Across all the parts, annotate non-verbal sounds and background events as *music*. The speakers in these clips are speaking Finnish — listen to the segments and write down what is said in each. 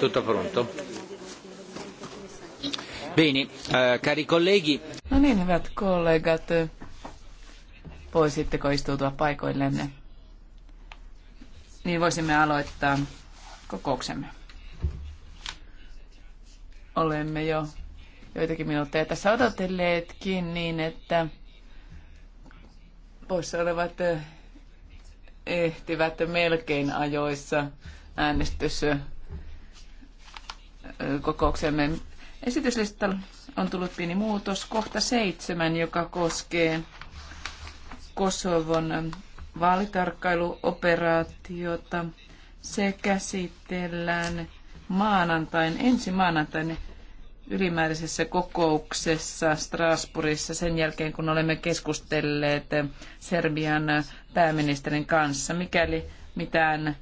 Tutto pronto. Bene, eh, cari colleghi. No niin, hyvät kollegat. Voisitteko istutua paikoillenne? Niin voisimme aloittaa kokouksemme. Olemme jo joitakin minuutteja tässä odotelleetkin niin, että poissa olevat eh, ehtivät melkein ajoissa äänestys kokouksemme. Esityslistalla on tullut pieni muutos. Kohta seitsemän, joka koskee Kosovon vaalitarkkailuoperaatiota. Se käsitellään maanantain, ensi maanantain ylimääräisessä kokouksessa Strasbourgissa sen jälkeen, kun olemme keskustelleet Serbian pääministerin kanssa. Mikäli mitään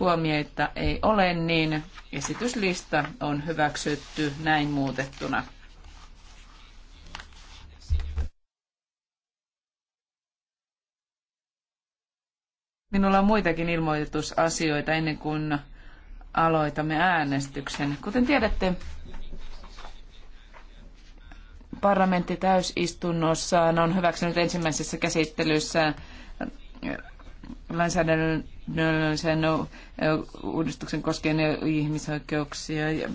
huomioita ei ole, niin esityslista on hyväksytty näin muutettuna. Minulla on muitakin ilmoitusasioita ennen kuin aloitamme äänestyksen. Kuten tiedätte, parlamentti täysistunnossaan on hyväksynyt ensimmäisessä käsittelyssä lainsäädännöllisen uudistuksen koskien ihmisoikeuksia. Ja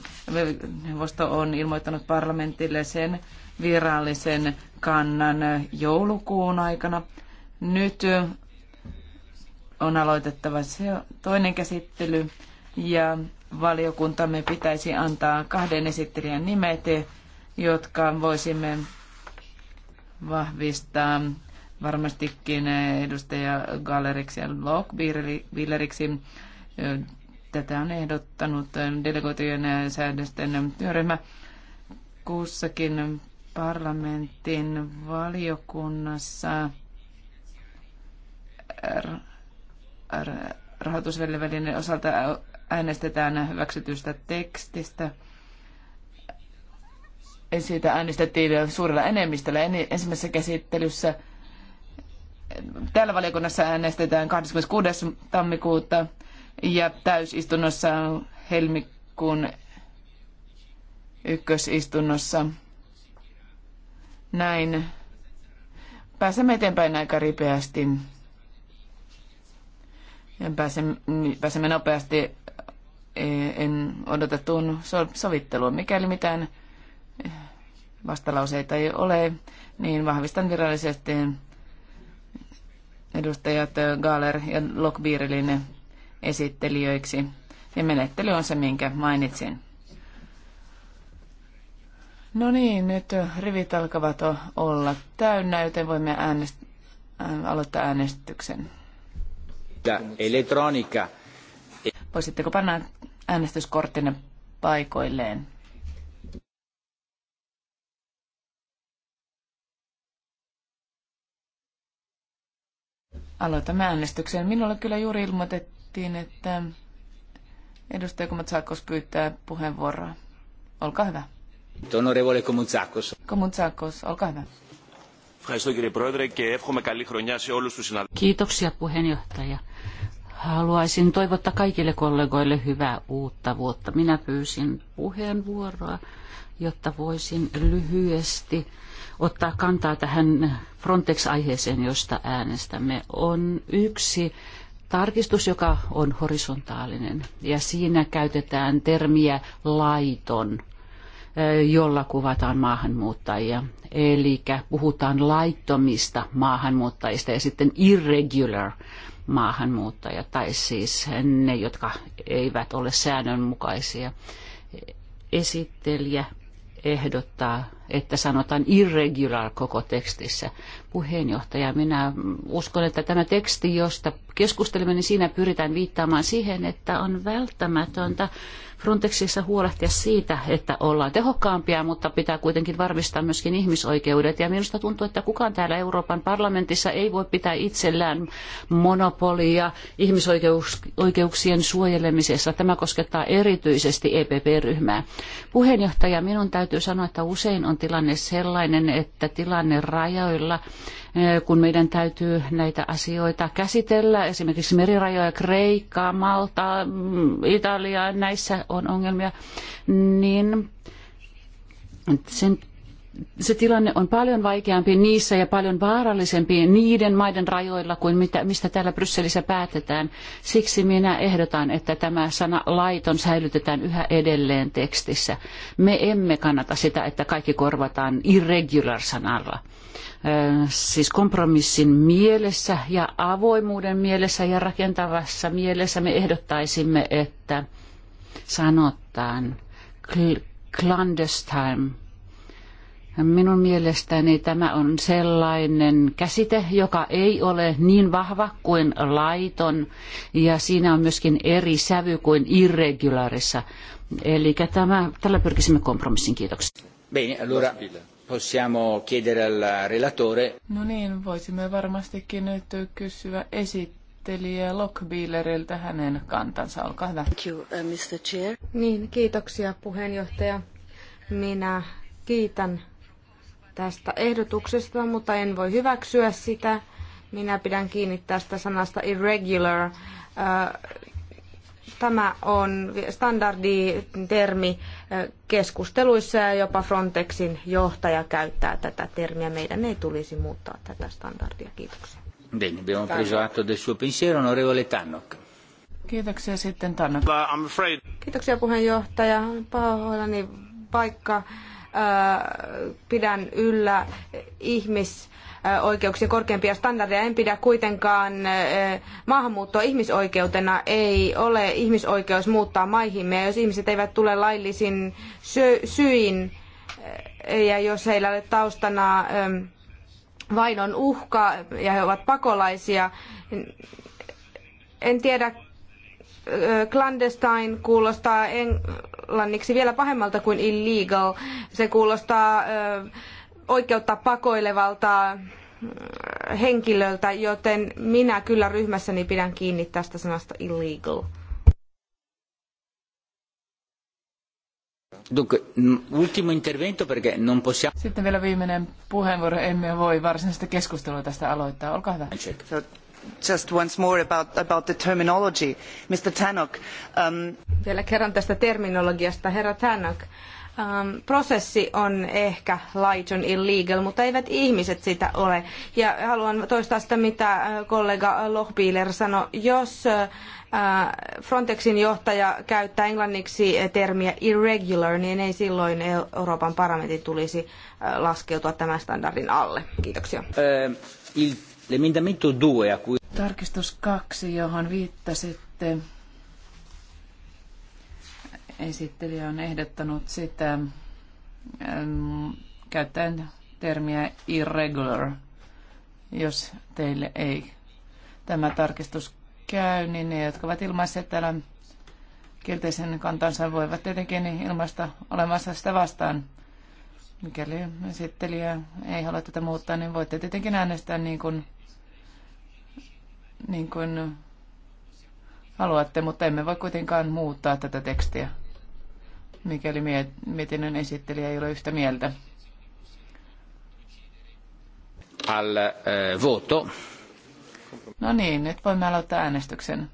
neuvosto on ilmoittanut parlamentille sen virallisen kannan joulukuun aikana. Nyt on aloitettava se toinen käsittely ja valiokuntamme pitäisi antaa kahden esittelijän nimet, jotka voisimme vahvistaa varmastikin edustaja Galleriksi ja Lockbilleriksi. Tätä on ehdottanut delegoitujen säädösten työryhmä kussakin parlamentin valiokunnassa rahoitusvälineen osalta äänestetään hyväksytystä tekstistä. Siitä äänestettiin suurella enemmistöllä ensimmäisessä käsittelyssä täällä valiokunnassa äänestetään 26. tammikuuta ja täysistunnossa helmikuun ykkösistunnossa. Näin. Pääsemme eteenpäin aika ripeästi. Ja pääsemme, pääsemme nopeasti e, en odotettuun sovitteluun. Mikäli mitään e, vastalauseita ei ole, niin vahvistan virallisesti edustajat Galer ja Lockbeerilin esittelijöiksi. Ja menettely on se, minkä mainitsin. No niin, nyt rivit alkavat olla täynnä, joten voimme äänest- äh, aloittaa äänestyksen. Elektronika. Voisitteko panna äänestyskorttinne paikoilleen? Aloitamme äänestyksen. Minulle kyllä juuri ilmoitettiin, että edustaja Komutsakos pyytää puheenvuoroa. Olkaa hyvä. Onorevole Komutsakos. Komutsakos, olkaa hyvä. Kiitoksia puheenjohtaja. Haluaisin toivottaa kaikille kollegoille hyvää uutta vuotta. Minä pyysin puheenvuoroa, jotta voisin lyhyesti ottaa kantaa tähän Frontex-aiheeseen, josta äänestämme, on yksi tarkistus, joka on horisontaalinen. Ja siinä käytetään termiä laiton, eh, jolla kuvataan maahanmuuttajia. Eli puhutaan laittomista maahanmuuttajista ja sitten irregular maahanmuuttajat, tai siis ne, jotka eivät ole säännönmukaisia. Esittelijä ehdottaa, että sanotaan irregular koko tekstissä. Puheenjohtaja, minä uskon, että tämä teksti, josta keskustelemme, niin siinä pyritään viittaamaan siihen, että on välttämätöntä mm Frontexissa huolehtia siitä, että ollaan tehokkaampia, mutta pitää kuitenkin varmistaa myöskin ihmisoikeudet. Ja minusta tuntuu, että kukaan täällä Euroopan parlamentissa ei voi pitää itsellään monopolia ihmisoikeuksien suojelemisessa. Tämä koskettaa erityisesti EPP-ryhmää. Puheenjohtaja, minun täytyy sanoa, että usein on tilanne sellainen, että tilanne rajoilla eh, kun meidän täytyy näitä asioita käsitellä, esimerkiksi merirajoja, Kreikkaa, Malta, mm, Italia, näissä on ongelmia, niin sen se tilanne on paljon vaikeampi niissä ja paljon vaarallisempi niiden maiden rajoilla kuin mitä, mistä täällä Brysselissä päätetään. Siksi minä ehdotan, että tämä sana laiton säilytetään yhä edelleen tekstissä. Me emme kannata sitä, että kaikki korvataan irregular-sanalla. Siis kompromissin mielessä ja avoimuuden mielessä ja rakentavassa mielessä me ehdottaisimme, että sanotaan clandestine. Minun mielestäni tämä on sellainen käsite, joka ei ole niin vahva kuin laiton, ja siinä on myöskin eri sävy kuin irregularissa. Eli tämä, tällä pyrkisimme kompromissin. Kiitoksia. Bene, allora possiamo chiedere al relatore. No niin, voisimme varmastikin nyt kysyä esittää esittelijä Lockbilleriltä hänen kantansa. Olkaa hyvä. Thank you, uh, Mr. Chair. Niin, kiitoksia puheenjohtaja. Minä kiitän tästä ehdotuksesta, mutta en voi hyväksyä sitä. Minä pidän kiinni tästä sanasta irregular. Uh, tämä on standarditermi uh, keskusteluissa ja jopa Frontexin johtaja käyttää tätä termiä. Meidän ei tulisi muuttaa tätä standardia. Kiitoksia. Bene, abbiamo preso atto del suo pensiero, onorevole Tannock. Kiitoksia sitten Tannock. I'm afraid. Kiitoksia puheenjohtaja. Pahoillani vaikka äh, pidän yllä ihmisoikeuksien korkeampia standardeja. En pidä kuitenkaan äh, maahanmuuttoa ihmisoikeutena. Ei ole ihmisoikeus muuttaa maihimme. jos ihmiset eivät tule laillisin syin äh, ja jos heillä ei ole taustana ähm, vainon uhka ja he ovat pakolaisia. En tiedä, clandestine kuulostaa englanniksi vielä pahemmalta kuin illegal. Se kuulostaa oikeutta pakoilevalta henkilöltä, joten minä kyllä ryhmässäni pidän kiinni tästä sanasta illegal. Sitten vielä viimeinen puheenvuoro. Emme voi varsinaista keskustelua tästä aloittaa. Olkaa hyvä. Just once more about, about the terminology. Mr. Tannock. Um... Vielä kerran tästä terminologiasta. Herra Tannock, Ähm, prosessi on ehkä laiton illegal, mutta eivät ihmiset sitä ole. Ja haluan toistaa sitä, mitä äh, kollega Lohbiler sanoi. Jos äh, Frontexin johtaja käyttää englanniksi termiä irregular, niin ei silloin Euroopan parlamentin tulisi äh, laskeutua tämän standardin alle. Kiitoksia. Tarkistus kaksi, johon viittasitte, Esittelijä on ehdottanut sitä ähm, käyttäen termiä irregular, jos teille ei tämä tarkistus käy, niin ne, jotka ovat ilmaisseet täällä kielteisen kantansa, voivat tietenkin ilmaista olemassa sitä vastaan. Mikäli esittelijä ei halua tätä muuttaa, niin voitte tietenkin äänestää niin kuin, niin kuin haluatte, mutta emme voi kuitenkaan muuttaa tätä tekstiä mikäli mietinnön esittelijä ei ole yhtä mieltä. Al eh, voto. No niin, nyt voimme aloittaa äänestyksen.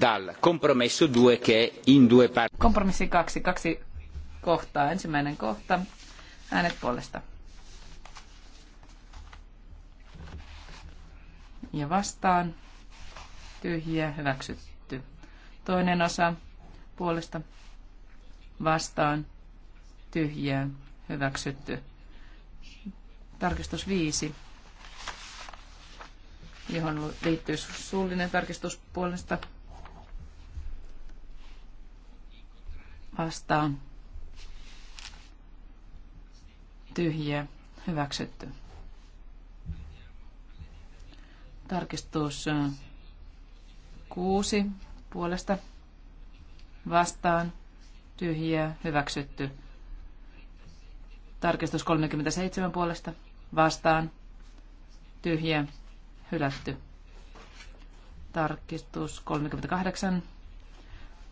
Dal compromesso 2 che in due par. Kompromissi kaksi, kaksi kohtaa. Ensimmäinen kohta, äänet puolesta. Ja vastaan, tyhjiä, hyväksytty. Toinen osa puolesta vastaan tyhjää hyväksytty. Tarkistus 5, johon liittyy suullinen tarkistus puolesta vastaan tyhjä, hyväksytty. Tarkistus äh, kuusi puolesta vastaan, tyhjiä, hyväksytty. Tarkistus 37 puolesta, vastaan, tyhjiä, hylätty. Tarkistus 38,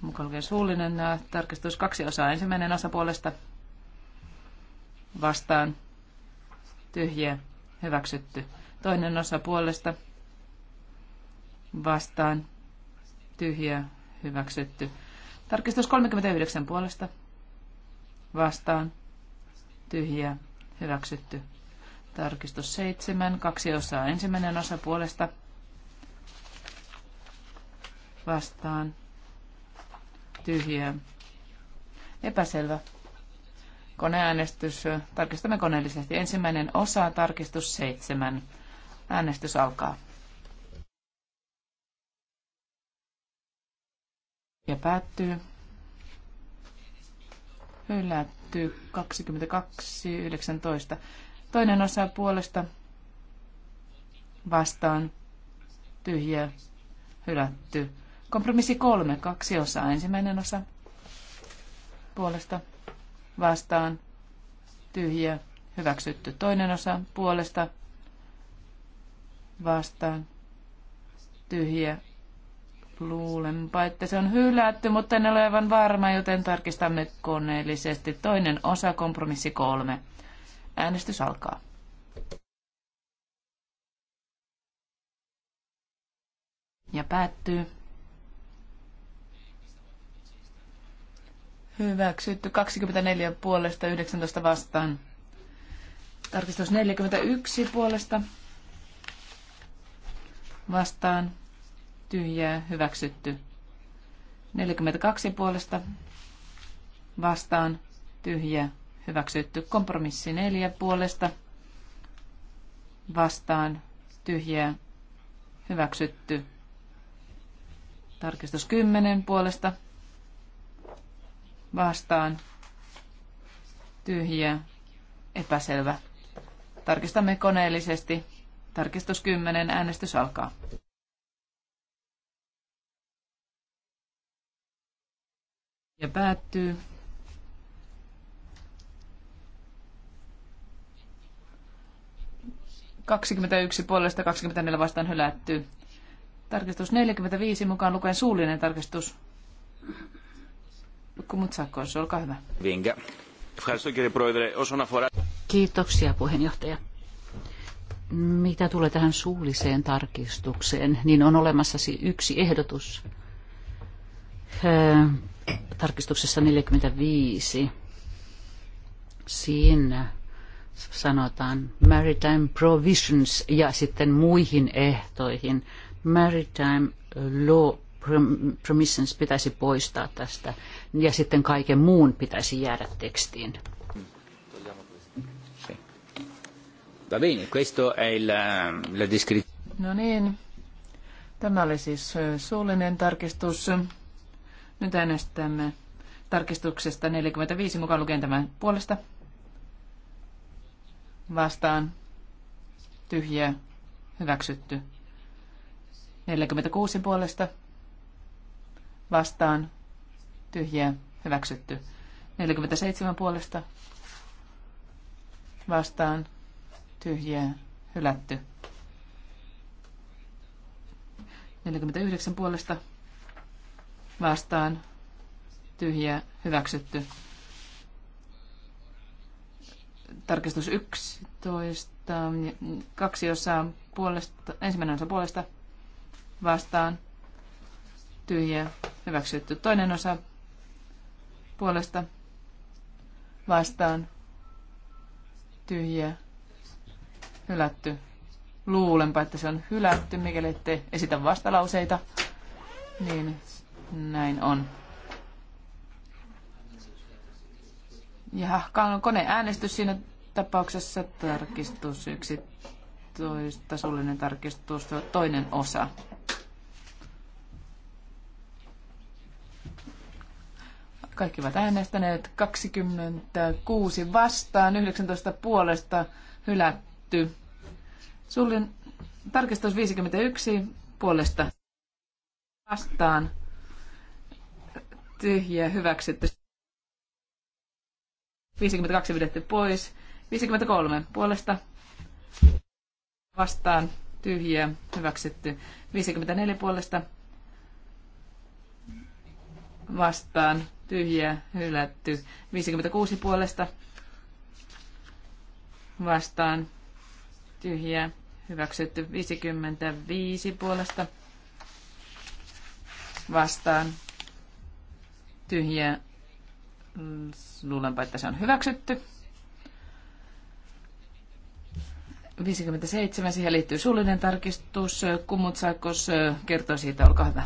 mukaan lukee suullinen, tarkistus kaksi osaa, ensimmäinen osa puolesta, vastaan, tyhjiä, hyväksytty. Toinen osa puolesta, vastaan, tyhjiä, hyväksytty. Tarkistus 39 puolesta. Vastaan. Tyhjä. Hyväksytty. Tarkistus 7. Kaksi osaa. Ensimmäinen osa puolesta. Vastaan. Tyhjä. Epäselvä. Koneäänestys. Tarkistamme koneellisesti. Ensimmäinen osa. Tarkistus 7. Äänestys alkaa. ja päättyy. Hylätty 22.19. Toinen osa puolesta vastaan tyhjä hylätty. Kompromissi kolme, kaksi osaa. Ensimmäinen osa puolesta vastaan tyhjä hyväksytty. Toinen osa puolesta vastaan tyhjä Luulenpa, että se on hylätty, mutta en ole aivan varma, joten tarkistamme koneellisesti. Toinen osa, kompromissi kolme. Äänestys alkaa. Ja päättyy. Hyväksytty 24 puolesta 19 vastaan. Tarkistus 41 puolesta vastaan tyhjää hyväksytty. 42 puolesta vastaan tyhjää hyväksytty. Kompromissi 4 puolesta vastaan tyhjää hyväksytty. Tarkistus 10 puolesta vastaan tyhjää epäselvä. Tarkistamme koneellisesti. Tarkistus 10. Äänestys alkaa. ja päättyy. Kaksikymmentäyksi puolesta 24 vastaan hylättyy. Tarkistus 45 mukaan lukee suullinen tarkistus. Kumutsakos, olkaa hyvä. Kiitoksia puheenjohtaja. Mitä tulee tähän suulliseen tarkistukseen, niin on olemassa yksi ehdotus, tarkistuksessa 45. Siinä sanotaan maritime provisions ja sitten muihin ehtoihin. Maritime law permissions pitäisi poistaa tästä ja sitten kaiken muun pitäisi jäädä tekstiin. Va bene, questo è la descrizione. No niin, tämä oli siis suullinen tarkistus. Nyt äänestämme tarkistuksesta 45 mukaan lukien tämän puolesta. Vastaan. Tyhjä. Hyväksytty. 46 puolesta. Vastaan. Tyhjä. Hyväksytty. 47 puolesta. Vastaan. Tyhjä. Hylätty. 49 puolesta vastaan tyhjä hyväksytty. Tarkistus 11, kaksi osaa puolesta, ensimmäinen osa puolesta vastaan tyhjä hyväksytty. Toinen osa puolesta vastaan tyhjä hylätty. Luulenpa, että se on hylätty, mikäli ette esitä vastalauseita, niin näin on. Jaha, koneäänestys siinä tapauksessa tarkistus 11, suullinen tarkistus, toinen osa. Kaikki ovat äänestäneet 26 vastaan, 19 puolesta hylätty. Sullin tarkistus 51 puolesta vastaan tyhjä hyväksytty. 52 vedetty pois. 53 puolesta vastaan tyhjä hyväksytty. 54 puolesta vastaan tyhjä hylätty. 56 puolesta vastaan tyhjä hyväksytty. 55 puolesta vastaan tyhjiä. Luulenpa, että se on hyväksytty. 57. Siihen liittyy suullinen tarkistus. Kummut saakos kertoa siitä. Olkaa hyvä.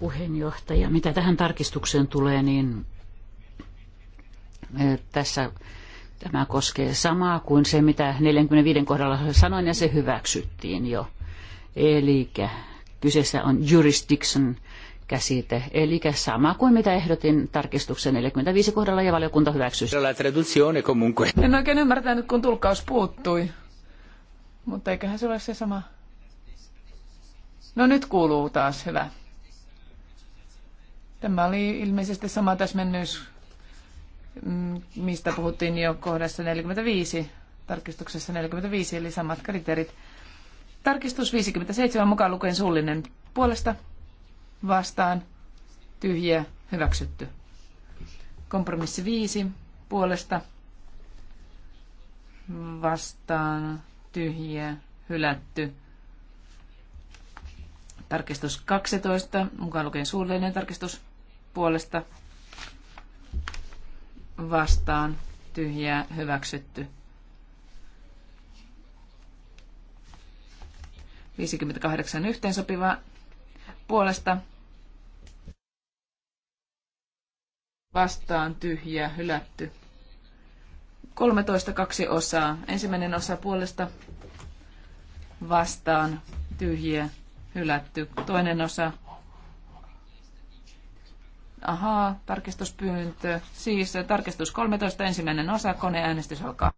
Puheenjohtaja, mitä tähän tarkistukseen tulee, niin tässä tämä koskee samaa kuin se, mitä 45 kohdalla sanoin, ja se hyväksyttiin jo. Eli Kyseessä on jurisdiction käsite, eli sama kuin mitä ehdotin tarkistuksen 45 kohdalla ja valiokunta hyväksyi. En oikein ymmärtänyt, kun tulkkaus puuttui, mutta eiköhän se ole se sama. No nyt kuuluu taas, hyvä. Tämä oli ilmeisesti sama täsmennys, mm, mistä puhuttiin jo kohdassa 45, tarkistuksessa 45, eli samat kriteerit. Tarkistus 57 mukaan lukien suullinen puolesta vastaan tyhjiä hyväksytty. Kompromissi 5 puolesta vastaan tyhjiä hylätty. Tarkistus 12 mukaan lukien suullinen tarkistus puolesta vastaan tyhjää hyväksytty. 58 yhteensopiva puolesta vastaan tyhjä hylätty. 13 kaksi osaa. Ensimmäinen osa puolesta vastaan tyhjiä hylätty. Toinen osa. Ahaa, tarkistuspyyntö. Siis tarkistus 13, ensimmäinen osa, koneäänestys alkaa.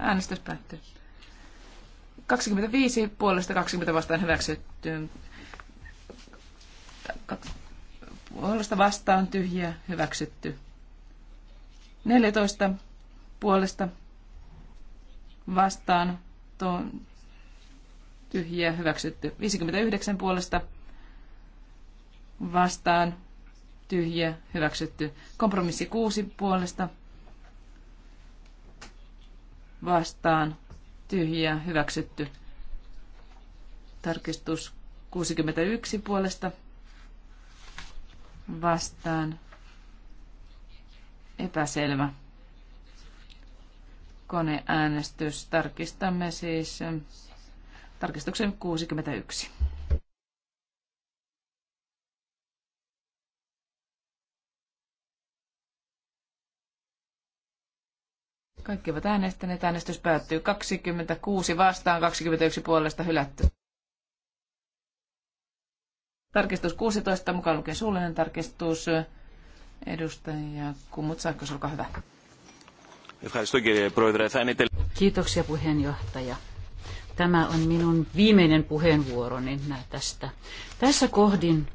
Äänestys päättyy. 25 puolesta 20 vastaan hyväksytty. Puolesta vastaan tyhjä hyväksytty. 14 puolesta vastaan tyhjä hyväksytty. 59 puolesta vastaan tyhjä hyväksytty. Kompromissi 6 puolesta vastaan tyhjiä hyväksytty. Tarkistus 61 puolesta vastaan epäselvä koneäänestys. Tarkistamme siis tarkistuksen 61. Kaikki ovat äänestäneet. Äänestys päättyy 26 vastaan, 21 puolesta hylätty. Tarkistus 16, mukaan lukee suullinen tarkistus. Edustaja Kumut Saikkos, olkaa hyvä. Kiitoksia puheenjohtaja. Tämä on minun viimeinen puheenvuoroni tästä. Tässä kohdin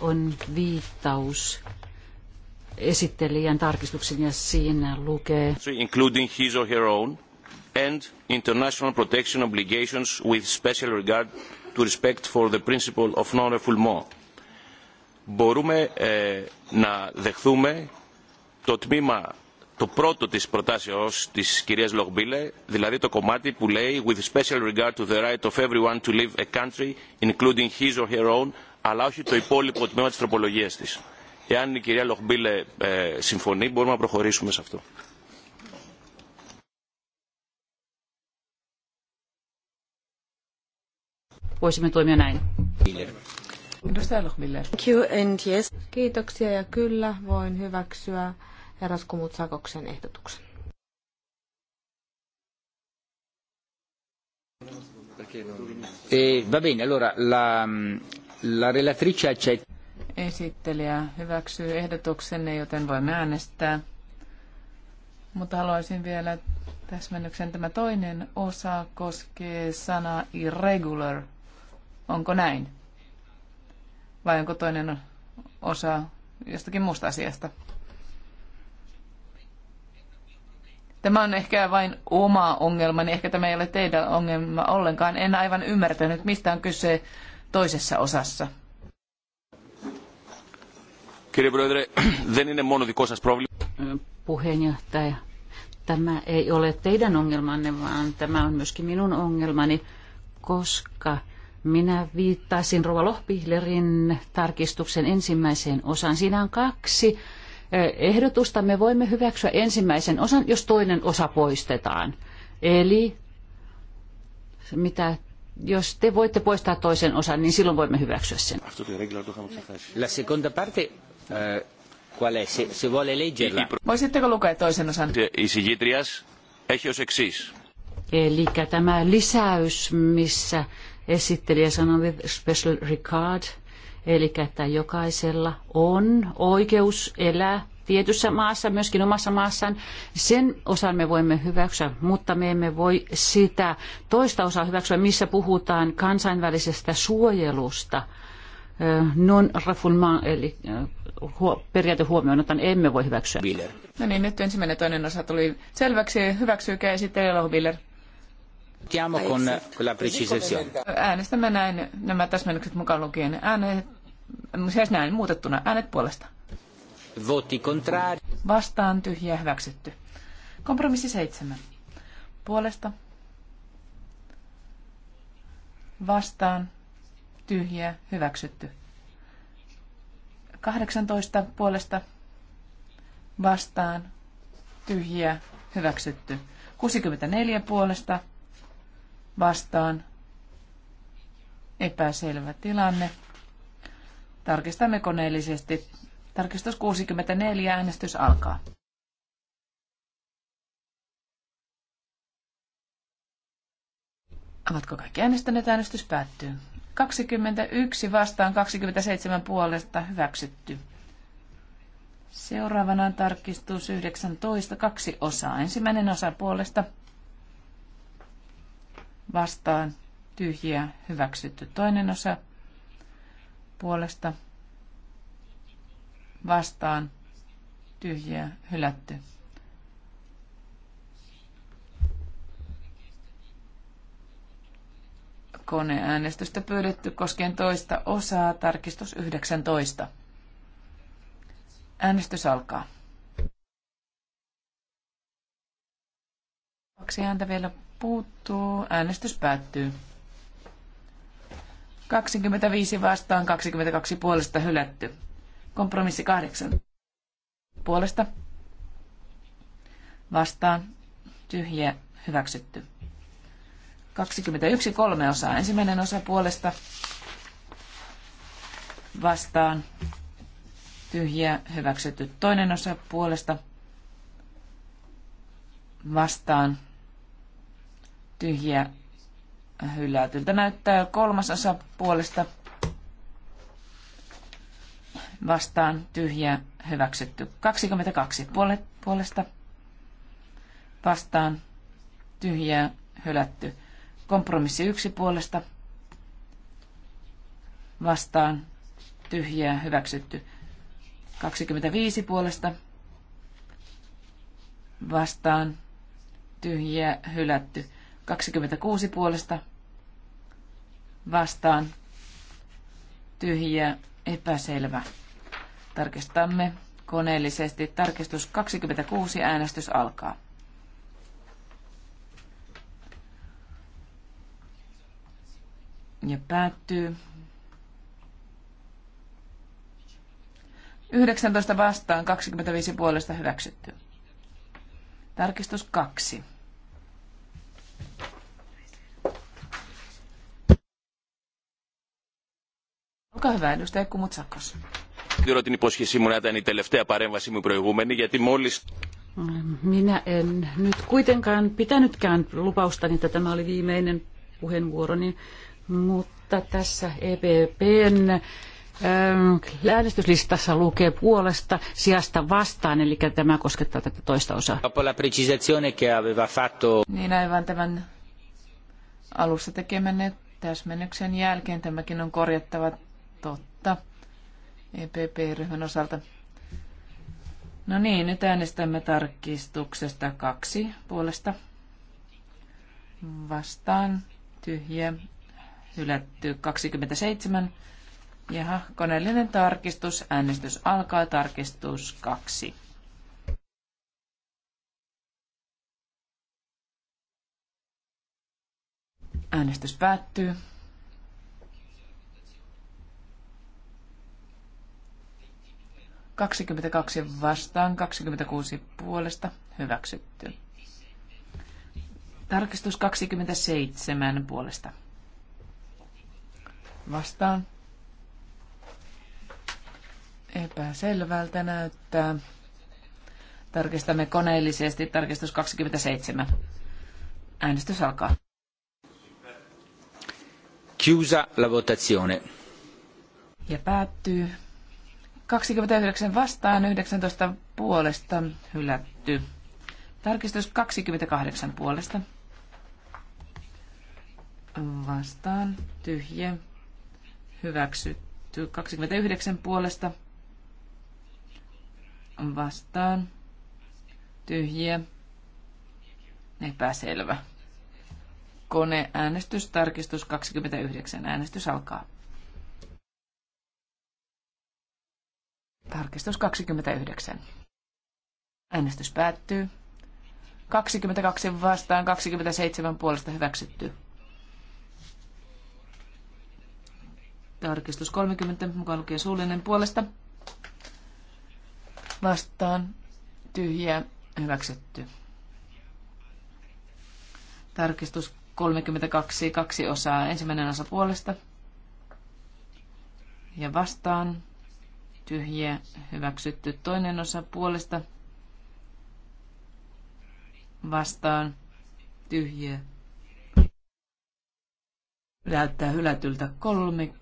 on viittaus esittelijän tarkistuksen ja siinä lukee including his or her own and international protection obligations with special regard to respect for the principle of non-refoulement. Μπορούμε ε, να δεχθούμε το τμήμα το πρώτο της προτάσεως της κυρίας Λογμπίλε, δηλαδή το κομμάτι που λέει «With special regard to the right of everyone to leave a country, including his or her own», αλλά όχι το υπόλοιπο τμήμα της τροπολογίας της. Εάν η κυρία Λοχμπίλε ε, συμφωνεί, μπορούμε να προχωρήσουμε σε αυτό. Voisimme Thank you and yes. Kiitoksia ja kyllä voin hyväksyä herraskumut Sakoksen ehdotuksen. Eh, va bene, allora la, la relatrice accetta. Esittelijä hyväksyy ehdotuksenne, joten voimme äänestää. Mutta haluaisin vielä täsmennyksen. Tämä toinen osa koskee sanaa irregular. Onko näin? Vai onko toinen osa jostakin muusta asiasta? Tämä on ehkä vain oma ongelma, niin ehkä tämä ei ole teidän ongelma ollenkaan. En aivan ymmärtänyt, mistä on kyse toisessa osassa. Κύριε Πρόεδρε, *clears throat* δεν είναι μόνο δικό σας Puheenjohtaja, tämä ei ole teidän ongelmanne, vaan tämä on myöskin minun ongelmani, koska minä viittasin Rova Lohpihlerin tarkistuksen ensimmäiseen osaan. Siinä on kaksi e, ehdotusta. Me voimme hyväksyä ensimmäisen osan, jos toinen osa poistetaan. Eli mitä jos te voitte poistaa toisen osan, niin silloin voimme hyväksyä sen. La seconda parte Qual è? Se, vuole leggerla. Voisitteko lukea toisen osan? Eli tämä lisäys, missä esittelijä sanoi special regard, eli että jokaisella on oikeus elää tietyssä maassa, myöskin omassa maassaan. Sen osan me voimme hyväksyä, mutta me emme voi sitä toista osaa hyväksyä, missä puhutaan kansainvälisestä suojelusta, eh, non-refoulement, eli eh, huo, periaate huomioon ottaen emme voi hyväksyä. Biller. No niin, nyt ensimmäinen toinen osa tuli selväksi. Hyväksyykää esittelijä Lohbiller. Tiamo con la Äänestämme näin nämä täsmennykset mukaan lukien. Äänet, siis näin muutettuna. Äänet puolesta. Voti contrari. Vastaan tyhjä hyväksytty. Kompromissi seitsemän. Puolesta. Vastaan tyhjä hyväksytty. 18 puolesta vastaan tyhjiä hyväksytty. 64 puolesta vastaan epäselvä tilanne. Tarkistamme koneellisesti. Tarkistus 64, äänestys alkaa. Ovatko kaikki äänestäneet? Äänestys päättyy. 21 vastaan 27 puolesta hyväksytty. Seuraavana on tarkistus 19, kaksi osaa. Ensimmäinen osa puolesta vastaan tyhjiä hyväksytty. Toinen osa puolesta vastaan tyhjiä hylätty. koneäänestystä pyydetty koskien toista osaa, tarkistus 19. Äänestys alkaa. Kaksi ääntä vielä puuttuu. Äänestys päättyy. 25 vastaan, 22 puolesta hylätty. Kompromissi 8. Puolesta vastaan tyhjä hyväksytty. 21 kolme osaa. Ensimmäinen osa puolesta vastaan tyhjiä hyväksytty. Toinen osa puolesta vastaan tyhjiä hylätyltä. Näyttää kolmas osa puolesta vastaan tyhjiä hyväksytty. 22 puolesta vastaan tyhjiä hylätty. Kompromissi yksi puolesta vastaan tyhjää hyväksytty. 25 puolesta vastaan tyhjää hylätty. 26 puolesta vastaan tyhjää epäselvä. Tarkistamme koneellisesti. Tarkistus 26 äänestys alkaa. ja päättyy. 19 vastaan, 25 puolesta hyväksytty. Tarkistus 2. Olkaa hyvä, edustaja Kumutsakos. Κλείνω την υπόσχεσή μου mun ήταν tällä τελευταία παρέμβαση μου προηγούμενη, γιατί μόλις... Minä en nyt kuitenkaan pitänytkään lupaustani, että tämä oli viimeinen puheenvuoro, niin mutta tässä EPPn ähm, äänestyslistassa lukee puolesta sijasta vastaan, eli tämä koskettaa tätä toista osaa. Niin aivan tämän alussa tekemänne täsmennyksen jälkeen tämäkin on korjattava totta EPP-ryhmän osalta. No niin, nyt äänestämme tarkistuksesta kaksi puolesta. Vastaan tyhjä hylätty 27. Jaha, koneellinen tarkistus. Äänestys alkaa. Tarkistus 2. Äänestys päättyy. Kaksikymmentäkaksi vastaan, 26 puolesta hyväksytty. Tarkistus 27 puolesta vastaan. Epäselvältä näyttää. Tarkistamme koneellisesti. Tarkistus 27. Äänestys alkaa. Chiusa la votazione. Ja päättyy. 29 vastaan, 19 puolesta hylätty. Tarkistus 28 puolesta. Vastaan, tyhjä, hyväksytty. 29 puolesta vastaan tyhjiä epäselvä. Kone äänestystarkistus 29. Äänestys alkaa. Tarkistus 29. Äänestys päättyy. 22 vastaan 27 puolesta hyväksytty. Tarkistus 30, mukaan lukien suullinen puolesta. Vastaan. Tyhjä. Hyväksytty. Tarkistus 32, kaksi osaa. Ensimmäinen osa puolesta. Ja vastaan. Tyhjä. Hyväksytty. Toinen osa puolesta. Vastaan. Tyhjä näyttää hylätyltä kolme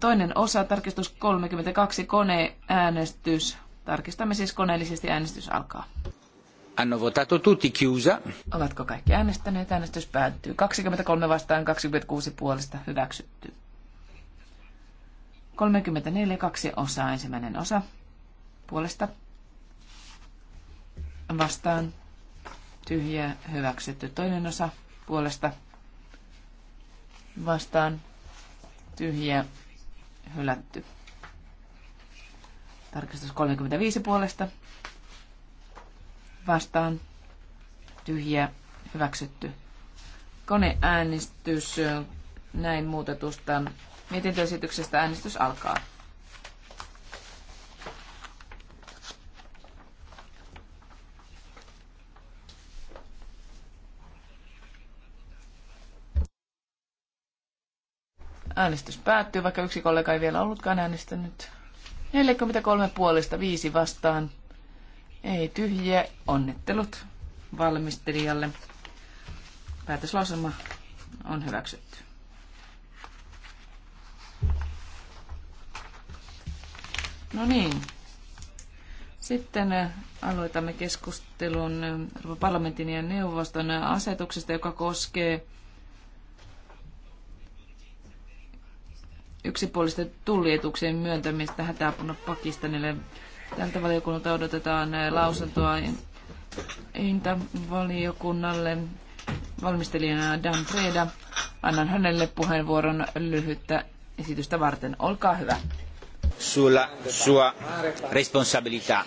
toinen osa, tarkistus 32, koneäänestys. Tarkistamme siis koneellisesti, äänestys alkaa. Hanno votato tutti chiusa. Ovatko kaikki äänestäneet? Äänestys päättyy. 23 vastaan 26 puolesta hyväksytty. 34 kaksi osaa. Ensimmäinen osa puolesta vastaan tyhjä hyväksytty. Toinen osa puolesta vastaan tyhjä hylätty. Tarkistus 35 puolesta vastaan tyhjä hyväksytty. Koneäänestys näin muutetusta mietintöesityksestä äänestys alkaa. Äänestys päättyy, vaikka yksi kollega ei vielä ollutkaan äänestänyt. 43 puolesta, 5 vastaan. Ei tyhjiä. Onnittelut valmistelijalle. Päätöslausuma on hyväksytty. No niin. Sitten äh, aloitamme keskustelun äh, parlamentin ja neuvoston äh, asetuksesta, joka koskee yksipuolisten tullietuksien myöntämistä hätäapuna Pakistanille. Tältä valiokunnalta odotetaan eh, lausuntoa Inta-valiokunnalle valmistelijana Dan Freda Annan hänelle puheenvuoron lyhyttä esitystä varten. Olkaa hyvä. Sulla sua responsabilità.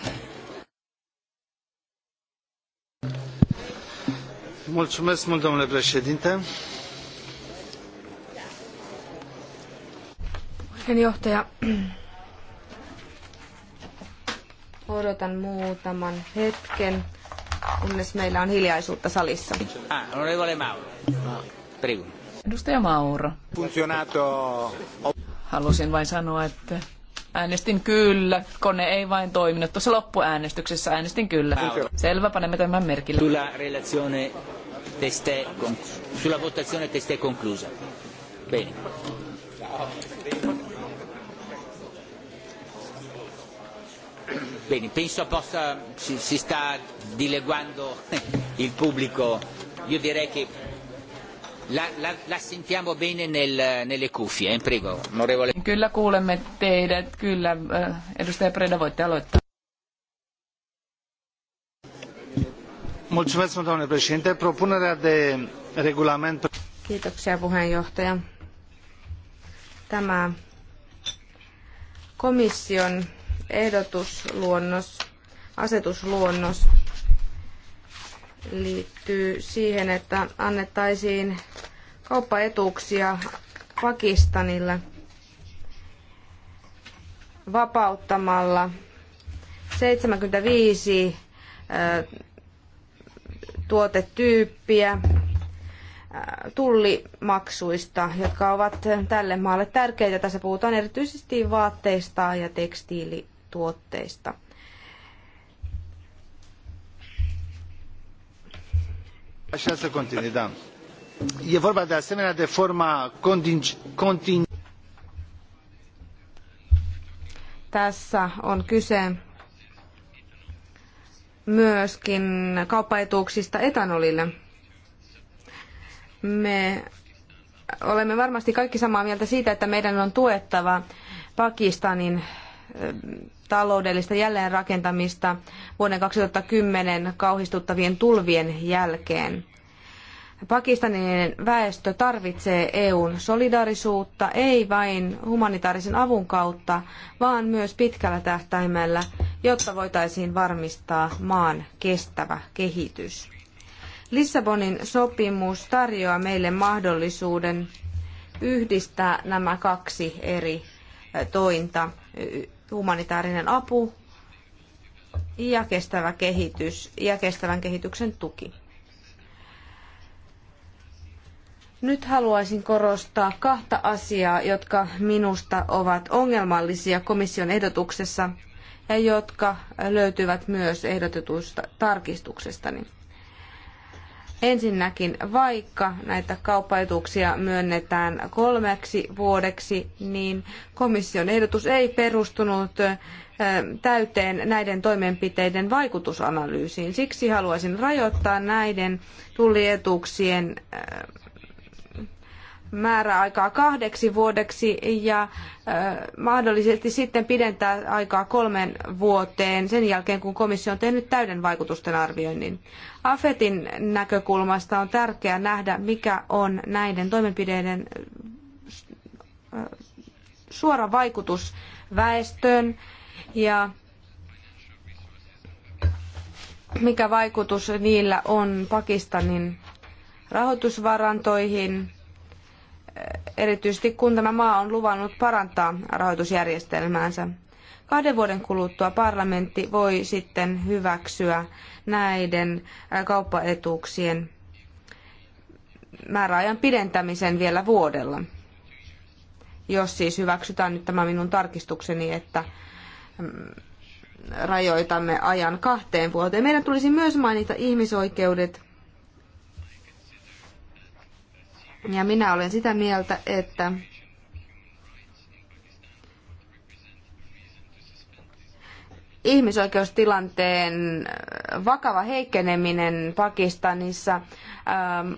Mulțumesc mult, domnule președinte. Johtaja, odotan muutaman hetken, kunnes meillä on hiljaisuutta salissa. Ah, onorevole Mauro. Prego. Edustaja Mauro. Funzionato... Halusin vain sanoa, että äänestin kyllä. Kone ei vain toiminut. Tuossa loppuäänestyksessä äänestin kyllä. Mauro. Selvä, panemme tämän merkille. Sulla relazione testè, sulla votazione teste conclusa. Bene. Bene, penso possa, si, si sta dileguando il pubblico. Io direi che la, la, la sentiamo bene nel, nelle cuffie. Eh? Prego, onorevole. Kyllä kuulemme teidät. Kyllä, eh, edustaja Preda, voitte aloittaa. Mulțumesc, domnule președinte. Propunerea de regulament... Kiitoksia, puheenjohtaja. Tämä komission ehdotusluonnos, asetusluonnos liittyy siihen, että annettaisiin kauppaetuuksia Pakistanille vapauttamalla 75 tuotetyyppiä tullimaksuista, jotka ovat tälle maalle tärkeitä. Tässä puhutaan erityisesti vaatteista ja tekstiili tuotteista. Această continui, da. E vorba de asemenea de forma conting... Tässä on kyse myöskin kauppaetuuksista etanolille. Me olemme varmasti kaikki samaa mieltä siitä, että meidän on tuettava Pakistanin taloudellista jälleenrakentamista vuoden 2010 kauhistuttavien tulvien jälkeen. Pakistanin väestö tarvitsee EUn solidaarisuutta ei vain humanitaarisen avun kautta, vaan myös pitkällä tähtäimellä, jotta voitaisiin varmistaa maan kestävä kehitys. Lissabonin sopimus tarjoaa meille mahdollisuuden yhdistää nämä kaksi eri tointa humanitaarinen apu ja kestävä kehitys ja kestävän kehityksen tuki. Nyt haluaisin korostaa kahta asiaa, jotka minusta ovat ongelmallisia komission ehdotuksessa ja jotka löytyvät myös ehdotetuista tarkistuksestani. Ensinnäkin, vaikka näitä kauppaetuuksia myönnetään kolmeksi vuodeksi, niin komission ehdotus ei perustunut täyteen näiden toimenpiteiden vaikutusanalyysiin. Siksi haluaisin rajoittaa näiden tullietuuksien määräaikaa kahdeksi vuodeksi ja mahdollisesti sitten pidentää aikaa kolmen vuoteen sen jälkeen, kun komissio on tehnyt täyden vaikutusten arvioinnin. AFETin näkökulmasta on tärkeää nähdä, mikä on näiden toimenpideiden suora vaikutus väestöön ja mikä vaikutus niillä on Pakistanin rahoitusvarantoihin – erityisesti kun tämä maa on luvannut parantaa rahoitusjärjestelmäänsä. Kahden vuoden kuluttua parlamentti voi sitten hyväksyä näiden kauppaetuuksien määräajan pidentämisen vielä vuodella. Jos siis hyväksytään nyt tämä minun tarkistukseni, että mm, rajoitamme ajan kahteen vuoteen. Meidän tulisi myös mainita ihmisoikeudet Ja minä olen sitä mieltä, että ihmisoikeustilanteen vakava heikkeneminen Pakistanissa ähm,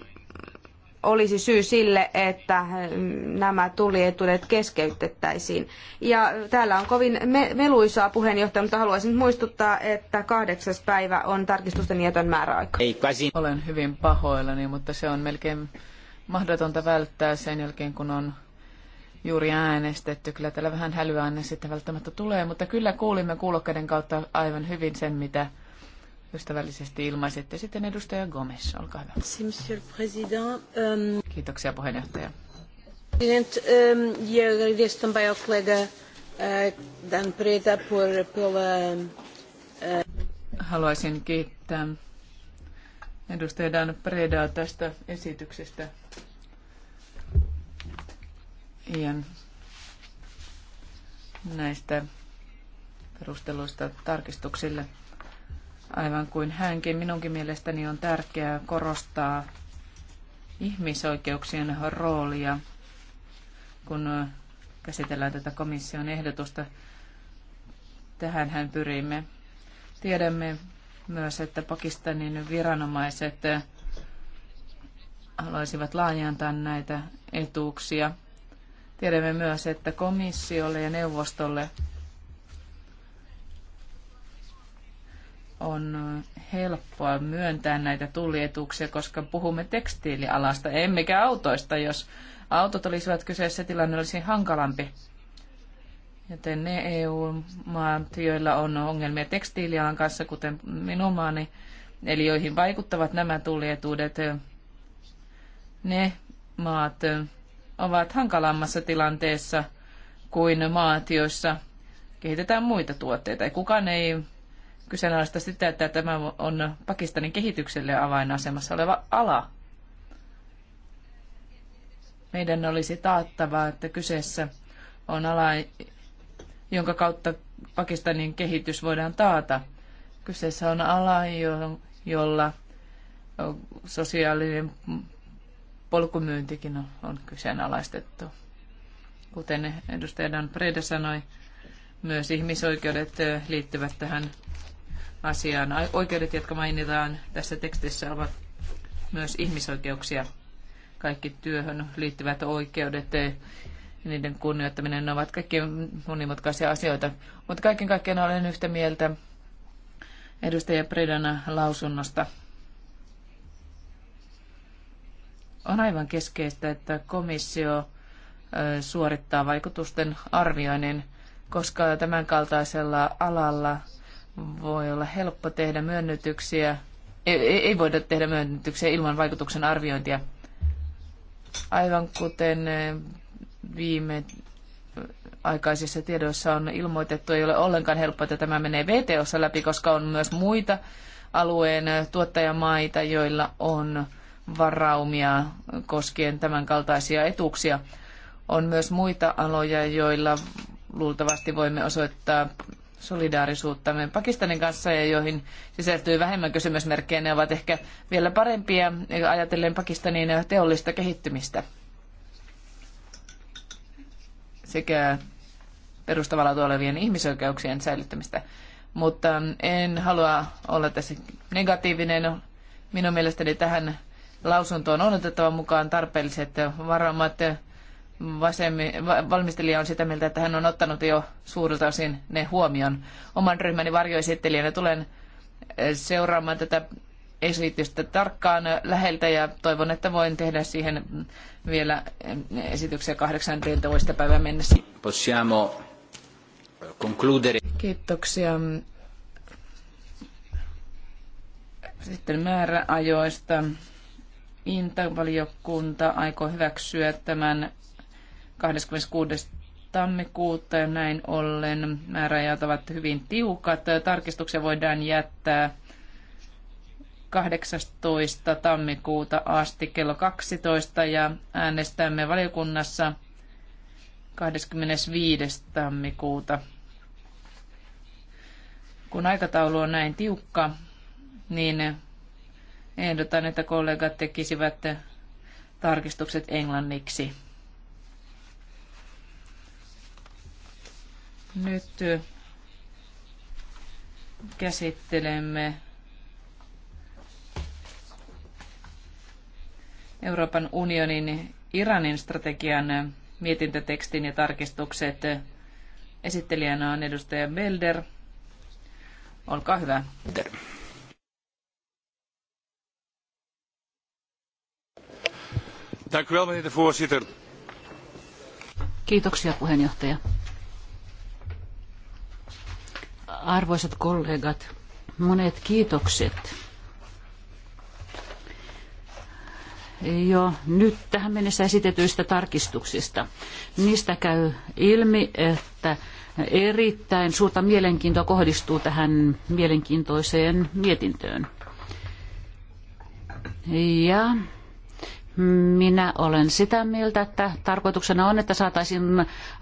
olisi syy sille, että nämä tulietuudet keskeytettäisiin. Ja täällä on kovin me- meluisaa puheenjohtaja, mutta haluaisin muistuttaa, että kahdeksas päivä on tarkistusten jätön määräaika. Olen hyvin pahoillani, mutta se on melkein mahdotonta välttää sen jälkeen, kun on juuri äänestetty. Kyllä täällä vähän hälyä aina sitten välttämättä tulee, mutta kyllä kuulimme kuulokkaiden kautta aivan hyvin sen, mitä ystävällisesti ilmaisitte. Sitten edustaja Gomes, olkaa hyvä. Ähm, Kiitoksia puheenjohtaja. Ähm, eh, eh, eh. Haluaisin kiittää edustaja Dan Preda tästä esityksestä. Ian näistä perusteluista tarkistuksille. Aivan kuin hänkin, minunkin mielestäni on tärkeää korostaa ihmisoikeuksien roolia, kun käsitellään tätä komission ehdotusta. Tähän hän pyrimme. Tiedämme, myös, että Pakistanin viranomaiset haluaisivat laajentaa näitä etuuksia. Tiedämme myös, että komissiolle ja neuvostolle on helppoa myöntää näitä tullietuuksia, koska puhumme tekstiilialasta, emmekä autoista. Jos autot olisivat kyseessä, tilanne olisi hankalampi. Joten ne EU-maat, joilla on ongelmia tekstiilialan kanssa, kuten minun maani, eli joihin vaikuttavat nämä tullietuudet, ne maat ovat hankalammassa tilanteessa kuin maat, joissa kehitetään muita tuotteita. Ja kukaan ei kyseenalaista sitä, että tämä on Pakistanin kehitykselle avainasemassa oleva ala. Meidän olisi taattava, että kyseessä on ala, jonka kautta Pakistanin kehitys voidaan taata. Kyseessä on ala, jolla sosiaalinen polkumyyntikin on kyseenalaistettu. Kuten edustaja Dan Preda sanoi, myös ihmisoikeudet liittyvät tähän asiaan. Oikeudet, jotka mainitaan tässä tekstissä, ovat myös ihmisoikeuksia. Kaikki työhön liittyvät oikeudet, ja niiden kunnioittaminen ne ovat kaikki monimutkaisia asioita. Mutta kaiken kaikkiaan olen yhtä mieltä edustaja Predan lausunnosta. On aivan keskeistä, että komissio suorittaa vaikutusten arvioinnin, koska tämän kaltaisella alalla voi olla helppo tehdä myönnytyksiä, ei, ei voida tehdä myönnytyksiä ilman vaikutuksen arviointia. Aivan kuten viime aikaisissa tiedoissa on ilmoitettu, ei ole ollenkaan helppoa, että tämä menee VTOssa läpi, koska on myös muita alueen tuottajamaita, joilla on varaumia koskien tämän kaltaisia etuuksia. On myös muita aloja, joilla luultavasti voimme osoittaa solidaarisuuttamme Pakistanin kanssa ja joihin sisältyy vähemmän kysymysmerkkejä. Ne ovat ehkä vielä parempia ajatellen Pakistanin teollista kehittymistä sekä perustavalla olevien ihmisoikeuksien säilyttämistä. Mutta en halua olla tässä negatiivinen. Minun mielestäni tähän lausuntoon on otettava mukaan tarpeelliset varmat. Vasemmi, valmistelija on sitä mieltä, että hän on ottanut jo suurilta osin ne huomioon. Oman ryhmäni varjoesittelijänä tulen seuraamaan tätä esitystä tarkkaan läheltä ja toivon, että voin tehdä siihen vielä esityksiä 18. päivän mennessä. Possiamo concludere. Kiitoksia sitten määräajoista. Intavaliokunta aikoo hyväksyä tämän 26. tammikuuta ja näin ollen määräajat ovat hyvin tiukat. Tarkistuksia voidaan jättää 18. tammikuuta asti kello 12 ja äänestämme valiokunnassa 25. tammikuuta. Kun aikataulu on näin tiukka, niin ehdotan, että kollegat tekisivät tarkistukset englanniksi. Nyt käsittelemme Euroopan unionin Iranin strategian mietintötekstin ja tarkistukset. Esittelijänä on edustaja Belder. Olkaa hyvä. Dank Kiitoksia puheenjohtaja. Arvoisat kollegat, monet kiitokset jo nyt tähän mennessä esitetyistä tarkistuksista. Niistä käy ilmi, että erittäin suurta mielenkiintoa kohdistuu tähän mielenkiintoiseen mietintöön. Ja minä olen sitä mieltä, että tarkoituksena on, että saataisiin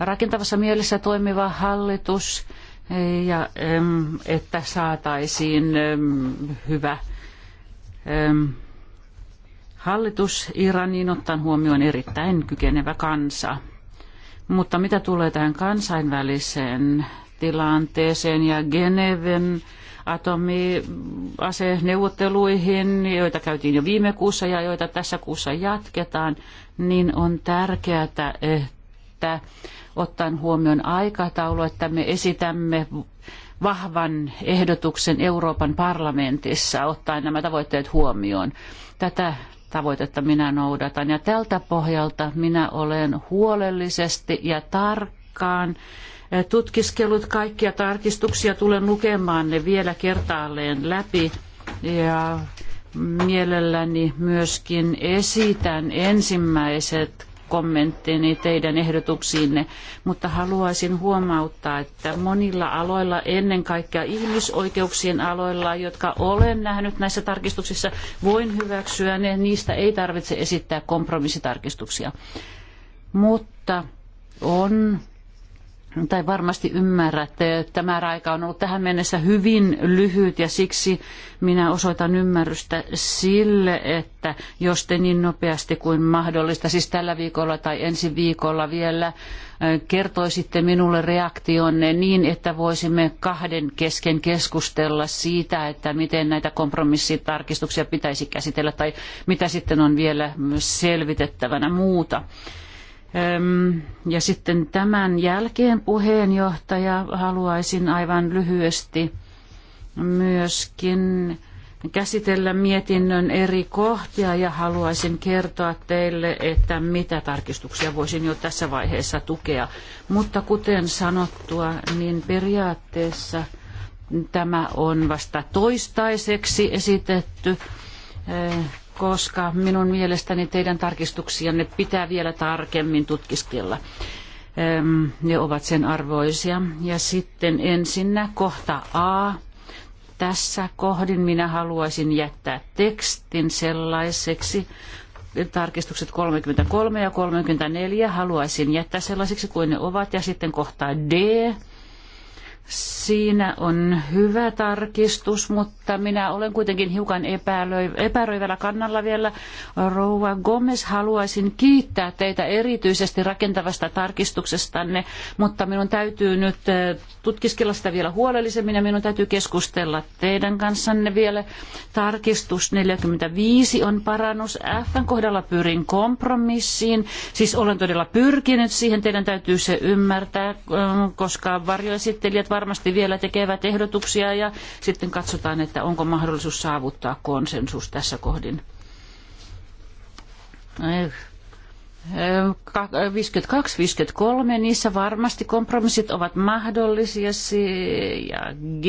rakentavassa mielessä toimiva hallitus ja että saataisiin hyvä hallitus Iraniin ottaen huomioon erittäin kykenevä kansa. Mutta mitä tulee tähän kansainväliseen tilanteeseen ja Geneven atomiaseneuvotteluihin, joita käytiin jo viime kuussa ja joita tässä kuussa jatketaan, niin on tärkeää, että ottaen huomioon aikataulu, että me esitämme vahvan ehdotuksen Euroopan parlamentissa ottaen nämä tavoitteet huomioon. Tätä tavoitetta minä noudatan. Ja tältä pohjalta minä olen huolellisesti ja tarkkaan eh, tutkiskellut kaikkia tarkistuksia, tulen lukemaan ne vielä kertaalleen läpi ja mielelläni myöskin esitän ensimmäiset kommenttini teidän ehdotuksiinne, mutta haluaisin huomauttaa, että monilla aloilla, ennen kaikkea ihmisoikeuksien aloilla, jotka olen nähnyt näissä tarkistuksissa, voin hyväksyä ne, niistä ei tarvitse esittää kompromissitarkistuksia. Mutta on tai varmasti ymmärrätte, että määräaika on ollut tähän mennessä hyvin lyhyt ja siksi minä osoitan ymmärrystä sille, että jos te niin nopeasti kuin mahdollista, siis tällä viikolla tai ensi viikolla vielä kertoisitte minulle reaktionne niin, että voisimme kahden kesken keskustella siitä, että miten näitä kompromissitarkistuksia pitäisi käsitellä tai mitä sitten on vielä selvitettävänä muuta. Ja sitten tämän jälkeen puheenjohtaja haluaisin aivan lyhyesti myöskin käsitellä mietinnön eri kohtia ja haluaisin kertoa teille, että mitä tarkistuksia voisin jo tässä vaiheessa tukea. Mutta kuten sanottua, niin periaatteessa tämä on vasta toistaiseksi esitetty koska minun mielestäni teidän tarkistuksianne pitää vielä tarkemmin tutkiskella. Ehm, ne ovat sen arvoisia. Ja sitten ensinnä kohta A. Tässä kohdin minä haluaisin jättää tekstin sellaiseksi, tarkistukset 33 ja 34 haluaisin jättää sellaisiksi kuin ne ovat. Ja sitten kohtaa D Siinä on hyvä tarkistus, mutta minä olen kuitenkin hiukan epäröi, epäröivällä kannalla vielä. Rouva Gomez, haluaisin kiittää teitä erityisesti rakentavasta tarkistuksestanne, mutta minun täytyy nyt eh, tutkiskella sitä vielä huolellisemmin ja minun täytyy keskustella teidän kanssanne vielä. Tarkistus 45 on parannus. F kohdalla pyrin kompromissiin, siis olen todella pyrkinyt siihen, teidän täytyy se ymmärtää, eh, koska varjoesittelijät varmasti vielä tekevät ehdotuksia ja sitten katsotaan, että onko mahdollisuus saavuttaa konsensus tässä kohdin. 52-53, eh, eh, eh, niissä varmasti kompromissit ovat mahdollisia ja G,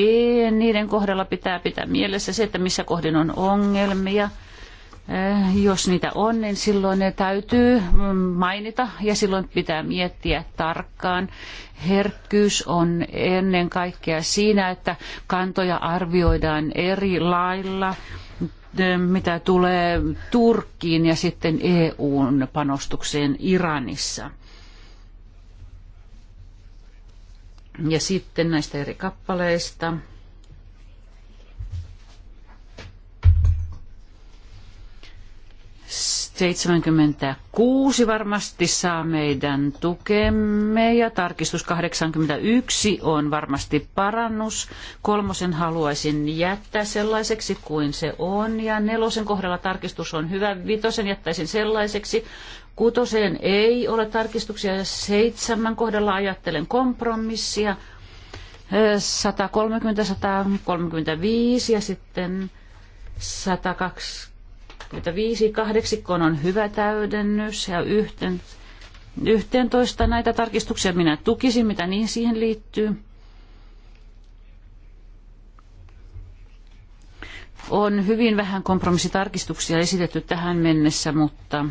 niiden kohdalla pitää pitää mielessä se, että missä kohdin on ongelmia – Eh, jos niitä on, niin silloin ne täytyy mm, mainita ja silloin pitää miettiä tarkkaan. Herkkyys on ennen kaikkea siinä, että kantoja arvioidaan eri lailla eh, mitä tulee Turkkiin ja sitten EUn panostukseen Iranissa. Ja sitten näistä eri kappaleista. 76 varmasti saa meidän tukemme ja tarkistus 81 on varmasti parannus. Kolmosen haluaisin jättää sellaiseksi kuin se on ja nelosen kohdalla tarkistus on hyvä. Vitosen jättäisin sellaiseksi. Kutoseen ei ole tarkistuksia ja seitsemän kohdalla ajattelen kompromissia. 130, 135 ja sitten 120 viisi Kahdeksikkoon on hyvä täydennys ja yhten, toista näitä tarkistuksia minä tukisin, mitä niin siihen liittyy. On hyvin vähän kompromissitarkistuksia esitetty tähän mennessä, mutta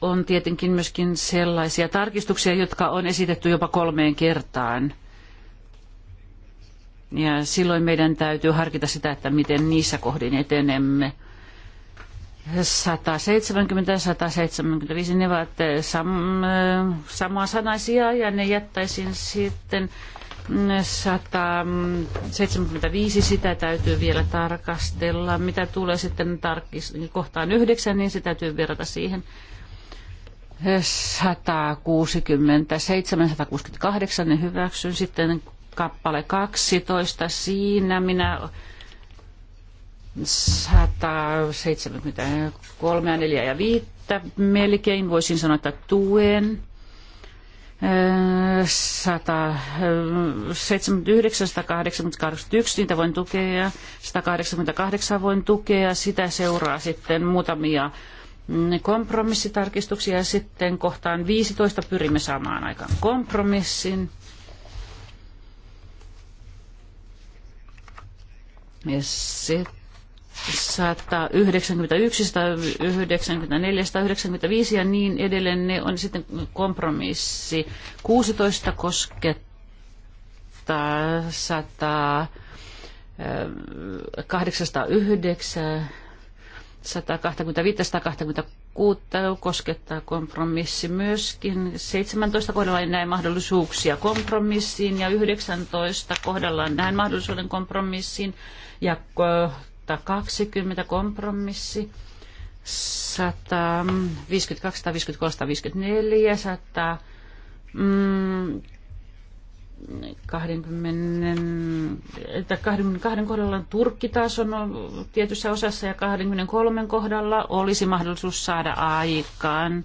on tietenkin myöskin sellaisia tarkistuksia, jotka on esitetty jopa kolmeen kertaan. Ja silloin meidän täytyy harkita sitä, että miten niissä kohdin etenemme. 170 ja 175, ne ovat eh, sam, eh, samaa sanaisia ja ne jättäisin sitten 175, mm, sitä täytyy vielä tarkastella. Mitä tulee sitten tarkis, kohtaan 9, niin se täytyy verrata siihen. 167, eh, 168 ne hyväksyn. Sitten kappale 12. Siinä minä 173 ja 4 ja 5 melkein voisin sanoa, että tuen. 179, öö, 181, niitä voin tukea, 188 voin tukea, sitä seuraa sitten muutamia kompromissitarkistuksia ja sitten kohtaan 15 pyrimme saamaan aikaan kompromissin. Sitten 191, 194, 195 ja niin edelleen, ne on sitten kompromissi. 16 koskettaa 100, 809, 125, 126, tehokkuutta koskettaa kompromissi myöskin. 17 kohdalla ei näe mahdollisuuksia kompromissiin ja 19 kohdalla näen mahdollisuuden kompromissiin ja 20 kompromissi. 152, 153, 154, 100, 20, 22 kohdalla on Turkki taas on tietyssä osassa ja 23 kohdalla olisi mahdollisuus saada aikaan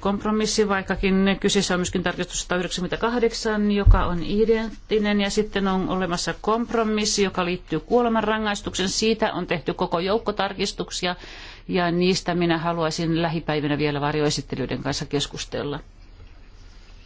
kompromissi, vaikkakin kyseessä on myöskin tarkistus 198, joka on identtinen, ja sitten on olemassa kompromissi, joka liittyy kuolemanrangaistuksen. Siitä on tehty koko joukko tarkistuksia, ja niistä minä haluaisin lähipäivinä vielä varjoesittelyiden kanssa keskustella.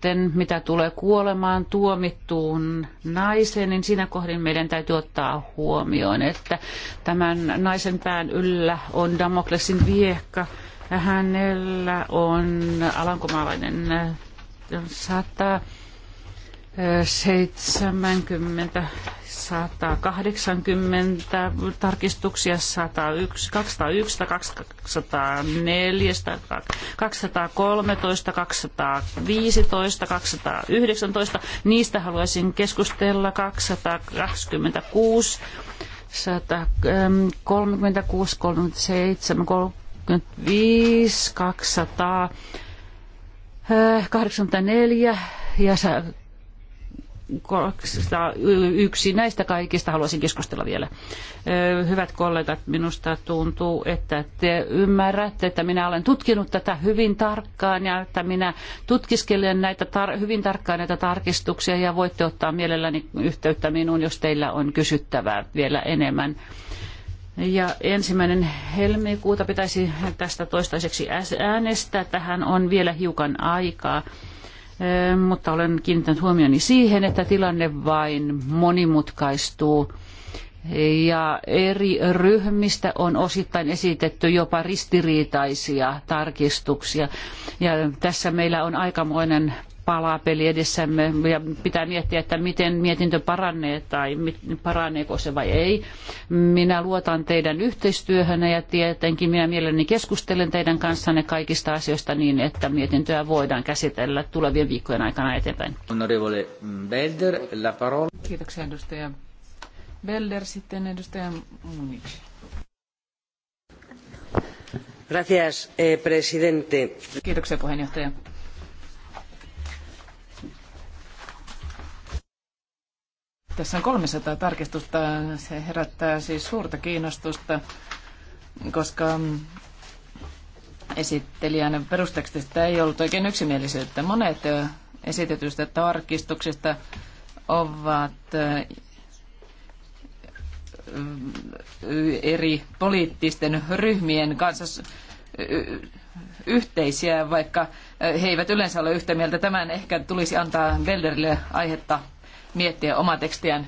sitten mitä tulee kuolemaan tuomittuun naiseen, niin siinä kohdin meidän täytyy ottaa huomioon, että tämän naisen pään yllä on Damoklesin viehka. Hänellä on alankomaalainen sata 70 180 tarkistuksia, 101, 201, 204, 213, 215, 219. Niistä haluaisin keskustella 226, 136, 37, 35, 200, 84 ja yksi näistä kaikista haluaisin keskustella vielä. Hyvät kollegat, minusta tuntuu, että te ymmärrätte, että minä olen tutkinut tätä hyvin tarkkaan ja että minä tutkiskelen näitä tar- hyvin tarkkaan näitä tarkistuksia ja voitte ottaa mielelläni yhteyttä minuun, jos teillä on kysyttävää vielä enemmän. Ja ensimmäinen helmikuuta pitäisi tästä toistaiseksi äänestää. Tähän on vielä hiukan aikaa mutta olen kiinnittänyt huomioni siihen, että tilanne vain monimutkaistuu ja eri ryhmistä on osittain esitetty jopa ristiriitaisia tarkistuksia. Ja tässä meillä on aikamoinen palaa peli edessämme ja pitää miettiä, että miten mietintö paranee tai paraneeko se vai ei. Minä luotan teidän yhteistyöhönne ja tietenkin minä mielelläni keskustelen teidän kanssanne kaikista asioista niin, että mietintöä voidaan käsitellä tulevien viikkojen aikana eteenpäin. Belder, la parola. Kiitoksia edustaja Belder, sitten edustaja Munich. Gracias, eh, presidente. Kiitoksia puheenjohtaja Tässä on 300 tarkistusta. Se herättää siis suurta kiinnostusta, koska esittelijän perustekstistä ei ollut oikein yksimielisyyttä. Monet esitetyistä tarkistuksista ovat eri poliittisten ryhmien kanssa yhteisiä, vaikka he eivät yleensä ole yhtä mieltä. Tämän ehkä tulisi antaa Belderille aihetta miettiä omaa tekstiään.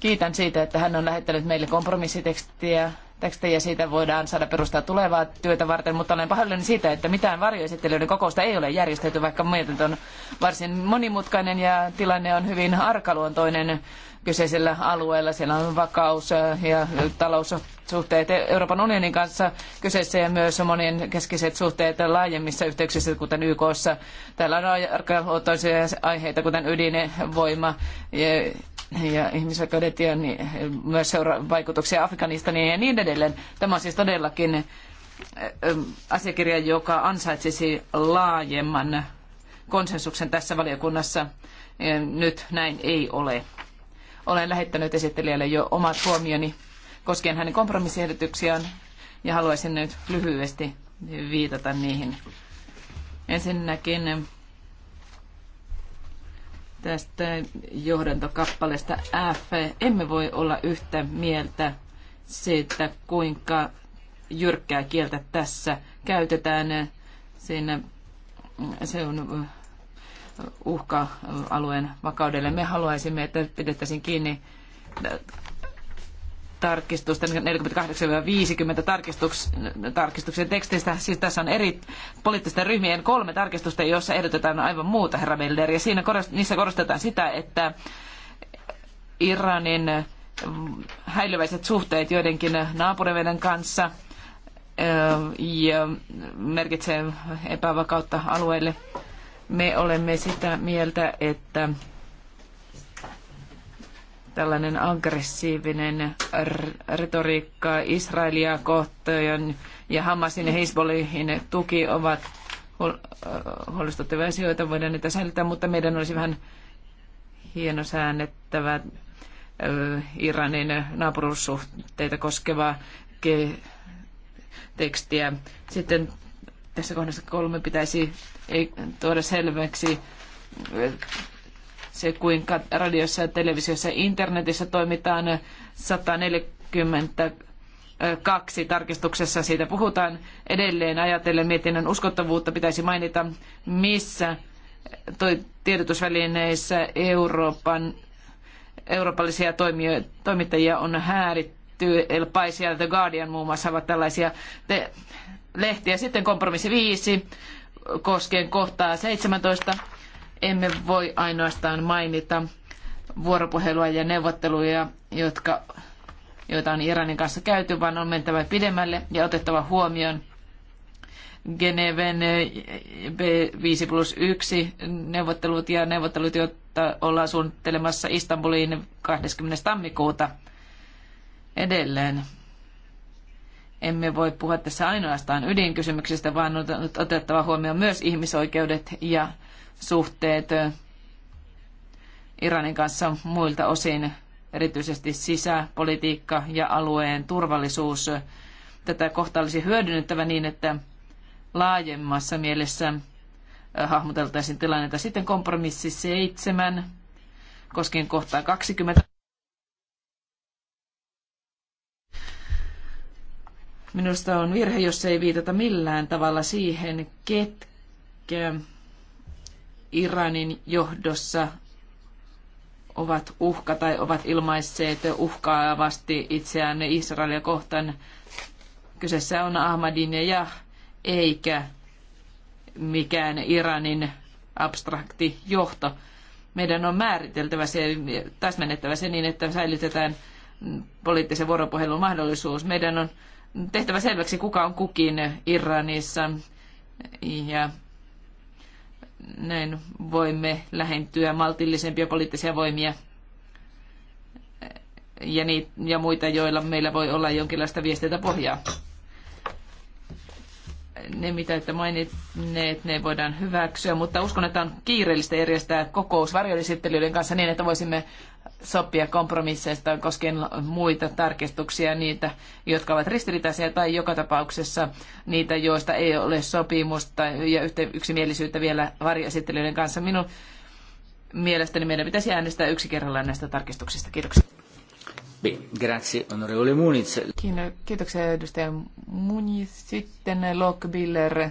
Kiitän siitä, että hän on lähettänyt meille kompromissitekstiä tekstejä siitä voidaan saada perustaa tulevaa työtä varten, mutta olen pahoillani siitä, että mitään varjoesittelyiden kokousta ei ole järjestetty, vaikka mietintö on varsin monimutkainen ja tilanne on hyvin arkaluontoinen kyseisellä alueella. Siellä on vakaus äh, ja taloussuhteet Euroopan unionin kanssa kyseessä ja myös monien keskiset suhteet laajemmissa yhteyksissä, kuten YKssa. Täällä on arkaluotoisia aiheita, kuten ydinvoima ja ja ihmisoikeudet ja niin, myös seura- vaikutuksia Afganistaniin ja niin edelleen. Tämä on siis todellakin äh, asiakirja, joka ansaitsisi laajemman konsensuksen tässä valiokunnassa. Nyt näin ei ole. Olen lähettänyt esittelijälle jo omat huomioni koskien hänen kompromissiehdotuksiaan ja haluaisin nyt lyhyesti viitata niihin. Ensinnäkin tästä johdantokappaleesta F. Emme voi olla yhtä mieltä siitä, kuinka jyrkkää kieltä tässä käytetään. Siinä se on uhka alueen vakaudelle. Me haluaisimme, että pidettäisiin kiinni tarkistusta, 48-50 tarkistuks, tarkistuksen tekstistä. Siis tässä on eri poliittisten ryhmien kolme tarkistusta, joissa ehdotetaan aivan muuta, herra Belder. Ja siinä korost, niissä korostetaan sitä, että Iranin häilyväiset suhteet joidenkin naapureiden kanssa ja merkitsee epävakautta alueelle. Me olemme sitä mieltä, että tällainen aggressiivinen retoriikka Israelia kohtaan ja Hamasin ja Hezbollihin tuki ovat äh, huolestuttavia asioita, voidaan niitä säilyttää, mutta meidän olisi vähän hieno säännettävä äh, Iranin naapuruussuhteita koskevaa tekstiä. Sitten tässä kohdassa kolme pitäisi ei tuoda selväksi se, kuinka radiossa, televisiossa ja internetissä toimitaan 140 tarkistuksessa siitä puhutaan. Edelleen ajatellen mietinnön uskottavuutta pitäisi mainita, missä tiedotusvälineissä Euroopan, eurooppalaisia toimittajia on hääritty. El Pais ja The Guardian muun muassa ovat tällaisia lehtiä. Sitten kompromissi viisi koskien kohtaa 17 emme voi ainoastaan mainita vuoropuhelua ja neuvotteluja, jotka, joita on Iranin kanssa käyty, vaan on mentävä pidemmälle ja otettava huomioon Geneven B5 plus 1 neuvottelut ja neuvottelut, joita ollaan suunnittelemassa Istanbuliin 20. tammikuuta edelleen emme voi puhua tässä ainoastaan ydinkysymyksistä, vaan on otettava huomioon myös ihmisoikeudet ja suhteet Iranin kanssa muilta osin, erityisesti sisäpolitiikka ja alueen turvallisuus. Tätä kohtaa olisi hyödynnettävä niin, että laajemmassa mielessä hahmoteltaisiin tilannetta. Sitten kompromissi seitsemän koskien kohtaa 20. Minusta on virhe, jos ei viitata millään tavalla siihen, ketkä Iranin johdossa ovat uhka tai ovat ilmaisseet uhkaavasti itseään Israelia kohtaan. Kyseessä on Ahmadinejah, eikä mikään Iranin abstrakti johto. Meidän on määriteltävä se, täsmennettävä se niin, että säilytetään poliittisen vuoropuhelun mahdollisuus. Meidän on tehtävä selväksi, kuka on kukin Iranissa. Ja näin voimme lähentyä maltillisempia poliittisia voimia ja, niitä, ja muita, joilla meillä voi olla jonkinlaista viestintä pohjaa. Ne, mitä että mainitneet, ne voidaan hyväksyä, mutta uskon, että on kiireellistä järjestää kokous varjoesittelyiden kanssa niin, että voisimme sopia kompromisseista koskien muita tarkistuksia, niitä, jotka ovat ristiriitaisia tai joka tapauksessa niitä, joista ei ole sopimusta ja yksimielisyyttä vielä varjoesittelijöiden kanssa. Minun mielestäni meidän pitäisi äänestää yksi kerrallaan näistä tarkistuksista. Kiitoksia. Grazie, onorevole Muniz. Kiitoksia edustaja Muniz. Sitten Lokbiller. Biller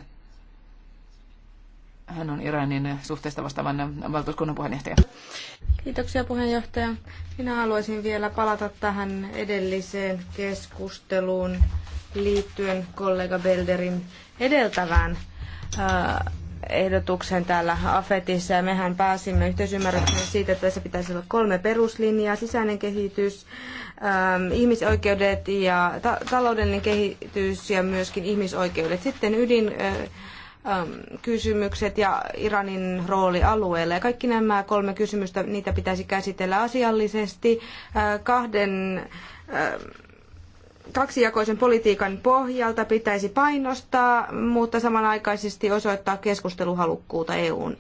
hän on Iranin suhteesta vastaavan valtuuskunnan puheenjohtaja. Kiitoksia puheenjohtaja. Minä haluaisin vielä palata tähän edelliseen keskusteluun liittyen kollega Belderin edeltävään äh, ehdotuksen täällä AFETissa ja mehän pääsimme yhteisymmärrykseen siitä, että tässä pitäisi olla kolme peruslinjaa, sisäinen kehitys, ähm, ihmisoikeudet ja ta taloudellinen kehitys ja myöskin ihmisoikeudet. Sitten ydin äh, Ähm, kysymykset ja Iranin rooli alueella. Ja kaikki nämä kolme kysymystä, niitä pitäisi käsitellä asiallisesti äh, kahden äh, kaksijakoisen politiikan pohjalta pitäisi painostaa, mutta samanaikaisesti osoittaa keskusteluhalukkuutta EUn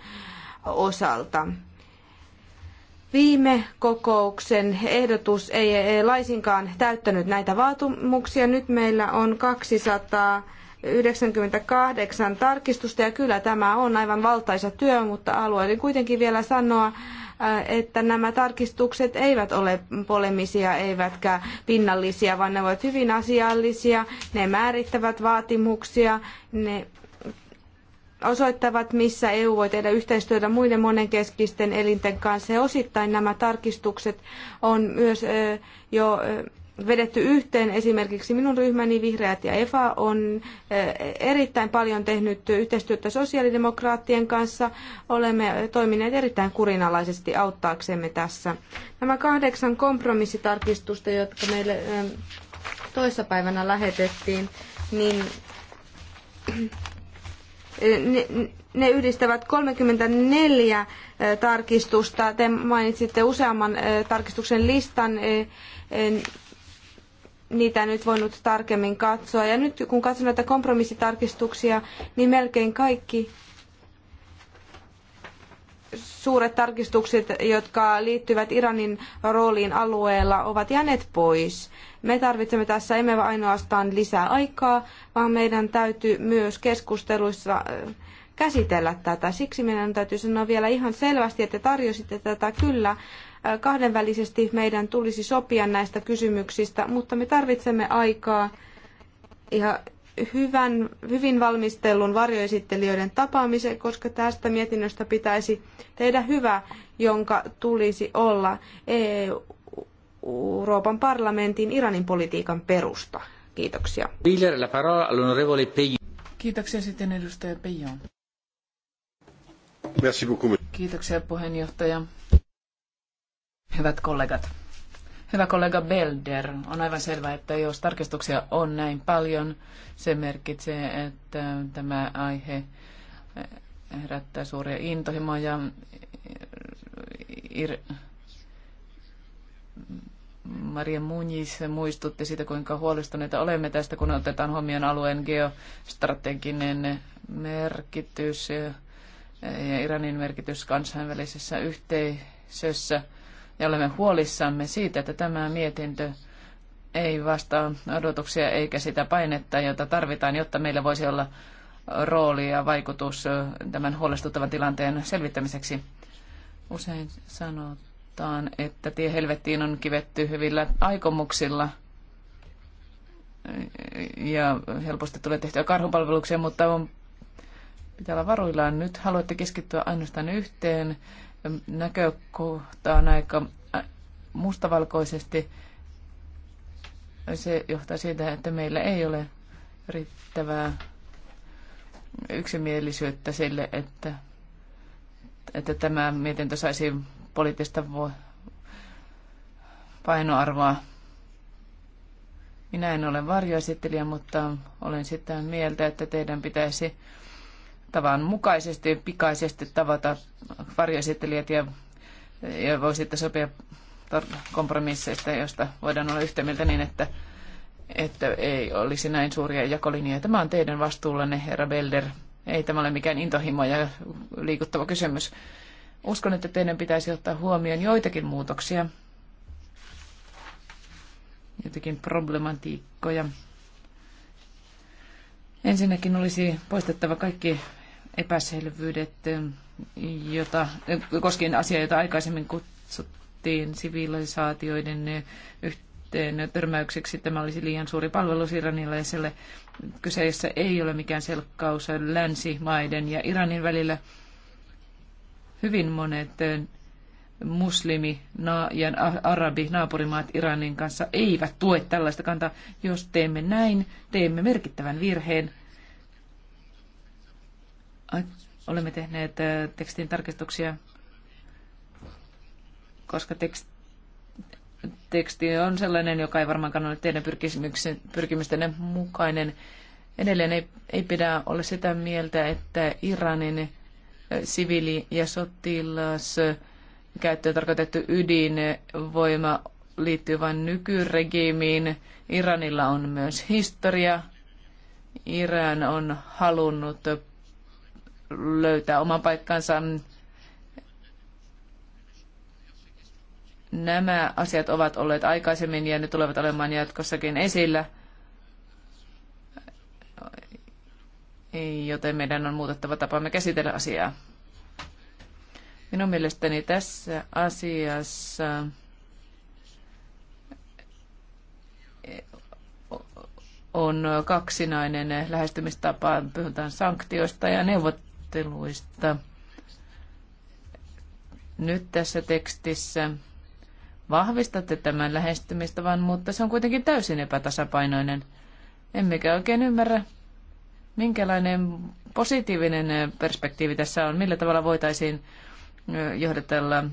osalta. Viime kokouksen ehdotus ei laisinkaan täyttänyt näitä vaatimuksia. Nyt meillä on 200 98 tarkistusta ja kyllä tämä on aivan valtaisa työ, mutta haluaisin kuitenkin vielä sanoa, äh, että nämä tarkistukset eivät ole polemisia eivätkä pinnallisia, vaan ne ovat hyvin asiallisia, ne määrittävät vaatimuksia, ne osoittavat, missä EU voi tehdä yhteistyötä muiden monenkeskisten elinten kanssa. Ja osittain nämä tarkistukset on myös äh, jo äh, vedetty yhteen. Esimerkiksi minun ryhmäni Vihreät ja EFA on eh, erittäin paljon tehnyt yhteistyötä sosiaalidemokraattien kanssa. Olemme toimineet erittäin kurinalaisesti auttaaksemme tässä. Nämä kahdeksan kompromissitarkistusta, jotka meille eh, toissapäivänä lähetettiin, niin eh, ne yhdistävät 34 tarkistusta. Te mainitsitte useamman tarkistuksen listan niitä nyt voinut tarkemmin katsoa. Ja nyt kun katson näitä kompromissitarkistuksia, niin melkein kaikki suuret tarkistukset, jotka liittyvät Iranin rooliin alueella, ovat jääneet pois. Me tarvitsemme tässä emme ainoastaan lisää aikaa, vaan meidän täytyy myös keskusteluissa äh, käsitellä tätä. Siksi meidän täytyy sanoa vielä ihan selvästi, että tarjositte tätä kyllä, Kahdenvälisesti meidän tulisi sopia näistä kysymyksistä, mutta me tarvitsemme aikaa ja hyvän, hyvin valmistellun varjoesittelijöiden tapaamisen, koska tästä mietinnöstä pitäisi tehdä hyvä, jonka tulisi olla Euroopan parlamentin Iranin politiikan perusta. Kiitoksia. Kiitoksia sitten edustaja Kiitoksia puheenjohtaja. Hyvät kollegat, hyvä kollega Belder, on aivan selvää, että jos tarkistuksia on näin paljon, se merkitsee, että tämä aihe herättää suuria intohimoja. Maria Muñiz muistutti siitä, kuinka huolestuneita olemme tästä, kun otetaan huomioon alueen geostrateginen merkitys ja Iranin merkitys kansainvälisessä yhteisössä ja olemme huolissamme siitä, että tämä mietintö ei vastaa odotuksia eikä sitä painetta, jota tarvitaan, jotta meillä voisi olla rooli ja vaikutus tämän huolestuttavan tilanteen selvittämiseksi. Usein sanotaan, että tie helvettiin on kivetty hyvillä aikomuksilla ja helposti tulee tehtyä karhupalveluksia, mutta on, pitää olla varuillaan. Nyt haluatte keskittyä ainoastaan yhteen näkökohtaan aika äh, mustavalkoisesti. Se johtaa siitä, että meillä ei ole riittävää yksimielisyyttä sille, että, että tämä mietintö saisi poliittista painoarvoa. Minä en ole varjoesittelijä, mutta olen sitä mieltä, että teidän pitäisi tavan mukaisesti pikaisesti tavata varjoesittelijät ja, ja voi sitten sopia kompromisseista, joista voidaan olla yhtä mieltä niin, että, että ei olisi näin suuria jakolinjoja. Tämä on teidän vastuullanne, herra Belder. Ei tämä ole mikään intohimo ja liikuttava kysymys. Uskon, että teidän pitäisi ottaa huomioon joitakin muutoksia, joitakin problematiikkoja. Ensinnäkin olisi poistettava kaikki epäselvyydet, jota, koskien asiaa, jota aikaisemmin kutsuttiin sivilisaatioiden yhteen törmäykseksi. Tämä olisi liian suuri palvelus iranilaiselle. Kyseessä ei ole mikään selkkaus länsimaiden ja Iranin välillä. Hyvin monet muslimi ja arabi naapurimaat Iranin kanssa eivät tue tällaista kantaa. Jos teemme näin, teemme merkittävän virheen olemme tehneet äh, tekstin tarkistuksia, koska teksti teksti on sellainen, joka ei varmaankaan ole teidän pyrkimystenne mukainen. Edelleen ei, ei pidä olla sitä mieltä, että Iranin äh, siviili- ja sotilas äh, käyttöön tarkoitettu ydinvoima liittyy vain nykyregiimiin. Iranilla on myös historia. Iran on halunnut löytää oman paikkansa. Nämä asiat ovat olleet aikaisemmin ja ne tulevat olemaan jatkossakin esillä, joten meidän on muutettava tapamme käsitellä asiaa. Minun mielestäni tässä asiassa on kaksinainen lähestymistapa, puhutaan sanktioista ja neuvot, keskusteluista. Nyt tässä tekstissä vahvistatte tämän lähestymistavan, mutta se on kuitenkin täysin epätasapainoinen. Emmekä oikein ymmärrä, minkälainen positiivinen perspektiivi tässä on, millä tavalla voitaisiin johdatella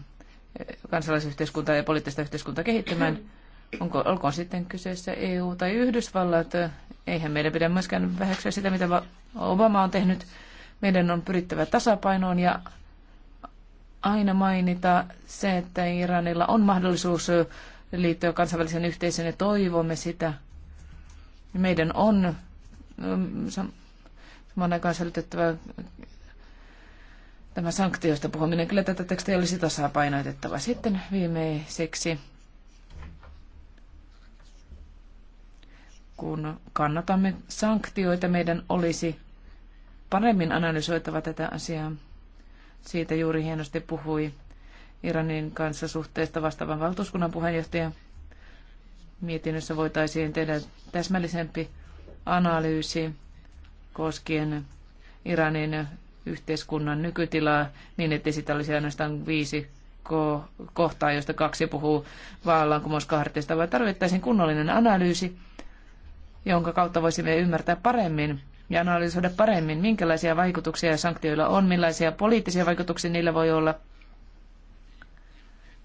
kansalaisyhteiskuntaa ja poliittista yhteiskuntaa kehittämään. Onko, olkoon sitten kyseessä EU tai Yhdysvallat, eihän meidän pidä myöskään väheksyä sitä, mitä Obama on tehnyt meidän on pyrittävä tasapainoon ja aina mainita se, että Iranilla on mahdollisuus liittyä kansainvälisen yhteisön ja toivomme sitä. Meidän on mm, samaan aikaan selitettävä tämä sanktioista puhuminen. Kyllä tätä tekstiä olisi tasapainoitettava. Sitten viimeiseksi, kun kannatamme sanktioita, meidän olisi paremmin analysoitava tätä asiaa. Siitä juuri hienosti puhui Iranin kanssa suhteesta vastaavan valtuuskunnan puheenjohtaja. Mietinnössä voitaisiin tehdä täsmällisempi analyysi koskien Iranin yhteiskunnan nykytilaa niin, että sitä olisi ainoastaan viisi kohtaa, josta kaksi puhuu vallankumouskaartista, vaan tarvittaisiin kunnollinen analyysi, jonka kautta voisimme ymmärtää paremmin ja analysoida paremmin, minkälaisia vaikutuksia sanktioilla on, millaisia poliittisia vaikutuksia niillä voi olla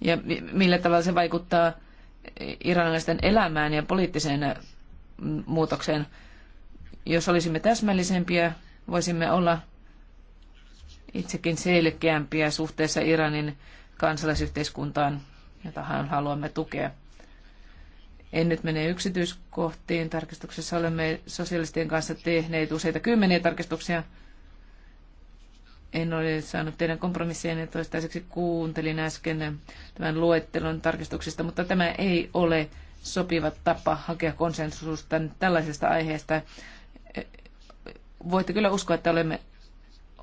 ja millä tavalla se vaikuttaa iranilaisten elämään ja poliittiseen mm, muutokseen. Jos olisimme täsmällisempiä, voisimme olla itsekin selkeämpiä suhteessa Iranin kansalaisyhteiskuntaan, jota haluamme tukea. En nyt mene yksityiskohtiin. Tarkistuksessa olemme sosialistien kanssa tehneet useita kymmeniä tarkistuksia. En ole saanut teidän ja toistaiseksi. Kuuntelin äsken tämän luettelon tarkistuksista, mutta tämä ei ole sopiva tapa hakea konsensusta tällaisesta aiheesta. Voitte kyllä uskoa, että olemme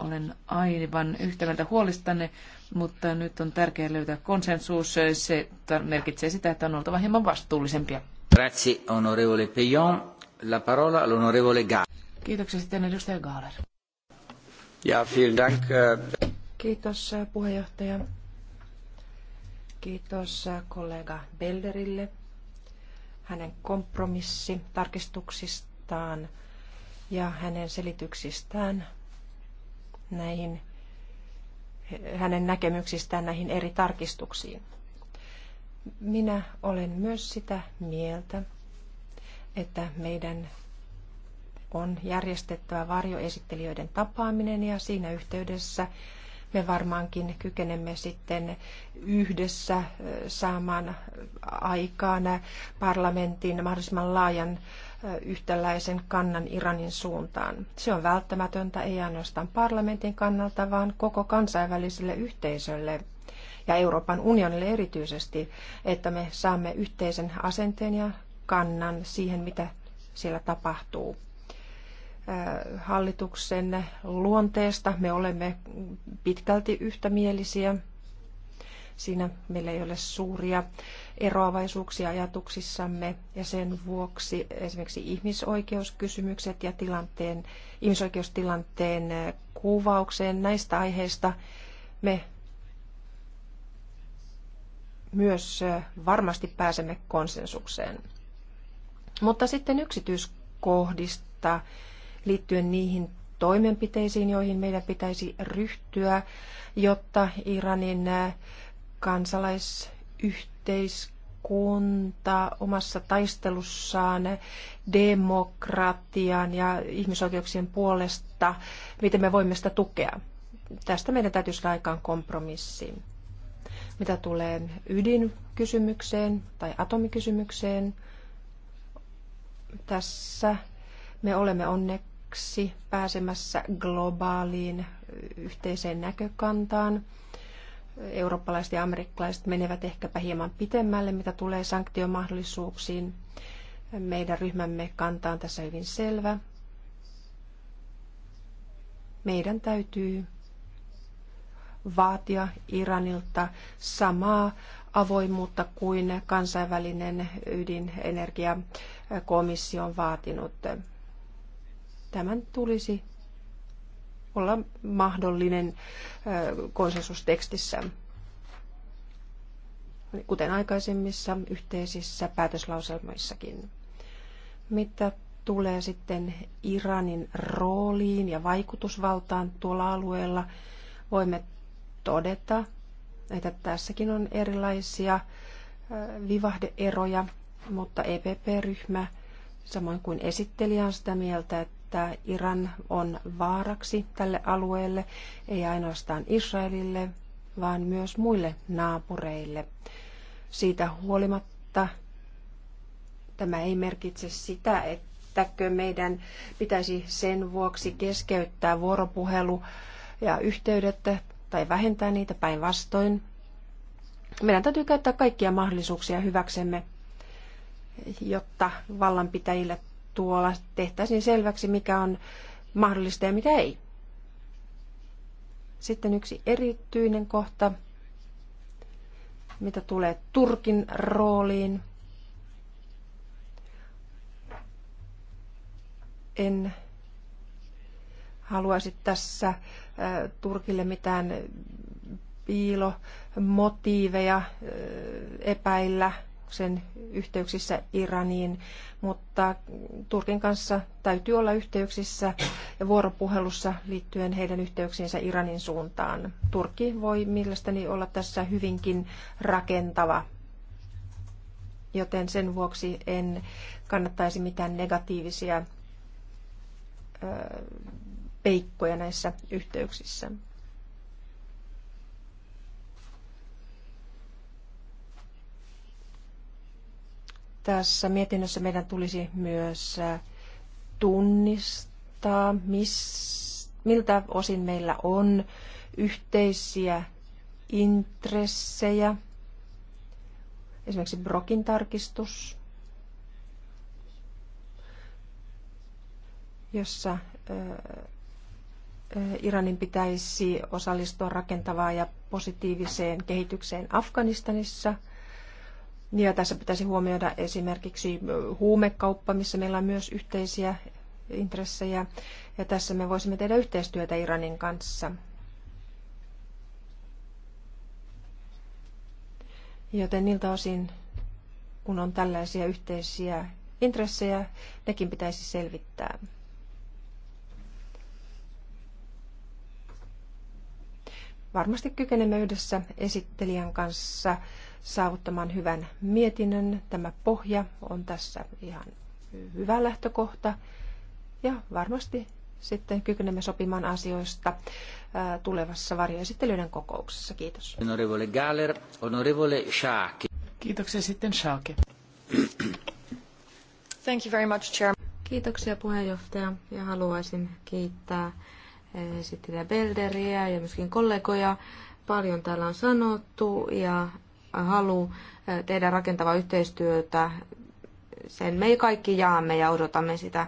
olen aivan yhtä mieltä huolistanne, mutta nyt on tärkeää löytää konsensus. Se merkitsee sitä, että on oltava hieman vastuullisempia. Grazie, onorevole Peillon. La parola all'onorevole Gaaler. Kiitoksia sitten edustaja Gaaler. Ja, vielen dank. Äh, Kiitos äh, puheenjohtaja. Kiitos äh, kollega Belderille hänen kompromissitarkistuksistaan ja hänen selityksistään näihin hänen näkemyksistään näihin eri tarkistuksiin. Minä olen myös sitä mieltä, että meidän on järjestettävä varjoesittelijöiden tapaaminen ja siinä yhteydessä me varmaankin kykenemme sitten yhdessä saamaan aikaan parlamentin mahdollisimman laajan yhtäläisen kannan Iranin suuntaan. Se on välttämätöntä ei ainoastaan parlamentin kannalta, vaan koko kansainväliselle yhteisölle ja Euroopan unionille erityisesti, että me saamme yhteisen asenteen ja kannan siihen, mitä siellä tapahtuu. Hallituksen luonteesta me olemme pitkälti yhtämielisiä. Siinä meillä ei ole suuria eroavaisuuksia ajatuksissamme ja sen vuoksi esimerkiksi ihmisoikeuskysymykset ja tilanteen, ihmisoikeustilanteen kuvaukseen näistä aiheista me myös varmasti pääsemme konsensukseen. Mutta sitten yksityiskohdista liittyen niihin toimenpiteisiin, joihin meidän pitäisi ryhtyä, jotta Iranin kansalaisyhteisö yhteiskunta omassa taistelussaan demokratian ja ihmisoikeuksien puolesta, miten me voimme sitä tukea. Tästä meidän täytyy saada aikaan kompromissi. Mitä tulee ydinkysymykseen tai atomikysymykseen, tässä me olemme onneksi pääsemässä globaaliin yhteiseen näkökantaan eurooppalaiset ja amerikkalaiset menevät ehkäpä hieman pitemmälle, mitä tulee sanktiomahdollisuuksiin. Meidän ryhmämme kanta on tässä hyvin selvä. Meidän täytyy vaatia Iranilta samaa avoimuutta kuin kansainvälinen ydinenergiakomissio on vaatinut. Tämän tulisi olla mahdollinen konsensustekstissä, kuten aikaisemmissa yhteisissä päätöslauselmoissakin. Mitä tulee sitten Iranin rooliin ja vaikutusvaltaan tuolla alueella, voimme todeta, että tässäkin on erilaisia vivahdeeroja, mutta EPP-ryhmä samoin kuin esittelijä on sitä mieltä, että että Iran on vaaraksi tälle alueelle, ei ainoastaan Israelille, vaan myös muille naapureille. Siitä huolimatta tämä ei merkitse sitä, ettäkö meidän pitäisi sen vuoksi keskeyttää vuoropuhelu ja yhteydet tai vähentää niitä päinvastoin. Meidän täytyy käyttää kaikkia mahdollisuuksia hyväksemme, jotta vallanpitäjille tuolla tehtäisiin selväksi, mikä on mahdollista ja mikä ei. Sitten yksi erityinen kohta, mitä tulee Turkin rooliin. En haluaisi tässä äh, Turkille mitään piilomotiiveja äh, epäillä – sen yhteyksissä Iraniin, mutta Turkin kanssa täytyy olla yhteyksissä ja vuoropuhelussa liittyen heidän yhteyksiinsä Iranin suuntaan. Turkki voi mielestäni olla tässä hyvinkin rakentava, joten sen vuoksi en kannattaisi mitään negatiivisia peikkoja näissä yhteyksissä. tässä mietinnössä meidän tulisi myös tunnistaa, mis, miltä osin meillä on yhteisiä intressejä, esimerkiksi Brokin tarkistus, jossa Iranin pitäisi osallistua rakentavaan ja positiiviseen kehitykseen Afganistanissa – ja tässä pitäisi huomioida esimerkiksi huumekauppa, missä meillä on myös yhteisiä intressejä. Ja tässä me voisimme tehdä yhteistyötä Iranin kanssa. Joten niiltä osin, kun on tällaisia yhteisiä intressejä, nekin pitäisi selvittää. Varmasti kykenemme yhdessä esittelijän kanssa saavuttamaan hyvän mietinnön. Tämä pohja on tässä ihan hyvä lähtökohta ja varmasti sitten kykenemme sopimaan asioista tulevassa varjoesittelyiden kokouksessa. Kiitos. Honorevole Galler, honorevole Schaake. Kiitoksia sitten Schaake. Thank you very much, Chair. Kiitoksia puheenjohtaja ja haluaisin kiittää eh, esittelijä Belderiä ja myöskin kollegoja. Paljon täällä on sanottu ja halu eh, tehdä rakentavaa yhteistyötä, sen me kaikki jaamme ja odotamme sitä.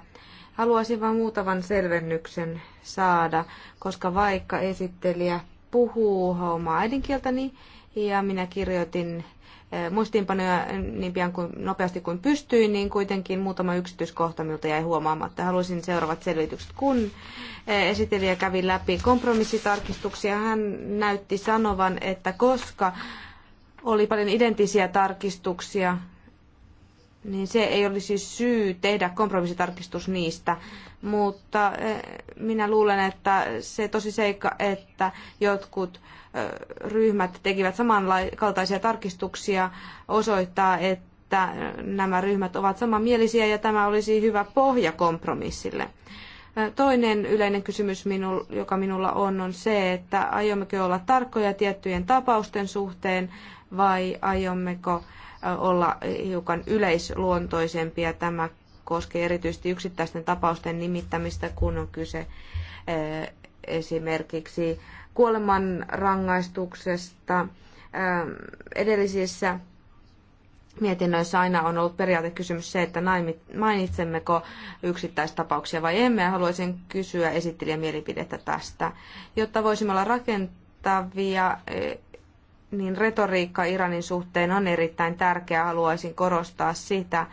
Haluaisin vain muutaman selvennyksen saada, koska vaikka esittelijä puhuu omaa äidinkieltäni ja minä kirjoitin eh, muistiinpanoja niin pian kuin nopeasti kuin pystyin, niin kuitenkin muutama yksityiskohta miltä jäi huomaamatta. Haluaisin seuraavat selvitykset. Kun eh, esittelijä kävi läpi kompromissitarkistuksia, hän näytti sanovan, että koska oli paljon identtisiä tarkistuksia, niin se ei olisi syy tehdä kompromissitarkistus niistä. Mutta eh, minä luulen, että se tosi seikka, että jotkut eh, ryhmät tekivät samankaltaisia tarkistuksia, osoittaa, että nämä ryhmät ovat samanmielisiä ja tämä olisi hyvä pohja kompromissille. Eh, toinen yleinen kysymys, joka minulla on, on se, että aiommeko olla tarkkoja tiettyjen tapausten suhteen vai aiommeko olla hiukan yleisluontoisempia. Tämä koskee erityisesti yksittäisten tapausten nimittämistä, kun on kyse esimerkiksi kuolemanrangaistuksesta. Edellisissä mietinnöissä aina on ollut periaatekysymys se, että mainitsemmeko yksittäistapauksia vai emme. Haluaisin kysyä esittelijän mielipidettä tästä, jotta voisimme olla rakentavia niin retoriikka Iranin suhteen on erittäin tärkeää, haluaisin korostaa sitä.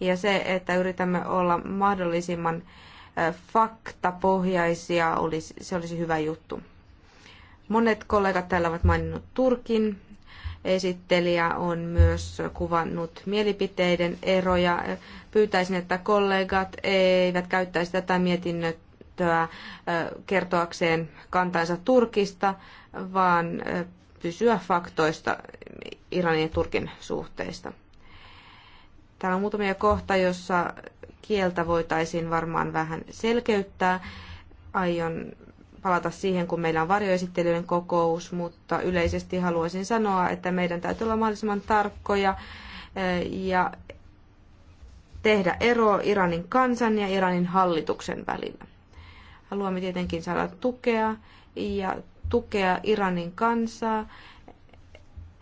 Ja se, että yritämme olla mahdollisimman faktapohjaisia, olisi, se olisi hyvä juttu. Monet kollegat täällä ovat maininnut Turkin. Esittelijä on myös kuvannut mielipiteiden eroja. Pyytäisin, että kollegat eivät käyttäisi tätä mietinnöttöä kertoakseen kantansa Turkista, vaan pysyä faktoista Iranin ja Turkin suhteista. Täällä on muutamia kohta, jossa kieltä voitaisiin varmaan vähän selkeyttää. Aion palata siihen, kun meillä on varjoesittelyiden kokous, mutta yleisesti haluaisin sanoa, että meidän täytyy olla mahdollisimman tarkkoja eh, ja tehdä ero Iranin kansan ja Iranin hallituksen välillä. Haluamme tietenkin saada tukea ja tukea Iranin kansaa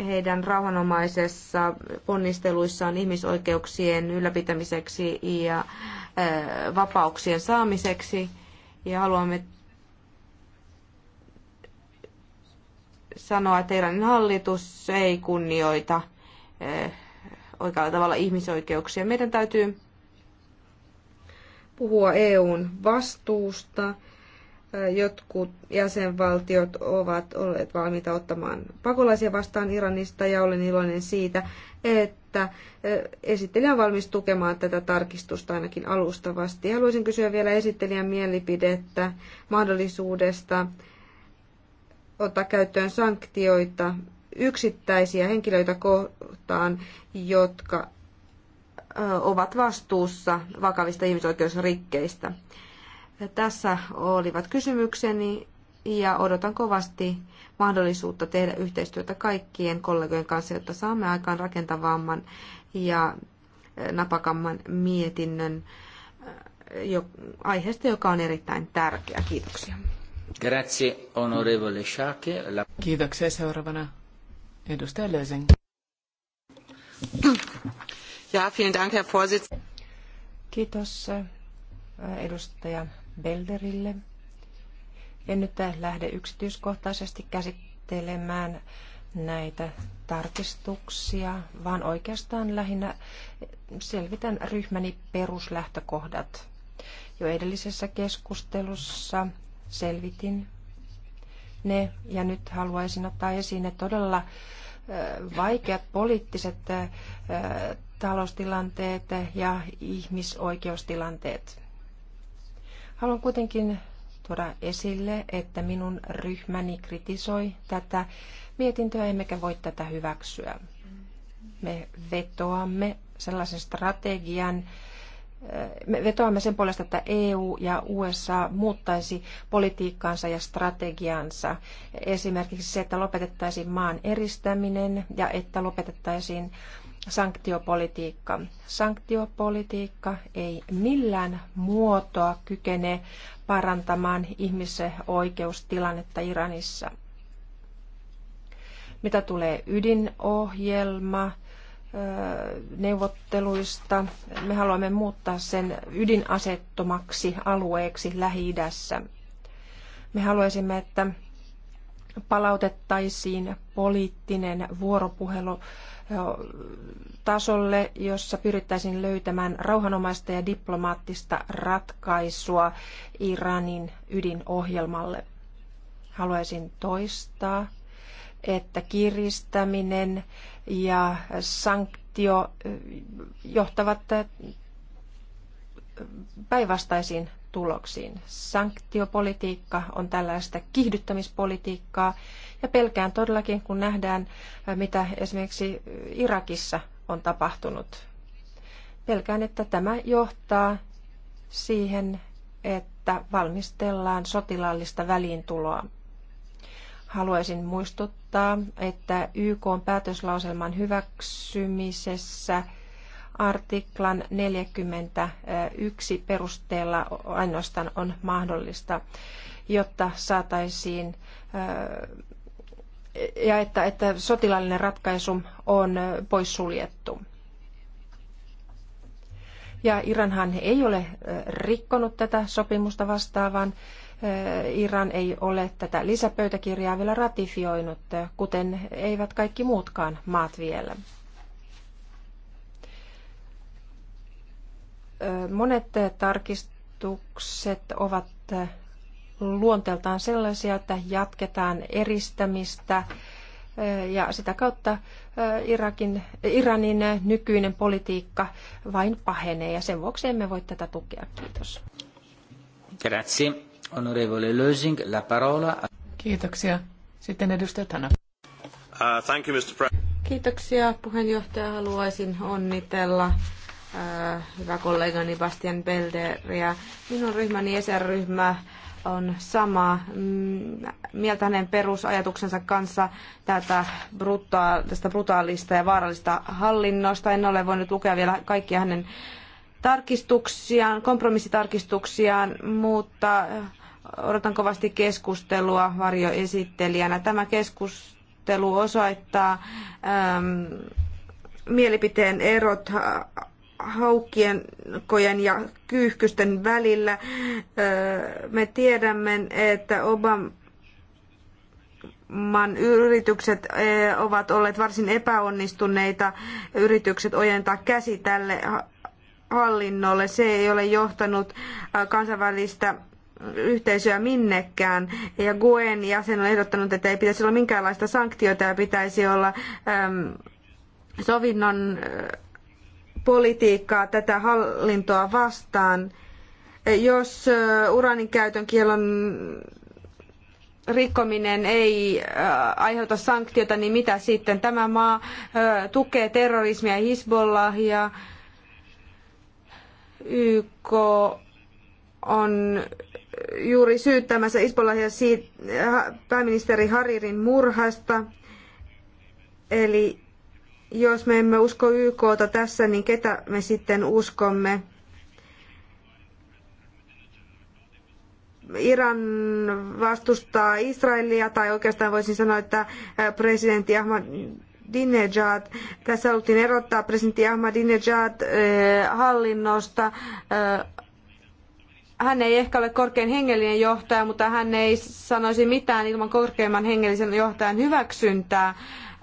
heidän rauhanomaisessa ponnisteluissaan ihmisoikeuksien ylläpitämiseksi ja vapauksien saamiseksi. Ja haluamme sanoa, että Iranin hallitus ei kunnioita oikealla tavalla ihmisoikeuksia. Meidän täytyy puhua EUn vastuusta jotkut jäsenvaltiot ovat olleet valmiita ottamaan pakolaisia vastaan Iranista ja olen iloinen siitä, että esittelijä on valmis tukemaan tätä tarkistusta ainakin alustavasti. Haluaisin kysyä vielä esittelijän mielipidettä mahdollisuudesta ottaa käyttöön sanktioita yksittäisiä henkilöitä kohtaan, jotka ovat vastuussa vakavista ihmisoikeusrikkeistä. Tässä olivat kysymykseni ja odotan kovasti mahdollisuutta tehdä yhteistyötä kaikkien kollegojen kanssa, jotta saamme aikaan rakentavamman ja eh, napakamman mietinnön eh, jo, aiheesta, joka on erittäin tärkeä. Kiitoksia. Grazie, onorevole Schake. Kiitoksia seuraavana. Edustaja Lösing. Ja, vielen Dank, Herr Vorsitz. Kiitos, eh, edustaja Belderille. En nyt lähde yksityiskohtaisesti käsittelemään näitä tarkistuksia, vaan oikeastaan lähinnä selvitän ryhmäni peruslähtökohdat. Jo edellisessä keskustelussa selvitin ne ja nyt haluaisin ottaa esiin ne todella vaikeat poliittiset taloustilanteet ja ihmisoikeustilanteet. Haluan kuitenkin tuoda esille, että minun ryhmäni kritisoi tätä mietintöä, emmekä voi tätä hyväksyä. Me vetoamme sellaisen strategian, me vetoamme sen puolesta, että EU ja USA muuttaisi politiikkaansa ja strategiansa. Esimerkiksi se, että lopetettaisiin maan eristäminen ja että lopetettaisiin sanktiopolitiikka. Sanktiopolitiikka ei millään muotoa kykene parantamaan ihmisoikeustilannetta Iranissa. Mitä tulee ydinohjelma, neuvotteluista. Me haluamme muuttaa sen ydinasettomaksi alueeksi Lähi-idässä. Me haluaisimme, että palautettaisiin poliittinen vuoropuhelu tasolle, jossa pyrittäisiin löytämään rauhanomaista ja diplomaattista ratkaisua Iranin ydinohjelmalle. Haluaisin toistaa, että kiristäminen ja sanktio johtavat päinvastaisiin tuloksiin. Sanktiopolitiikka on tällaista kiihdyttämispolitiikkaa, ja pelkään todellakin, kun nähdään, äh, mitä esimerkiksi Irakissa on tapahtunut. Pelkään, että tämä johtaa siihen, että valmistellaan sotilaallista väliintuloa. Haluaisin muistuttaa, että YK on päätöslauselman hyväksymisessä artiklan 41 perusteella ainoastaan on mahdollista, jotta saataisiin äh, ja että, että sotilaallinen ratkaisu on poissuljettu. Ja Iranhan ei ole rikkonut tätä sopimusta vastaavan Iran ei ole tätä lisäpöytäkirjaa vielä ratifioinut, kuten eivät kaikki muutkaan maat vielä. Monet tarkistukset ovat luonteeltaan sellaisia, että jatketaan eristämistä ja sitä kautta Irakin, Iranin nykyinen politiikka vain pahenee ja sen vuoksi emme voi tätä tukea. Kiitos. Grazie. Onorevole Lösing, la parola. Kiitoksia. Sitten edustaja Tana. Uh, thank you, Mr. Pre- Kiitoksia puheenjohtaja. Haluaisin onnitella uh, hyvä kollegani Bastian Belderia. Minun ryhmäni ESR-ryhmä on samaa mm, mieltä hänen perusajatuksensa kanssa tätä brutaa, tästä brutaalista ja vaarallista hallinnosta. En ole voinut lukea vielä kaikkia hänen tarkistuksiaan, kompromissitarkistuksiaan, mutta odotan kovasti keskustelua varjoesittelijänä. Tämä keskustelu osoittaa ähm, mielipiteen erot haukkien kojen ja kyyhkysten välillä. Me tiedämme, että Obaman yritykset ovat olleet varsin epäonnistuneita yritykset ojentaa käsi tälle hallinnolle. Se ei ole johtanut kansainvälistä yhteisöä minnekään. Ja Guen jäsen on ehdottanut, että ei pitäisi olla minkäänlaista sanktiota ja pitäisi olla äm, sovinnon äh, politiikkaa tätä hallintoa vastaan. Jos uranin käytön kielon rikkominen ei aiheuta sanktiota, niin mitä sitten? Tämä maa tukee terrorismia Hisbollahia. YK on juuri syyttämässä Hisbollahia pääministeri Haririn murhasta. Eli jos me emme usko YKta tässä, niin ketä me sitten uskomme? Iran vastustaa Israelia, tai oikeastaan voisin sanoa, että presidentti Ahmadinejad, tässä haluttiin erottaa presidentti Ahmadinejad hallinnosta. Hän ei ehkä ole korkein hengellinen johtaja, mutta hän ei sanoisi mitään ilman korkeimman hengellisen johtajan hyväksyntää.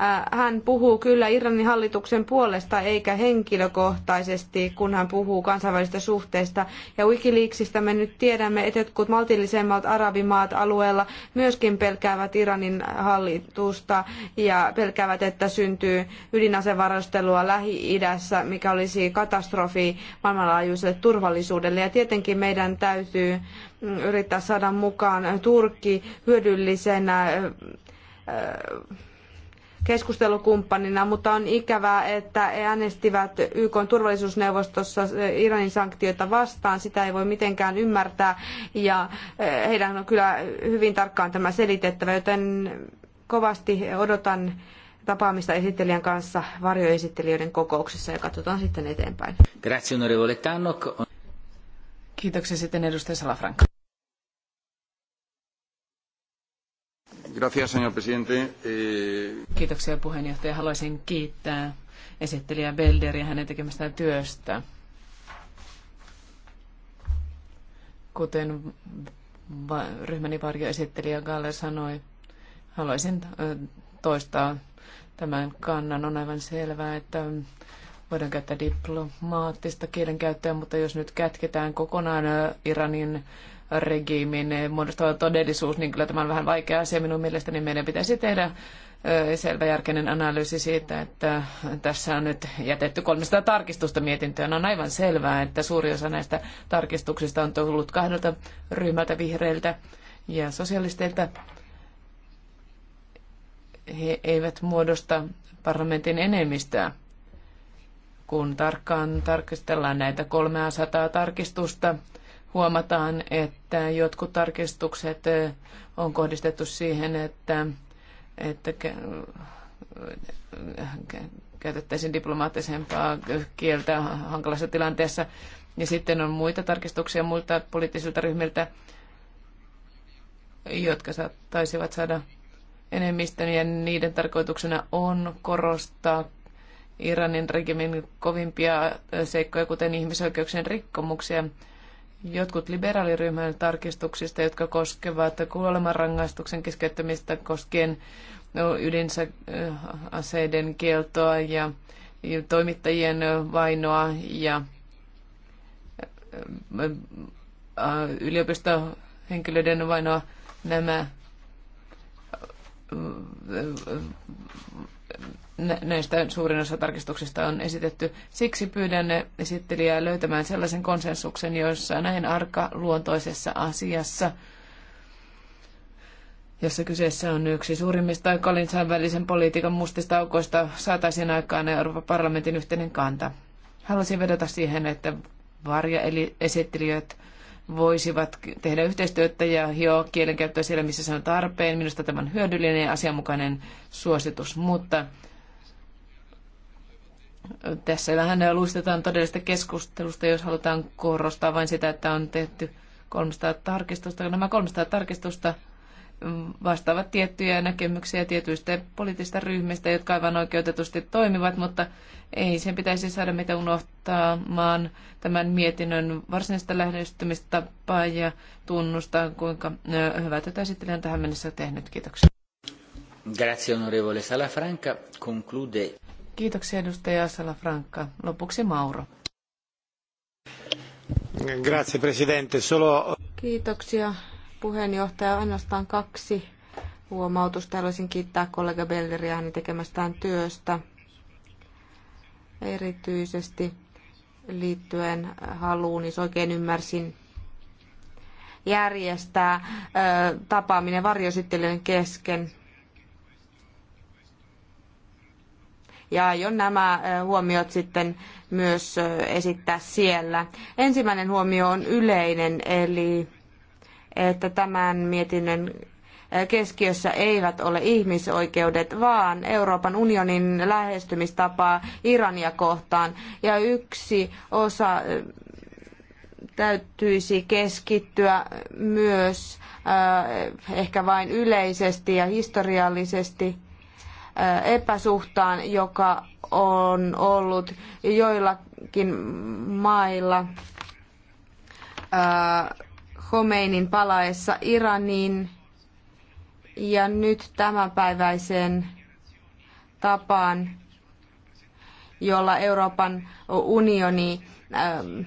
Äh, hän puhuu kyllä Irlannin hallituksen puolesta eikä henkilökohtaisesti, kun hän puhuu kansainvälisistä suhteista. Ja Wikileaksista me nyt tiedämme, että jotkut maltillisemmat arabimaat alueella myöskin pelkäävät Iranin hallitusta ja pelkäävät, että syntyy ydinasevarastelua Lähi-idässä, mikä olisi katastrofi maailmanlaajuiselle turvallisuudelle. Ja tietenkin meidän täytyy mm, yrittää saada mukaan Turkki hyödyllisenä äh, äh, keskustelukumppanina, mutta on ikävää, että he äänestivät YK turvallisuusneuvostossa Iranin sanktioita vastaan. Sitä ei voi mitenkään ymmärtää ja eh, heidän on kyllä hyvin tarkkaan tämä selitettävä, joten kovasti odotan tapaamista esittelijän kanssa varjoesittelijöiden kokouksessa ja katsotaan sitten eteenpäin. Grazie, onorevole Tannok. Kiitoksia sitten edustaja Salafranca. Eh, Kiitoksia puheenjohtaja. Haluaisin kiittää esittelijä Belderiä hänen tekemästään työstä. Kuten va- ryhmäni varjoesittelijä Galle sanoi, haluaisin toistaa tämän kannan. On aivan selvää, että voidaan käyttää diplomaattista kielenkäyttöä, mutta jos nyt kätketään kokonaan Iranin regiimin muodostava todellisuus, niin kyllä tämä on vähän vaikea asia minun mielestäni. Meidän pitäisi tehdä selväjärkeinen analyysi siitä, että tässä on nyt jätetty 300 tarkistusta mietintöön. On aivan selvää, että suuri osa näistä tarkistuksista on tullut kahdelta ryhmältä, vihreiltä ja sosialisteilta. He eivät muodosta parlamentin enemmistöä. Kun tarkkaan tarkistellaan näitä 300 tarkistusta, huomataan, että jotkut tarkistukset on kohdistettu siihen, että, että käytettäisiin diplomaattisempaa kieltä hankalassa tilanteessa. Ja sitten on muita tarkistuksia muilta poliittisilta ryhmiltä, jotka saattaisivat saada enemmistön, ja niiden tarkoituksena on korostaa Iranin regimin kovimpia seikkoja, kuten ihmisoikeuksien rikkomuksia, Jotkut liberaaliryhmän tarkistuksista, jotka koskevat kuolemanrangaistuksen keskeyttämistä koskien no, ydinaseiden äh, kieltoa ja toimittajien vainoa ja äh, äh, yliopistohenkilöiden vainoa nämä näistä suurin osa tarkistuksista on esitetty. Siksi pyydän esittelijää löytämään sellaisen konsensuksen, jossa näin arka luontoisessa asiassa, jossa kyseessä on yksi suurimmista kansainvälisen politiikan mustista aukoista, saataisiin aikaan Euroopan parlamentin yhteinen kanta. Haluaisin vedota siihen, että varja eli esittelijät voisivat tehdä yhteistyötä ja hioa kielenkäyttöä siellä, missä se on tarpeen. Minusta tämä on hyödyllinen ja asianmukainen suositus, mutta tässä vähän luistetaan todellista keskustelusta, jos halutaan korostaa vain sitä, että on tehty 300 tarkistusta. Nämä 300 tarkistusta vastaavat tiettyjä näkemyksiä tietyistä poliittisista ryhmistä, jotka aivan oikeutetusti toimivat, mutta ei sen pitäisi saada meitä unohtamaan tämän mietinnön varsinaista lähestymistapaa ja tunnustaa, kuinka hyvä tätä esittelijä on tähän mennessä tehnyt. Kiitoksia. Grazie onorevole Salafranca. Conclude. Kiitoksia edustaja Salafranca. Lopuksi Mauro. Grazie presidente. Solo... Kiitoksia puheenjohtaja. Ainoastaan kaksi huomautusta. Haluaisin kiittää kollega Belleriä hänen tekemästään työstä, erityisesti liittyen haluun, jos niin oikein ymmärsin, järjestää ö, tapaaminen varjosittelijöiden kesken. ja aion nämä huomiot sitten myös esittää siellä. Ensimmäinen huomio on yleinen, eli että tämän mietinnön keskiössä eivät ole ihmisoikeudet, vaan Euroopan unionin lähestymistapaa Irania kohtaan. Ja yksi osa täytyisi keskittyä myös ehkä vain yleisesti ja historiallisesti epäsuhtaan, joka on ollut joillakin mailla Khomeinin palaessa Iranin ja nyt tämänpäiväiseen tapaan, jolla Euroopan unioni ähm,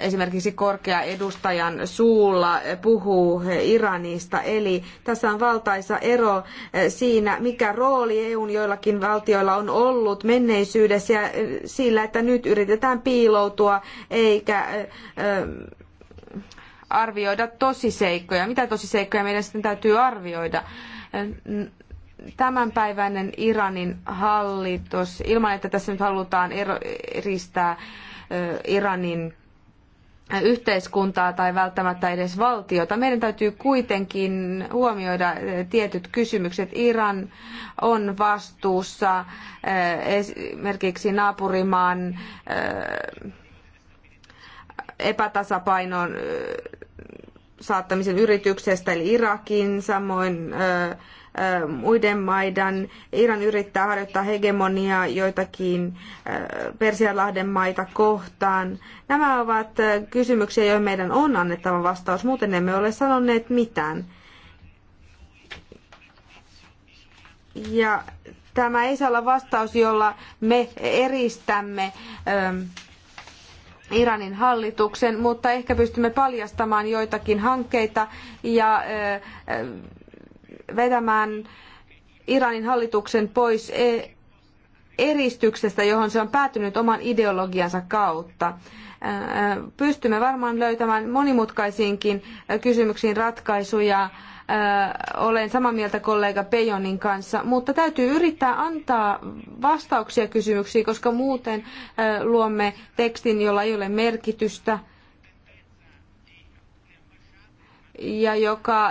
esimerkiksi korkea edustajan suulla puhuu Iranista. Eli tässä on valtaisa ero äh, siinä, mikä rooli EUn joillakin valtioilla on ollut menneisyydessä ja äh, sillä, että nyt yritetään piiloutua eikä äh, ähm, arvioida tosiseikkoja. Mitä tosiseikkoja meidän sitten täytyy arvioida? Tämänpäiväinen Iranin hallitus, ilman että tässä nyt halutaan eristää Iranin yhteiskuntaa tai välttämättä edes valtiota. Meidän täytyy kuitenkin huomioida tietyt kysymykset. Iran on vastuussa esimerkiksi naapurimaan epätasapainoon saattamisen yrityksestä, eli Irakin, samoin muiden maiden. Iran yrittää harjoittaa hegemoniaa joitakin Persianlahden maita kohtaan. Nämä ovat kysymyksiä, joihin meidän on annettava vastaus, muuten emme ole sanoneet mitään. Ja tämä ei saa olla vastaus, jolla me eristämme Iranin hallituksen, mutta ehkä pystymme paljastamaan joitakin hankkeita ja vetämään Iranin hallituksen pois e, eristyksestä, johon se on päätynyt oman ideologiansa kautta. Pystymme varmaan löytämään monimutkaisiinkin kysymyksiin ratkaisuja olen samaa mieltä kollega Pejonin kanssa, mutta täytyy yrittää antaa vastauksia kysymyksiin, koska muuten luomme tekstin, jolla ei ole merkitystä ja joka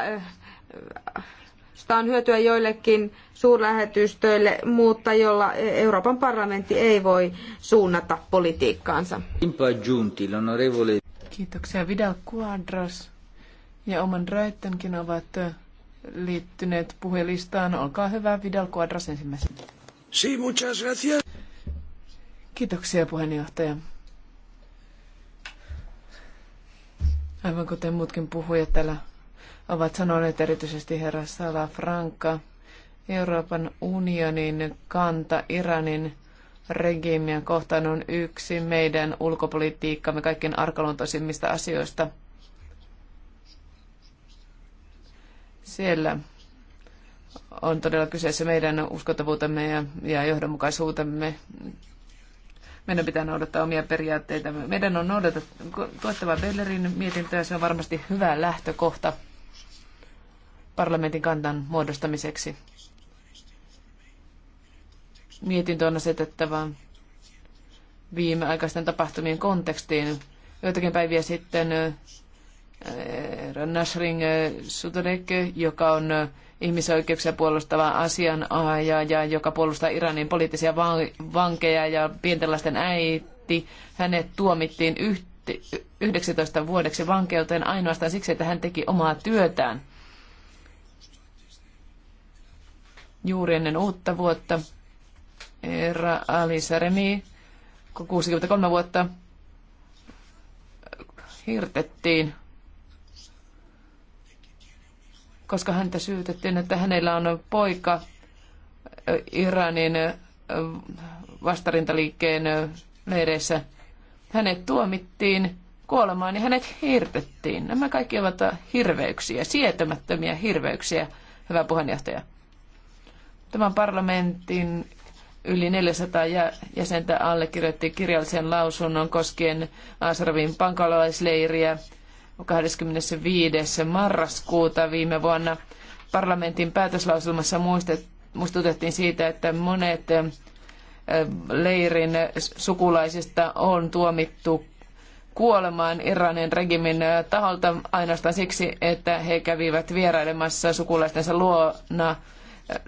josta on hyötyä joillekin suurlähetystöille, mutta jolla Euroopan parlamentti ei voi suunnata politiikkaansa. Kiitoksia Vidal ja oman Raittenkin ovat liittyneet puhelistaan. Olkaa hyvä, Vidal Quadras ensimmäisenä. Sí, muchas gracias. Kiitoksia puheenjohtaja. Aivan kuten muutkin puhujat täällä ovat sanoneet, erityisesti herra Sala Franka, Euroopan unionin kanta Iranin regiimiä kohtaan on yksi meidän ulkopolitiikkamme kaikkien arkaluontoisimmista asioista – Siellä on todella kyseessä meidän uskottavuutemme ja, ja johdonmukaisuutemme. Meidän pitää noudattaa omia periaatteita. Meidän on noudatettava tuettava Bellerin mietintöä. Se on varmasti hyvä lähtökohta parlamentin kantan muodostamiseksi. Mietintö on asetettava viimeaikaisten tapahtumien kontekstiin. Joitakin päiviä sitten Nasring eh, Suturek, joka on eh, ihmisoikeuksia puolustava asianajaja, ja joka puolustaa Iranin poliittisia vankeja ja pienten lasten äiti. Hänet tuomittiin 19 vuodeksi vankeuteen ainoastaan siksi, että hän teki omaa työtään. Juuri ennen uutta vuotta Erra Ali Saremi, 63 vuotta, eh, hirtettiin koska häntä syytettiin, että hänellä on poika Iranin vastarintaliikkeen leireissä. Hänet tuomittiin kuolemaan ja hänet hirtettiin. Nämä kaikki ovat hirveyksiä, sietämättömiä hirveyksiä, hyvä puheenjohtaja. Tämän parlamentin yli 400 jäsentä allekirjoitti kirjallisen lausunnon koskien Asravin pankalaisleiriä 25. marraskuuta viime vuonna. Parlamentin päätöslauselmassa muistutettiin siitä, että monet leirin sukulaisista on tuomittu kuolemaan Iranin regimin taholta ainoastaan siksi, että he kävivät vierailemassa sukulaistensa luona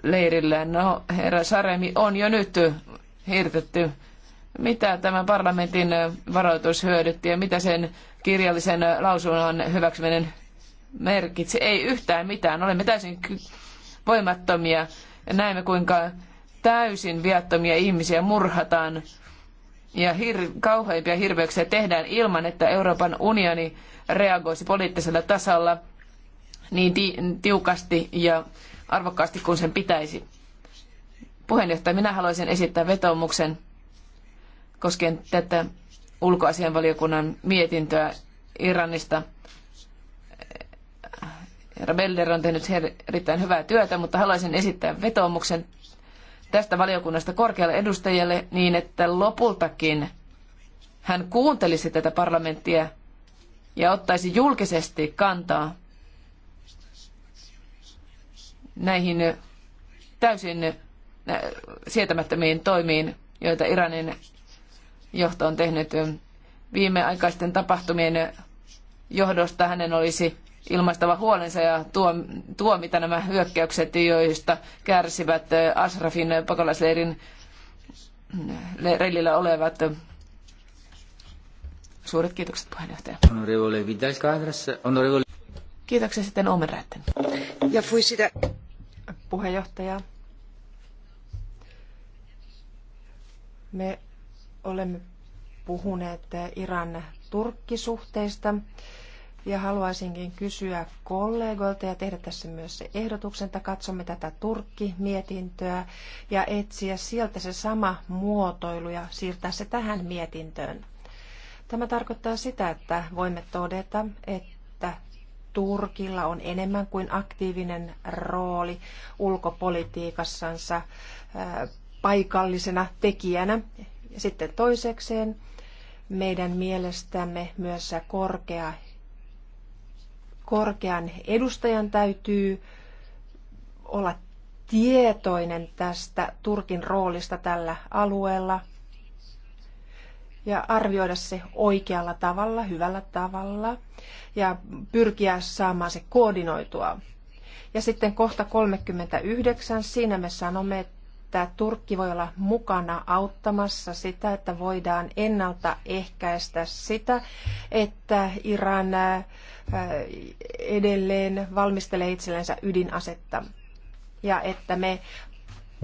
leirillä. No, herra Saremi on jo nyt hirtetty. Mitä tämä parlamentin varoitus hyödytti ja mitä sen kirjallisen lausunnon hyväksyminen merkitsi? ei yhtään mitään. Olemme täysin voimattomia ja näemme kuinka täysin viattomia ihmisiä murhataan ja hir- kauheimpia hirveyksiä tehdään ilman, että Euroopan unioni reagoisi poliittisella tasolla niin ti tiukasti ja arvokkaasti kuin sen pitäisi. Puheenjohtaja, minä haluaisin esittää vetoomuksen koskien tätä ulkoasianvaliokunnan mietintöä Iranista. Herra Belder on tehnyt erittäin hyvää työtä, mutta haluaisin esittää vetoomuksen tästä valiokunnasta korkealle edustajalle niin, että lopultakin hän kuuntelisi tätä parlamenttia ja ottaisi julkisesti kantaa näihin täysin äh, sietämättömiin toimiin, joita Iranin johto on tehnyt viimeaikaisten tapahtumien johdosta. Hänen olisi ilmaistava huolensa ja tuo, tuo mitä nämä hyökkäykset, joista kärsivät Asrafin pakolaisleirin reilillä olevat. Suuret kiitokset puheenjohtaja. Kiitoksia sitten Omen Rätten. Ja fui sitä puheenjohtajaa. Me Olemme puhuneet Iran turkkisuhteista ja haluaisinkin kysyä kollegoilta ja tehdä tässä myös se ehdotuksen, että katsomme tätä Turkki-mietintöä ja etsiä sieltä se sama muotoilu ja siirtää se tähän mietintöön. Tämä tarkoittaa sitä, että voimme todeta, että Turkilla on enemmän kuin aktiivinen rooli ulkopolitiikassansa paikallisena tekijänä ja sitten toisekseen meidän mielestämme myös korkea, korkean edustajan täytyy olla tietoinen tästä Turkin roolista tällä alueella ja arvioida se oikealla tavalla, hyvällä tavalla ja pyrkiä saamaan se koordinoitua. Ja sitten kohta 39, siinä me sanomme, että Turkki voi olla mukana auttamassa sitä, että voidaan ennaltaehkäistä sitä, että Iran äh, edelleen valmistelee itsellensä ydinasetta. Ja että me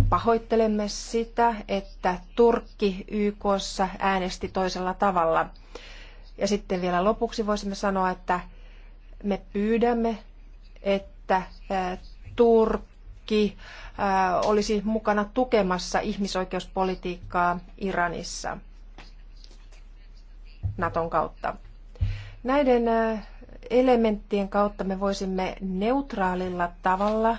pahoittelemme sitä, että Turkki YKssa äänesti toisella tavalla. Ja sitten vielä lopuksi voisimme sanoa, että me pyydämme, että äh, Turkki Turkki äh, olisi mukana tukemassa ihmisoikeuspolitiikkaa Iranissa Naton kautta. Näiden äh, elementtien kautta me voisimme neutraalilla tavalla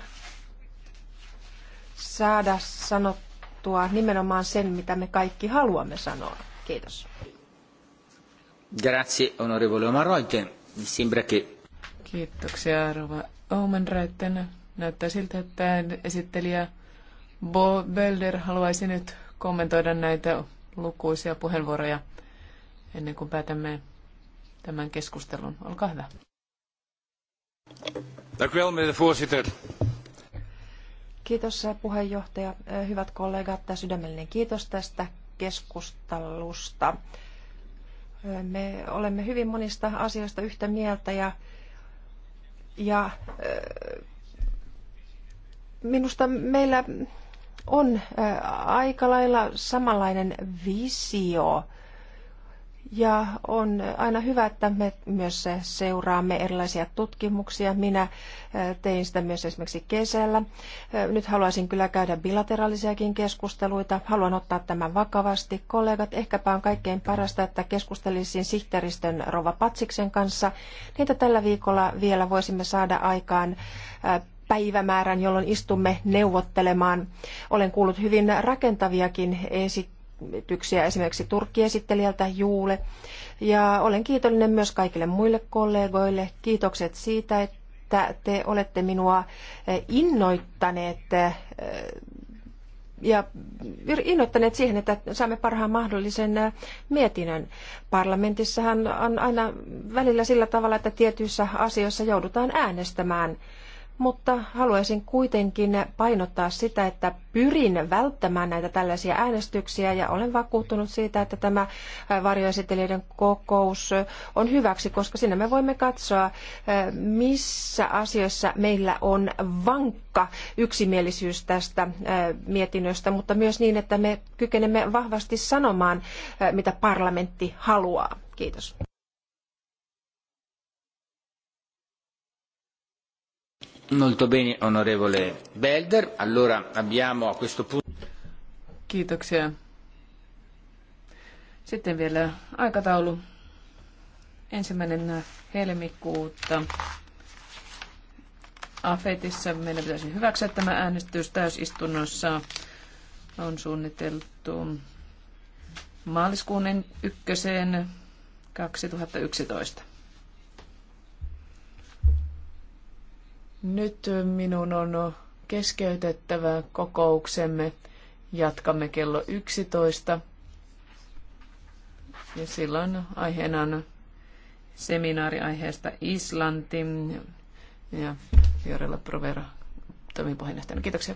saada sanottua nimenomaan sen, mitä me kaikki haluamme sanoa. Kiitos. Grazie, onorevole Omaroite. Mi sembra che... Kiitoksia, Rova Omenreitten Näyttää siltä, että esittelijä Bo Bölder haluaisi nyt kommentoida näitä lukuisia puheenvuoroja ennen kuin päätämme tämän keskustelun. Olkaa hyvä. Kiitos eh, puheenjohtaja. Eh, hyvät kollegat, eh, sydämellinen kiitos tästä keskustelusta. Me olemme hyvin monista asioista yhtä mieltä ja, ja Minusta meillä on aika lailla samanlainen visio ja on aina hyvä, että me myös seuraamme erilaisia tutkimuksia. Minä tein sitä myös esimerkiksi kesällä. Nyt haluaisin kyllä käydä bilateraalisiakin keskusteluita. Haluan ottaa tämän vakavasti. Kollegat, ehkäpä on kaikkein parasta, että keskustelisin sihteeristön Rova Patsiksen kanssa. Niitä tällä viikolla vielä voisimme saada aikaan päivämäärän, jolloin istumme neuvottelemaan. Olen kuullut hyvin rakentaviakin esityksiä esimerkiksi Turkki-esittelijältä Juule. Ja olen kiitollinen myös kaikille muille kollegoille. Kiitokset siitä, että te olette minua eh, innoittaneet eh, ja innoittaneet siihen, että saamme parhaan mahdollisen eh, mietinnön. Parlamentissahan on aina välillä sillä tavalla, että tietyissä asioissa joudutaan äänestämään mutta haluaisin kuitenkin painottaa sitä, että pyrin välttämään näitä tällaisia äänestyksiä ja olen vakuuttunut siitä, että tämä varjoesittelijöiden kokous on hyväksi, koska siinä me voimme katsoa, missä asioissa meillä on vankka yksimielisyys tästä mietinnöstä, mutta myös niin, että me kykenemme vahvasti sanomaan, mitä parlamentti haluaa. Kiitos. Molto bene, onorevole Belder. Allora abbiamo a questo punto... Kiitoksia. Sitten vielä aikataulu. Ensimmäinen helmikuuta. AFETissa meidän pitäisi hyväksyä tämä äänestys täysistunnossa. On suunniteltu maaliskuun ykköseen 2011. Nyt minun on keskeytettävä kokouksemme. Jatkamme kello 11. Ja silloin aiheena on seminaari aiheesta Islanti. Ja Fiorella Provera toimii puheenjohtajana. Kiitoksia.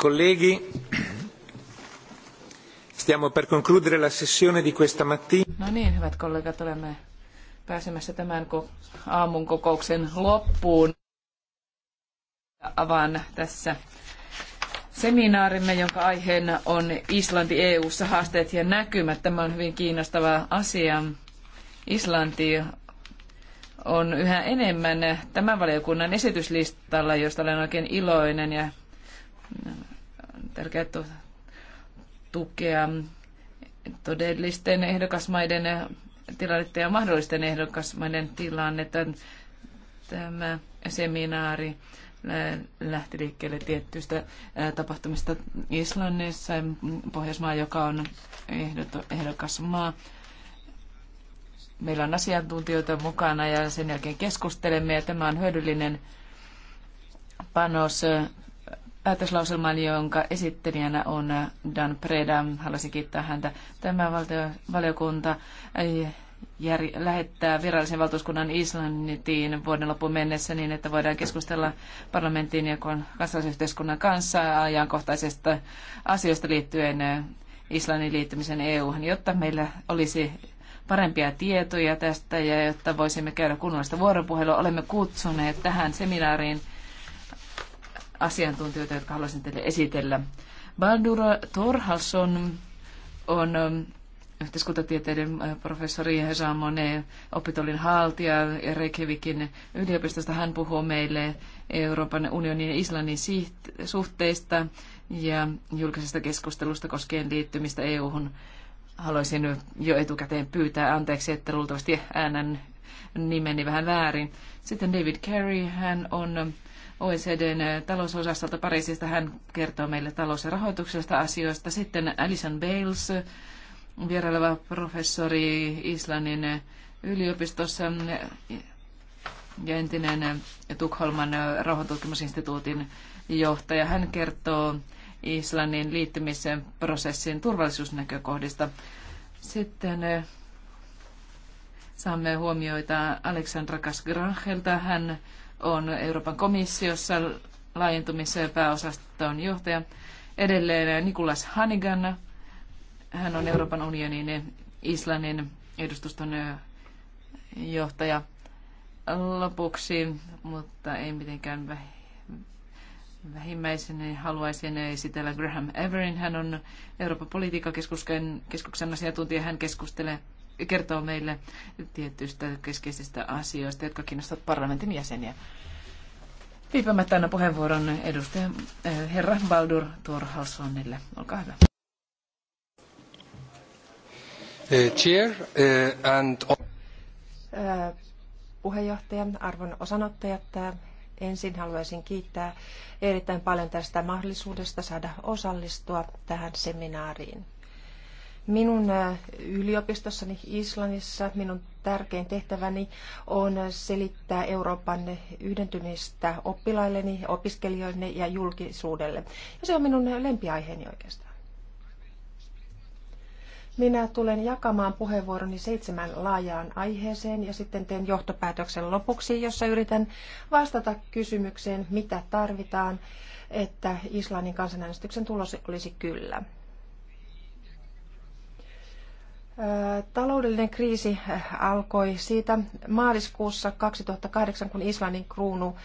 colleghi, stiamo per concludere la sessione di questa mattina. No niin, hyvät kollegat, olemme pääsemässä tämän aamun kokouksen loppuun. Avaan tässä seminaarimme, jonka aiheena on Islanti EU-ssa haasteet ja näkymät. Tämä on hyvin kiinnostava asia. Islanti on yhä enemmän tämän valiokunnan esityslistalla, josta olen oikein iloinen ja tärkeää tukea todellisten ehdokasmaiden tilannetta ja mahdollisten ehdokasmaiden tilannetta. Tämä seminaari lähti liikkeelle tiettyistä tapahtumista Islannissa, Pohjoismaa, joka on ehdokas maa. Meillä on asiantuntijoita mukana ja sen jälkeen keskustelemme ja tämä on hyödyllinen panos päätöslauselman, jonka esittelijänä on Dan Preda. Haluaisin kiittää häntä. Tämä valtio, valiokunta eh, jär, lähettää virallisen valtuuskunnan Islantiin vuoden loppuun mennessä niin, että voidaan keskustella parlamentin ja kansalaisyhteiskunnan kanssa ajankohtaisesta asioista liittyen eh, Islannin liittymisen eu jotta meillä olisi parempia tietoja tästä ja jotta voisimme käydä kunnollista vuoropuhelua. Olemme kutsuneet tähän seminaariin asiantuntijoita, jotka haluaisin teille esitellä. Baldur Torhalsson on ähm, yhteiskuntatieteiden äh, professori Hesa Monet, opitolin haltija Reykjavikin yliopistosta. Hän puhuu meille Euroopan unionin ja Islannin suhteista ja julkisesta keskustelusta koskien liittymistä EU-hun. Haluaisin jo etukäteen pyytää anteeksi, että luultavasti äänen nimeni vähän väärin. Sitten David Carey, hän on OECDn eh, talousosastolta Pariisista. Hän kertoo meille talous- ja rahoituksesta asioista. Sitten Alison Bales, eh, vieraileva professori Islannin eh, yliopistossa ja entinen Tukholman rauhantutkimusinstituutin johtaja. Hän kertoo Islannin liittymisen prosessin turvallisuusnäkökohdista. Sitten saamme huomioita Aleksandra Kasgrangelta. Hän on Euroopan komissiossa laajentumisen pääosaston johtaja. Edelleen Nikolas Hanigan, hän on Euroopan unionin Islannin edustuston johtaja. Lopuksi, mutta ei mitenkään vähimmäisenä haluaisin esitellä Graham Everin. Hän on Euroopan politiikkakeskuksen asiantuntija. Hän keskustelee kertoo meille tietyistä keskeisistä asioista, jotka kiinnostavat parlamentin jäseniä. Viipämättä aina puheenvuoron edustaja eh, herra Baldur Thorhalssonille. Olkaa hyvä. Eh, chair, eh, and... Puheenjohtaja, arvon osanottajat, ensin haluaisin kiittää erittäin paljon tästä mahdollisuudesta saada osallistua tähän seminaariin. Minun äh, yliopistossani Islannissa minun tärkein tehtäväni on selittää Euroopan yhdentymistä oppilailleni, opiskelijoille ja julkisuudelle. Ja se on minun lempiaiheeni oikeastaan. Minä tulen jakamaan puheenvuoroni seitsemän laajaan aiheeseen ja sitten teen johtopäätöksen lopuksi, jossa yritän vastata kysymykseen, mitä tarvitaan, että Islannin kansanäänestyksen tulos olisi kyllä. Taloudellinen kriisi alkoi siitä maaliskuussa 2008, kun Islannin kruunu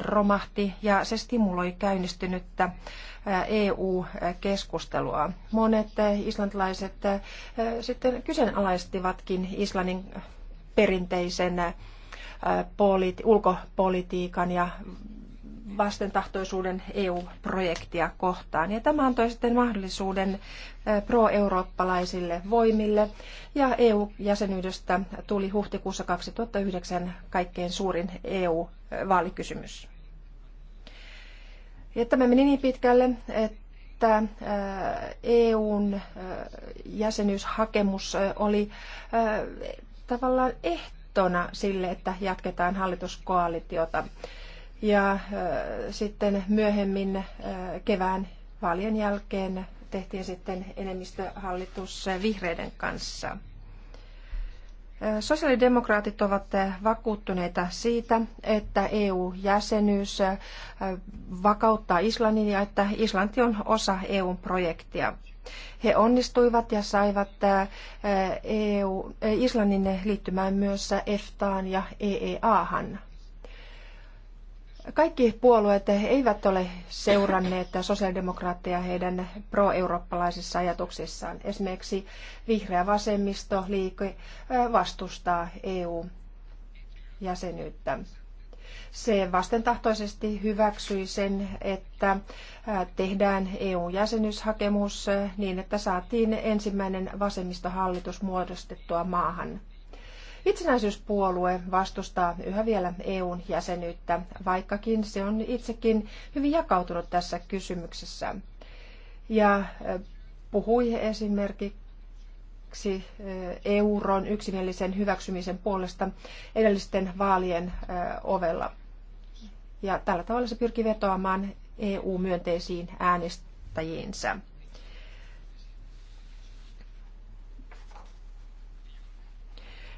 romahti ja se stimuloi käynnistynyttä EU-keskustelua. Monet islantilaiset sitten kyseenalaistivatkin Islannin perinteisen ulkopolitiikan ja vastentahtoisuuden EU-projektia kohtaan. Ja tämä antoi sitten mahdollisuuden pro-eurooppalaisille voimille ja EU-jäsenyydestä tuli huhtikuussa 2009 kaikkein suurin EU-vaalikysymys. Ja tämä meni niin pitkälle, että EUn jäsenyyshakemus oli tavallaan ehtona sille, että jatketaan hallituskoalitiota. Ja äh, sitten myöhemmin äh, kevään vaalien jälkeen tehtiin sitten enemmistöhallitus äh, vihreiden kanssa. Sosiaalidemokraatit ovat vakuuttuneita siitä, että EU-jäsenyys vakauttaa Islannin ja että Islanti on osa eu projektia. He onnistuivat ja saivat EU, Islannin liittymään myös EFTAan ja EEAhan. Kaikki puolueet eivät ole seuranneet sosiaalidemokraatteja heidän pro-eurooppalaisissa ajatuksissaan. Esimerkiksi vihreä vasemmisto liike vastustaa EU-jäsenyyttä. Se vastentahtoisesti hyväksyi sen, että tehdään EU-jäsenyyshakemus niin, että saatiin ensimmäinen vasemmistohallitus muodostettua maahan. Itsenäisyyspuolue vastustaa yhä vielä EUn jäsenyyttä, vaikkakin se on itsekin hyvin jakautunut tässä kysymyksessä. Ja puhui esimerkiksi euron yksimielisen hyväksymisen puolesta edellisten vaalien ovella. Ja tällä tavalla se pyrkii vetoamaan EU-myönteisiin äänestäjiinsä.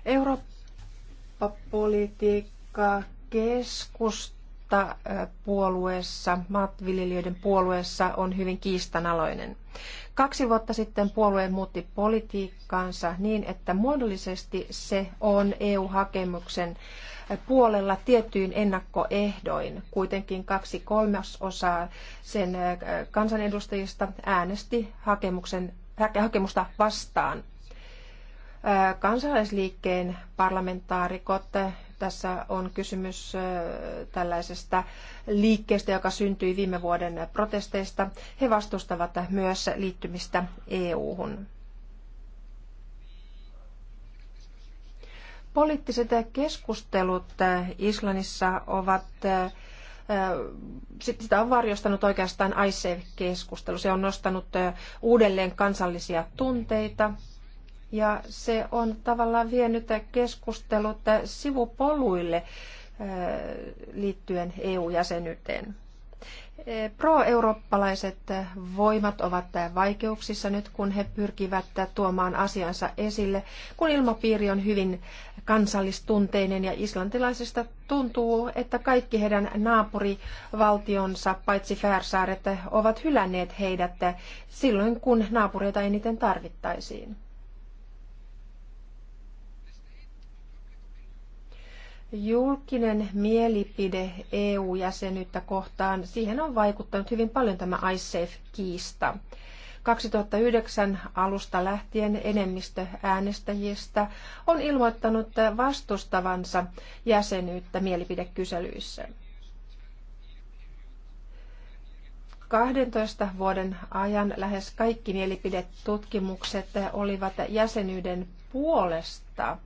Eurooppa-politiikka keskusta puolueessa, maatviljelijöiden puolueessa on hyvin kiistanaloinen. Kaksi vuotta sitten puolue muutti politiikkaansa niin, että muodollisesti se on EU-hakemuksen puolella tiettyyn ennakkoehdoin. Kuitenkin kaksi kolmasosaa sen kansanedustajista äänesti hakemuksen, hakemusta vastaan kansalaisliikkeen parlamentaarikot. Tässä on kysymys tällaisesta liikkeestä, joka syntyi viime vuoden protesteista. He vastustavat myös liittymistä EU-hun. Poliittiset keskustelut Islannissa ovat sitä on varjostanut oikeastaan ICE-keskustelu. Se on nostanut uudelleen kansallisia tunteita ja se on tavallaan vienyt keskustelut sivupoluille äh, liittyen EU-jäsenyyteen. Pro-eurooppalaiset voimat ovat vaikeuksissa nyt, kun he pyrkivät tuomaan asiansa esille, kun ilmapiiri on hyvin kansallistunteinen ja islantilaisista tuntuu, että kaikki heidän naapurivaltionsa, paitsi Färsaaret, ovat hylänneet heidät silloin, kun naapureita eniten tarvittaisiin. Julkinen mielipide EU-jäsenyyttä kohtaan, siihen on vaikuttanut hyvin paljon tämä ISAFE-kiista. 2009 alusta lähtien enemmistö äänestäjistä on ilmoittanut vastustavansa jäsenyyttä mielipidekyselyissä. 12 vuoden ajan lähes kaikki mielipidetutkimukset olivat jäsenyyden puolesta –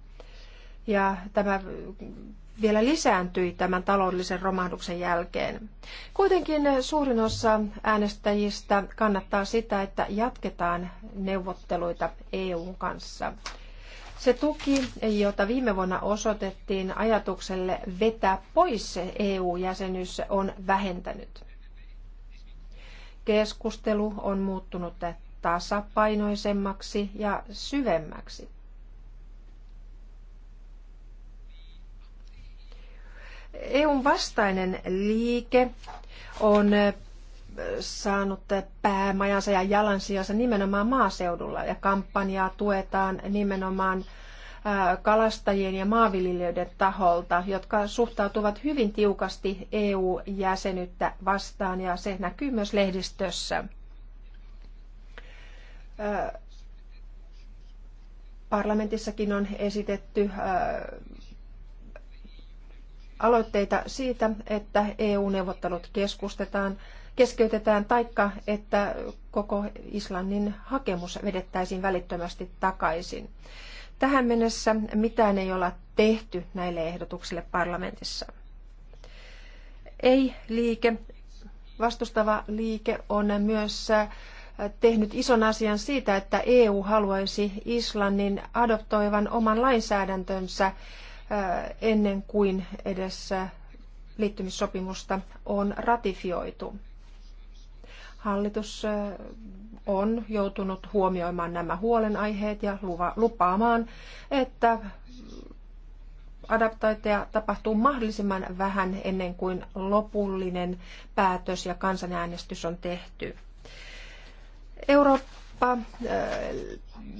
ja tämä vielä lisääntyi tämän taloudellisen romahduksen jälkeen. Kuitenkin suurin osa äänestäjistä kannattaa sitä, että jatketaan neuvotteluita EUn kanssa. Se tuki, jota viime vuonna osoitettiin ajatukselle vetää pois EU-jäsenyys, e on vähentänyt. Keskustelu on muuttunut tasapainoisemmaksi ja syvemmäksi. EUn vastainen liike on saanut päämajansa ja jalansijansa nimenomaan maaseudulla ja kampanjaa tuetaan nimenomaan kalastajien ja maanviljelijöiden taholta, jotka suhtautuvat hyvin tiukasti EU-jäsenyyttä vastaan ja se näkyy myös lehdistössä. Parlamentissakin on esitetty aloitteita siitä, että EU-neuvottelut keskustetaan, keskeytetään taikka, että koko Islannin hakemus vedettäisiin välittömästi takaisin. Tähän mennessä mitään ei olla tehty näille ehdotuksille parlamentissa. Ei-liike, vastustava liike on myös äh, tehnyt ison asian siitä, että EU haluaisi Islannin adoptoivan oman lainsäädäntönsä ennen kuin edessä liittymissopimusta on ratifioitu. Hallitus on joutunut huomioimaan nämä huolenaiheet ja lupaamaan, että adaptaiteja tapahtuu mahdollisimman vähän ennen kuin lopullinen päätös ja kansanäänestys on tehty. Eurooppa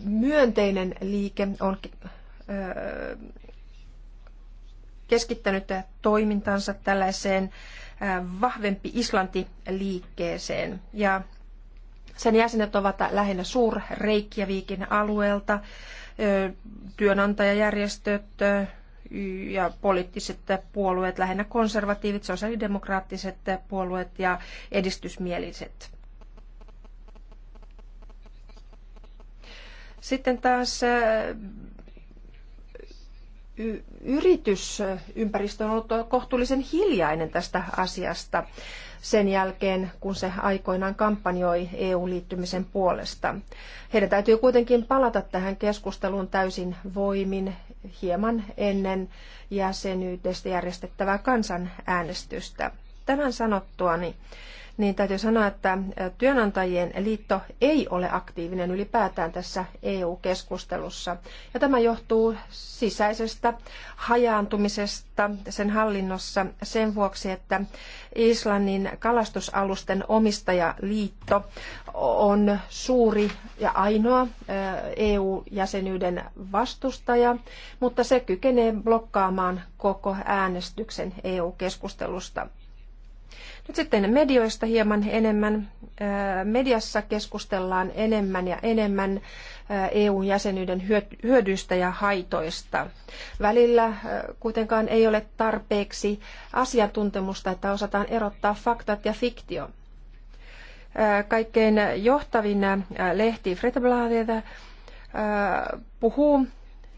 myönteinen liike on keskittänyt toimintansa tällaiseen vahvempi Islanti-liikkeeseen. Ja sen jäsenet ovat lähinnä suur alueelta, työnantajajärjestöt ja poliittiset puolueet, lähinnä konservatiivit, sosiaalidemokraattiset puolueet ja edistysmieliset. Sitten taas yritysympäristö on ollut kohtuullisen hiljainen tästä asiasta sen jälkeen, kun se aikoinaan kampanjoi EU-liittymisen puolesta. Heidän täytyy kuitenkin palata tähän keskusteluun täysin voimin hieman ennen jäsenyydestä järjestettävää kansanäänestystä. Tämän sanottuani niin niin täytyy sanoa, että työnantajien liitto ei ole aktiivinen ylipäätään tässä EU-keskustelussa. Ja tämä johtuu sisäisestä hajaantumisesta sen hallinnossa sen vuoksi, että Islannin kalastusalusten omistajaliitto on suuri ja ainoa EU-jäsenyyden vastustaja, mutta se kykenee blokkaamaan koko äänestyksen EU-keskustelusta. Nyt sitten medioista hieman enemmän. Äh, mediassa keskustellaan enemmän ja enemmän äh, EU-jäsenyyden hyödyistä ja haitoista. Välillä äh, kuitenkaan ei ole tarpeeksi asiantuntemusta, että osataan erottaa faktat ja fiktio. Kaikkein johtavin lehti Fredbladet puhuu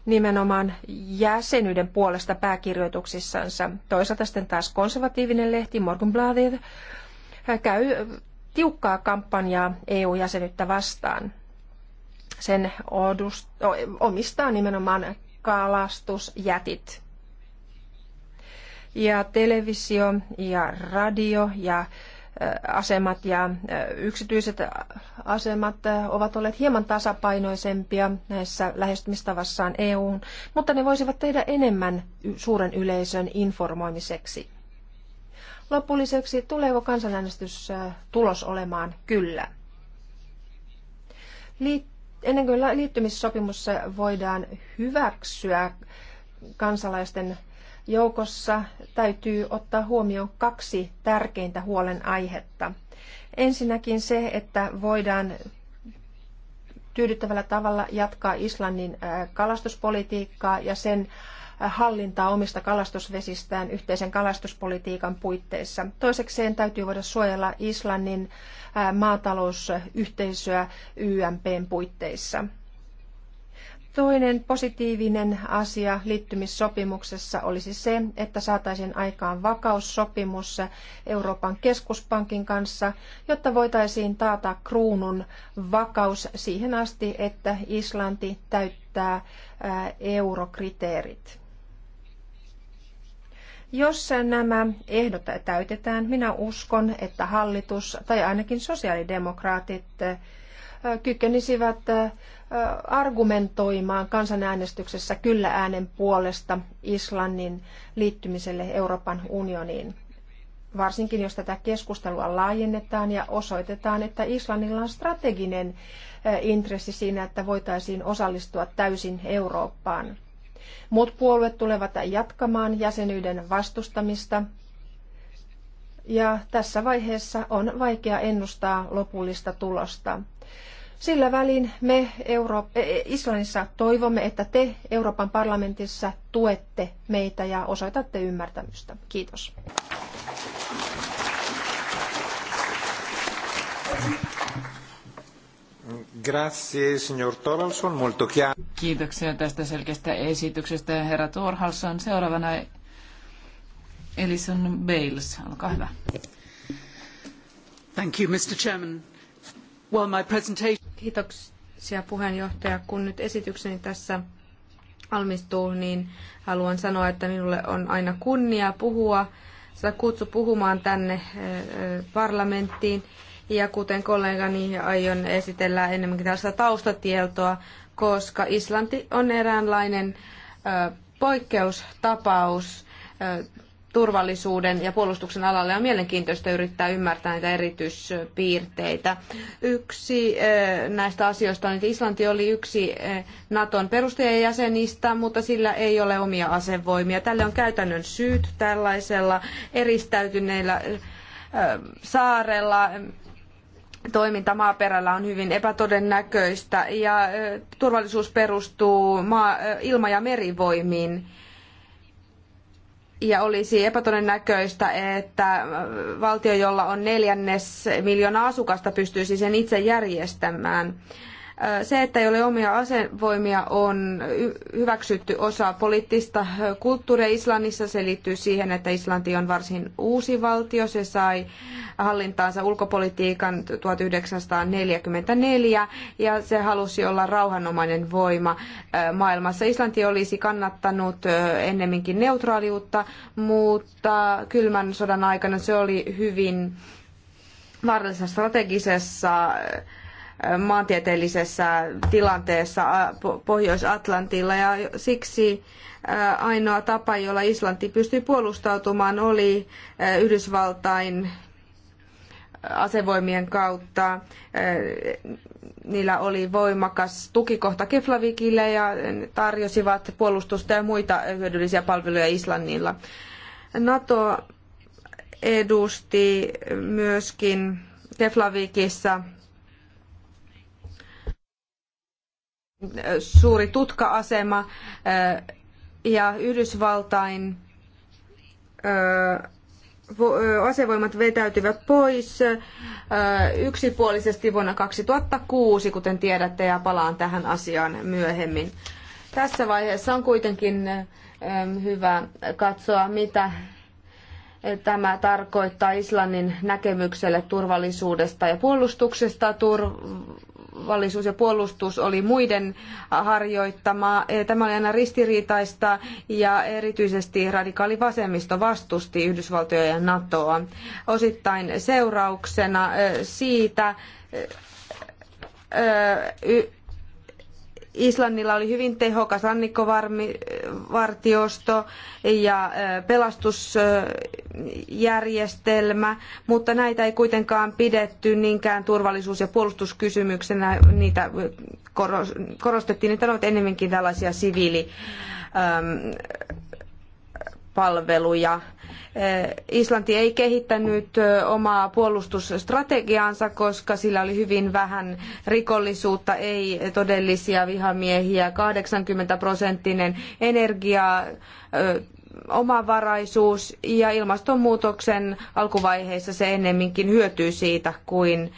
nimenomaan jäsenyyden puolesta pääkirjoituksissansa. Toisaalta sitten taas konservatiivinen lehti Morgenbladet käy tiukkaa kampanjaa EU-jäsenyyttä vastaan. Sen odust omistaa nimenomaan kalastusjätit. Ja televisio ja radio ja asemat ja yksityiset asemat ovat olleet hieman tasapainoisempia näissä lähestymistavassaan EUn, mutta ne voisivat tehdä enemmän suuren yleisön informoimiseksi. Lopulliseksi tuleeko kansanäänestys tulos olemaan kyllä? Ennen kuin liittymissopimus voidaan hyväksyä kansalaisten joukossa täytyy ottaa huomioon kaksi tärkeintä huolenaihetta. Ensinnäkin se, että voidaan tyydyttävällä tavalla jatkaa Islannin kalastuspolitiikkaa ja sen hallintaa omista kalastusvesistään yhteisen kalastuspolitiikan puitteissa. Toisekseen täytyy voida suojella Islannin maatalousyhteisöä YMPn puitteissa. Toinen positiivinen asia liittymissopimuksessa olisi se, että saataisiin aikaan vakaussopimus Euroopan keskuspankin kanssa, jotta voitaisiin taata kruunun vakaus siihen asti, että Islanti täyttää eurokriteerit. Jos nämä ehdot täytetään, minä uskon, että hallitus tai ainakin sosiaalidemokraatit kykenisivät argumentoimaan kansanäänestyksessä kyllä äänen puolesta Islannin liittymiselle Euroopan unioniin. Varsinkin jos tätä keskustelua laajennetaan ja osoitetaan, että Islannilla on strateginen intressi siinä, että voitaisiin osallistua täysin Eurooppaan. Muut puolueet tulevat jatkamaan jäsenyyden vastustamista, ja tässä vaiheessa on vaikea ennustaa lopullista tulosta. Sillä välin me Euro- e- e- Islannissa toivomme, että te Euroopan parlamentissa tuette meitä ja osoitatte ymmärtämystä. Kiitos. Grazie, signor Torvalson, molto chiaro. Kiitoksia tästä selkeästä esityksestä, herra Torhalsson. Seuraavana Elison Bales, olkaa hyvä. Thank you, Mr. Chairman. Well, my presentation... Kiitoksia puheenjohtaja. Kun nyt esitykseni tässä valmistuu, niin haluan sanoa, että minulle on aina kunnia puhua. Sitä kutsu puhumaan tänne eh, eh, parlamenttiin. Ja kuten kollegani aion esitellä enemmänkin tällaista taustatietoa, koska Islanti on eräänlainen eh, poikkeustapaus turvallisuuden ja puolustuksen alalle on mielenkiintoista yrittää ymmärtää näitä erityispiirteitä. Yksi eh, näistä asioista on, että Islanti oli yksi eh, Naton perustajajäsenistä, mutta sillä ei ole omia asevoimia. Tälle on käytännön syyt tällaisella eristäytyneillä eh, saarella, toiminta maaperällä on hyvin epätodennäköistä ja turvallisuus perustuu ilma- ja merivoimiin ja olisi epätodennäköistä, että valtio, jolla on neljännes miljoonaa asukasta, pystyisi sen itse järjestämään. Se, että ei ole omia asevoimia, on hyväksytty osa poliittista kulttuuria Islannissa. Se liittyy siihen, että Islanti on varsin uusi valtio. Se sai hallintaansa ulkopolitiikan 1944 ja se halusi olla rauhanomainen voima maailmassa. Islanti olisi kannattanut ennemminkin neutraaliutta, mutta kylmän sodan aikana se oli hyvin vaarallisessa strategisessa maantieteellisessä tilanteessa Pohjois-Atlantilla ja siksi ainoa tapa, jolla Islanti pystyi puolustautumaan, oli Yhdysvaltain asevoimien kautta. Niillä oli voimakas tukikohta Keflavikille ja tarjosivat puolustusta ja muita hyödyllisiä palveluja Islannilla. NATO edusti myöskin Keflavikissa suuri tutka-asema eh, ja Yhdysvaltain eh, eh, asevoimat vetäytyvät pois yksipuolisesti vuonna 2006, kuten tiedätte, ja palaan tähän asiaan myöhemmin. Tässä vaiheessa on kuitenkin hyvä katsoa, mitä tämä tarkoittaa Islannin näkemykselle turvallisuudesta ja puolustuksesta, turvallisuus ja puolustus oli muiden harjoittamaa. E, tämä oli aina ristiriitaista ja erityisesti radikaali vasemmisto vastusti Yhdysvaltoja ja NATOa. Osittain seurauksena e, siitä e, Islannilla oli hyvin tehokas rannikkovartiosto ja pelastusjärjestelmä, mutta näitä ei kuitenkaan pidetty niinkään turvallisuus- ja puolustuskysymyksenä. Niitä korostettiin, että ne ovat enemmänkin tällaisia siviili palveluja. Eh, Islanti ei kehittänyt eh, omaa puolustusstrategiaansa, koska sillä oli hyvin vähän rikollisuutta, ei todellisia vihamiehiä, 80 prosenttinen energia eh, omavaraisuus ja ilmastonmuutoksen alkuvaiheessa se ennemminkin hyötyy siitä kuin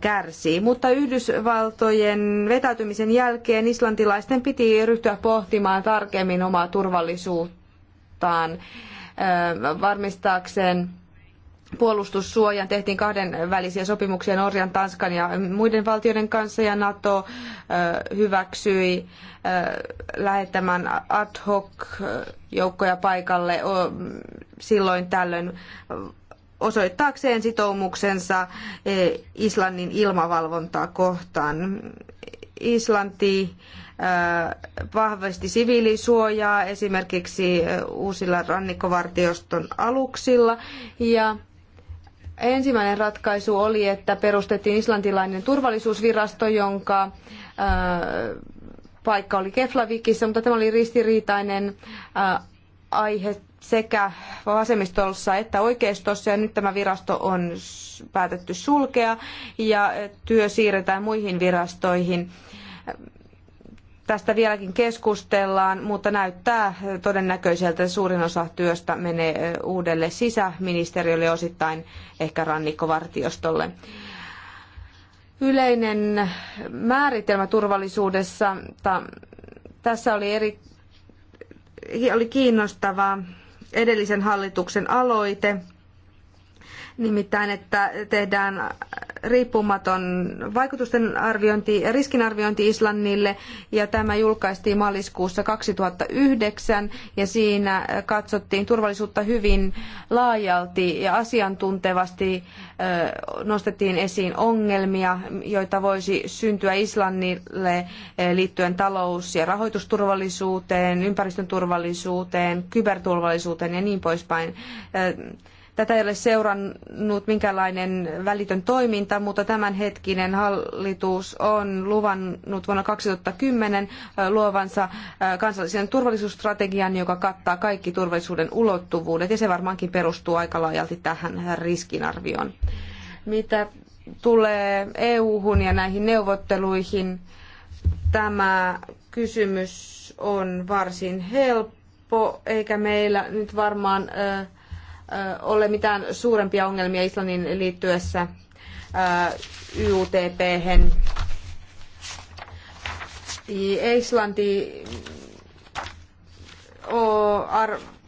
kärsii. Mutta Yhdysvaltojen vetäytymisen jälkeen islantilaisten piti ryhtyä pohtimaan tarkemmin omaa turvallisuutta kohtaan varmistaakseen puolustussuojan. Tehtiin kahden välisiä sopimuksia Norjan, Tanskan ja muiden valtioiden kanssa ja NATO hyväksyi lähettämään ad hoc joukkoja paikalle silloin tällöin osoittaakseen sitoumuksensa e, Islannin ilmavalvontaa kohtaan. Islanti äh, vahvisti siviilisuojaa esimerkiksi äh, uusilla rannikkovartioston aluksilla ja ensimmäinen ratkaisu oli, että perustettiin islantilainen turvallisuusvirasto, jonka äh, paikka oli Keflavikissa, mutta tämä oli ristiriitainen aihe sekä vasemmistossa että oikeistossa ja nyt tämä virasto on päätetty sulkea ja työ siirretään muihin virastoihin. Tästä vieläkin keskustellaan, mutta näyttää todennäköiseltä, että suurin osa työstä menee uudelle sisäministeriölle ja osittain ehkä rannikkovartiostolle. Yleinen määritelmä turvallisuudessa. Tässä oli, eri, oli kiinnostava edellisen hallituksen aloite nimittäin että tehdään riippumaton vaikutusten arviointi ja riskinarviointi Islannille ja tämä julkaistiin maaliskuussa 2009 ja siinä katsottiin turvallisuutta hyvin laajalti ja asiantuntevasti nostettiin esiin ongelmia, joita voisi syntyä Islannille liittyen talous- ja rahoitusturvallisuuteen, ympäristön turvallisuuteen, kyberturvallisuuteen ja niin poispäin Tätä ei ole seurannut minkäänlainen välitön toiminta, mutta tämänhetkinen hallitus on luvannut vuonna 2010 luovansa kansallisen turvallisuusstrategian, joka kattaa kaikki turvallisuuden ulottuvuudet, ja se varmaankin perustuu aika laajalti tähän riskinarvioon. Mitä tulee EU-hun ja näihin neuvotteluihin, tämä kysymys on varsin helppo, eikä meillä nyt varmaan äh, ole mitään suurempia ongelmia Islannin liittyessä YUTP. -hän. Islanti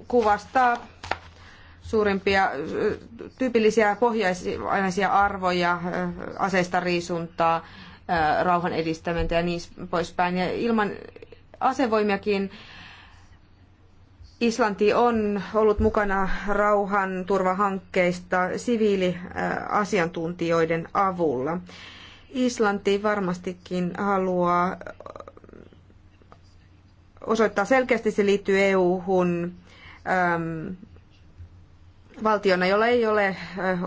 kuvastaa suurimpia tyypillisiä pohjaisia arvoja, aseista riisuntaa, rauhan edistämistä ja niin poispäin. Ja ilman asevoimiakin Islanti on ollut mukana turvahankkeista siviiliasiantuntijoiden avulla. Islanti varmastikin haluaa osoittaa selkeästi, se liittyy EU-hun äm, valtiona, jolla ei ole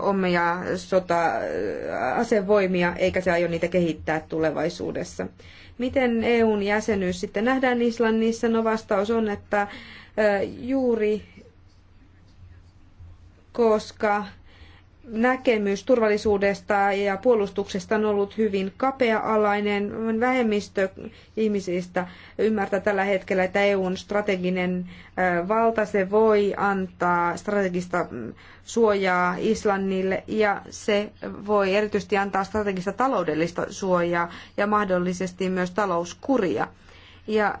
omia sota-asevoimia eikä se aio niitä kehittää tulevaisuudessa. Miten EUn jäsenyys sitten nähdään Islannissa? No vastaus on, että juuri koska näkemys turvallisuudesta ja puolustuksesta on ollut hyvin kapea-alainen. Vähemmistö ihmisistä ymmärtää tällä hetkellä, että EUn strateginen valta se voi antaa strategista mm, suojaa Islannille ja se voi erityisesti antaa strategista taloudellista suojaa ja mahdollisesti myös talouskuria. Ja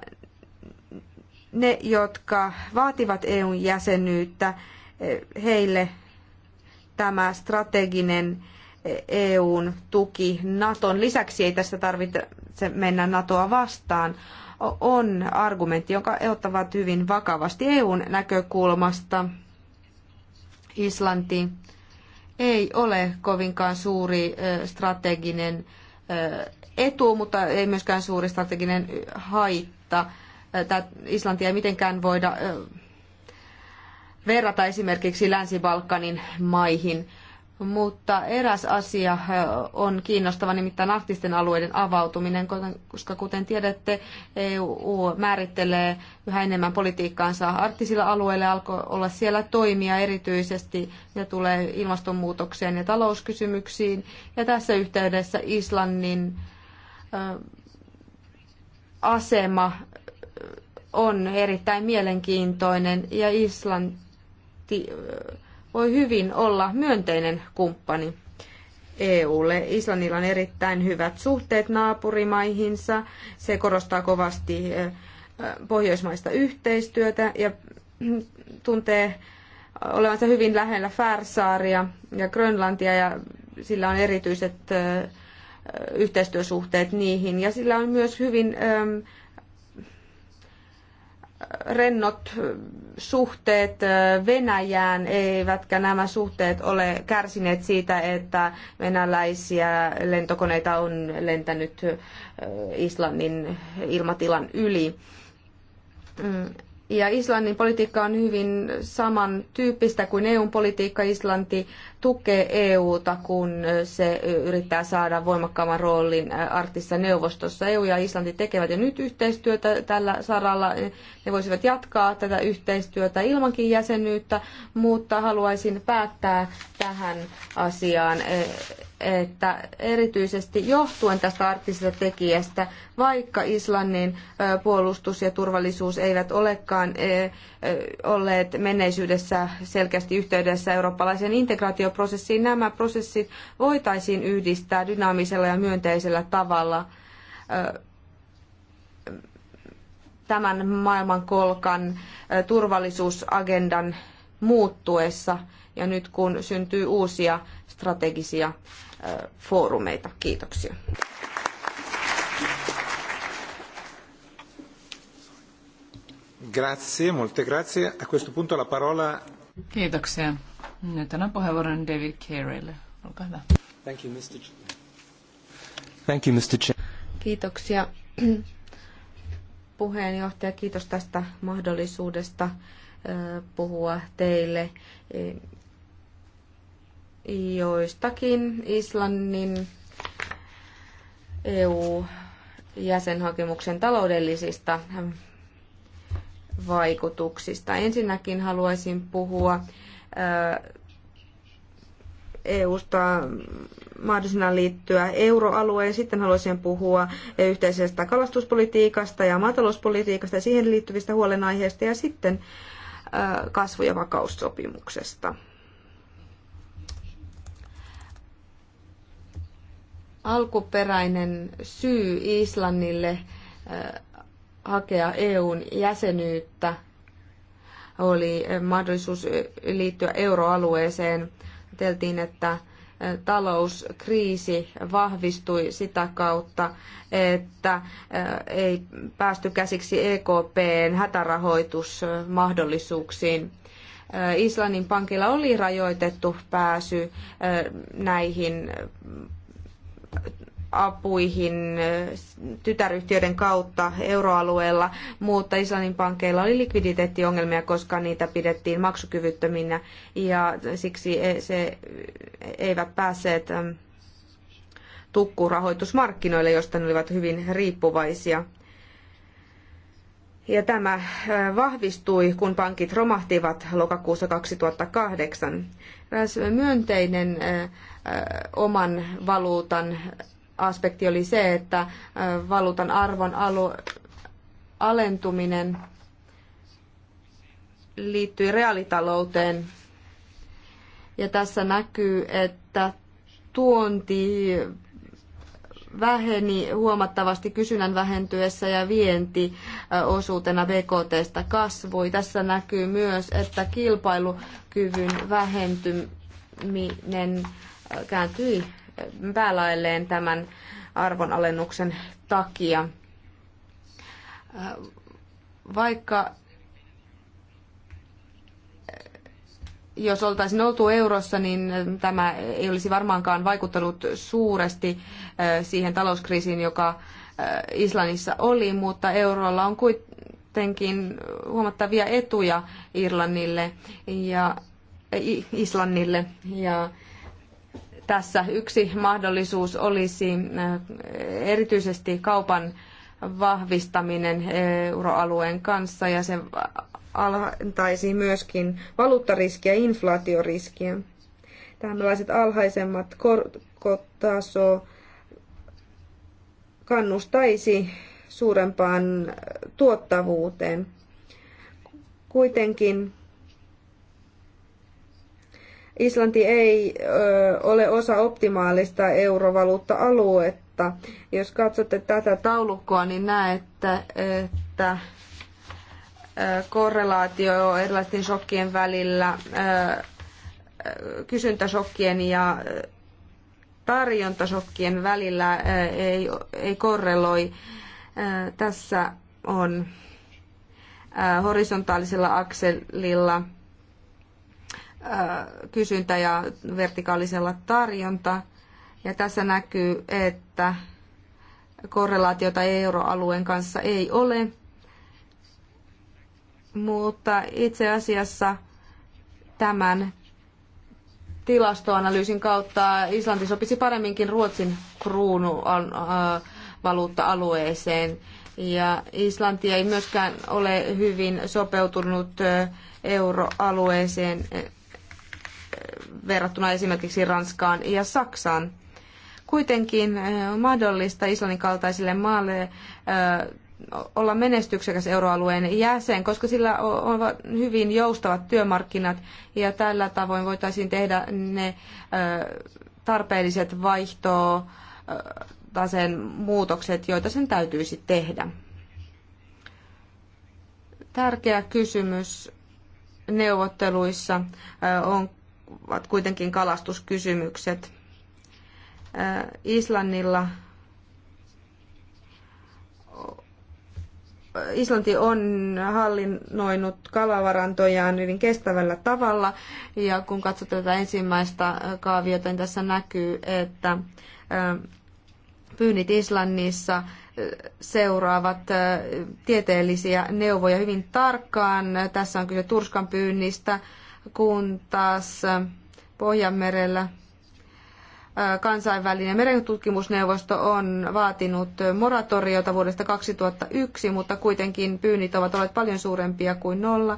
ne, jotka vaativat EUn jäsenyyttä, eh, heille tämä strateginen eh, EUn tuki Naton lisäksi ei tässä tarvitse mennä Natoa vastaan, on argumentti, jonka ottavat hyvin vakavasti EUn näkökulmasta. Islanti ei ole kovinkaan suuri eh, strateginen etu, mutta ei myöskään suuri strateginen haitta. Islantia ei mitenkään voida verrata esimerkiksi Länsi-Balkanin maihin. Mutta eräs asia on kiinnostava, nimittäin arktisten alueiden avautuminen, koska kuten tiedätte, EU määrittelee yhä enemmän politiikkaansa arktisilla alueilla, alkoi olla siellä toimia erityisesti, ja tulee ilmastonmuutokseen ja talouskysymyksiin. Ja tässä yhteydessä Islannin asema on erittäin mielenkiintoinen ja Islanti voi hyvin olla myönteinen kumppani EUlle. Islannilla on erittäin hyvät suhteet naapurimaihinsa. Se korostaa kovasti pohjoismaista yhteistyötä ja tuntee olevansa hyvin lähellä Färsaaria ja Grönlantia ja sillä on erityiset yhteistyösuhteet niihin. Ja sillä on myös hyvin rennot suhteet äh, Venäjään, eivätkä nämä suhteet ole kärsineet siitä, että venäläisiä lentokoneita on lentänyt äh, Islannin ilmatilan yli. Mm. Ja Islannin politiikka on hyvin samantyyppistä kuin EUn politiikka. Islanti tukee EUta, kun se yrittää saada voimakkaamman roolin arktisessa neuvostossa. EU ja Islanti tekevät jo nyt yhteistyötä tällä saralla. Ne voisivat jatkaa tätä yhteistyötä ilmankin jäsenyyttä, mutta haluaisin päättää tähän asiaan että erityisesti johtuen tästä arktisesta tekijästä, vaikka Islannin puolustus ja turvallisuus eivät olekaan eh, eh, olleet menneisyydessä selkeästi yhteydessä eurooppalaiseen integraatioon, integraatioprosessiin. Nämä prosessit voitaisiin yhdistää dynaamisella ja myönteisellä tavalla tämän maailmankolkan turvallisuusagendan muuttuessa ja nyt kun syntyy uusia strategisia foorumeita. Kiitoksia. Grazie, molte grazie. A questo punto la parola... Kiitoksia. Nyt annan puheenvuoron David Careylle. Olkaa hyvä. Thank you, Mr. Thank you, Mr. Kiitoksia puheenjohtaja. Kiitos tästä mahdollisuudesta puhua teille e, joistakin Islannin EU-jäsenhakemuksen taloudellisista vaikutuksista. Ensinnäkin haluaisin puhua EUsta mahdollisena liittyä euroalueen. Sitten haluaisin puhua yhteisestä kalastuspolitiikasta ja maatalouspolitiikasta ja siihen liittyvistä huolenaiheista ja sitten kasvu- ja vakaussopimuksesta. Alkuperäinen syy Islannille hakea EUn jäsenyyttä – oli eh, mahdollisuus eh, liittyä euroalueeseen. Teltiin, että eh, talouskriisi vahvistui sitä kautta, että ei päästy käsiksi EKPn hätärahoitusmahdollisuuksiin. Islannin pankilla oli rajoitettu pääsy näihin apuihin äh, tytäryhtiöiden kautta euroalueella, mutta Islannin pankeilla oli likviditeettiongelmia, koska niitä pidettiin maksukyvyttöminä ja siksi e, se e, eivät päässeet tukkurahoitusmarkkinoille, josta ne olivat hyvin riippuvaisia. Ja tämä äh, vahvistui, kun pankit romahtivat lokakuussa 2008. Eräs myönteinen äh, oman valuutan aspekti oli se, että äh, valuutan arvon alu, alentuminen liittyi reaalitalouteen. Ja tässä näkyy, että tuonti väheni huomattavasti kysynnän vähentyessä ja vienti äh, osuutena BKTstä kasvoi. Tässä näkyy myös, että kilpailukyvyn vähentyminen äh, kääntyi päälaelleen tämän arvonalennuksen takia. Vaikka jos oltaisiin oltu eurossa, niin tämä ei olisi varmaankaan vaikuttanut suuresti eh, siihen talouskriisiin, joka eh, Islannissa oli, mutta eurolla on kuitenkin huomattavia etuja Irlannille ja eh, Islannille ja tässä yksi mahdollisuus olisi äh, erityisesti kaupan vahvistaminen äh, euroalueen kanssa ja se alentaisi myöskin valuuttariskiä ja inflaatioriskiä. Tällaiset alhaisemmat korkotaso kannustaisi suurempaan tuottavuuteen. Kuitenkin Islanti ei ole osa optimaalista eurovaluutta-aluetta. Jos katsotte tätä taulukkoa, niin näette, että korrelaatio erilaisten shokkien välillä, kysyntäshokkien ja tarjontasokkien välillä ei, ei korreloi. Tässä on horisontaalisella akselilla – kysyntä ja vertikaalisella tarjonta. Ja tässä näkyy, että korrelaatiota euroalueen kanssa ei ole, mutta itse asiassa tämän tilastoanalyysin kautta Islanti sopisi paremminkin Ruotsin kruunu valuutta-alueeseen. Ja Islanti ei myöskään ole hyvin sopeutunut euroalueeseen verrattuna esimerkiksi Ranskaan ja Saksaan. Kuitenkin on mahdollista Islannin kaltaisille maalle olla menestyksekäs euroalueen jäsen, koska sillä on hyvin joustavat työmarkkinat ja tällä tavoin voitaisiin tehdä ne tarpeelliset vaihtotaseen muutokset, joita sen täytyisi tehdä. Tärkeä kysymys neuvotteluissa on ovat kuitenkin kalastuskysymykset. Islannilla Islanti on hallinnoinut kalavarantojaan hyvin kestävällä tavalla ja kun katsotaan tätä ensimmäistä kaaviota, niin tässä näkyy, että pyynnit Islannissa seuraavat tieteellisiä neuvoja hyvin tarkkaan. Tässä on kyse turskan pyynnistä, kun taas äh, Pohjanmerellä äh, kansainvälinen merentutkimusneuvosto on vaatinut moratoriota vuodesta 2001, mutta kuitenkin pyynnit ovat olleet paljon suurempia kuin nolla.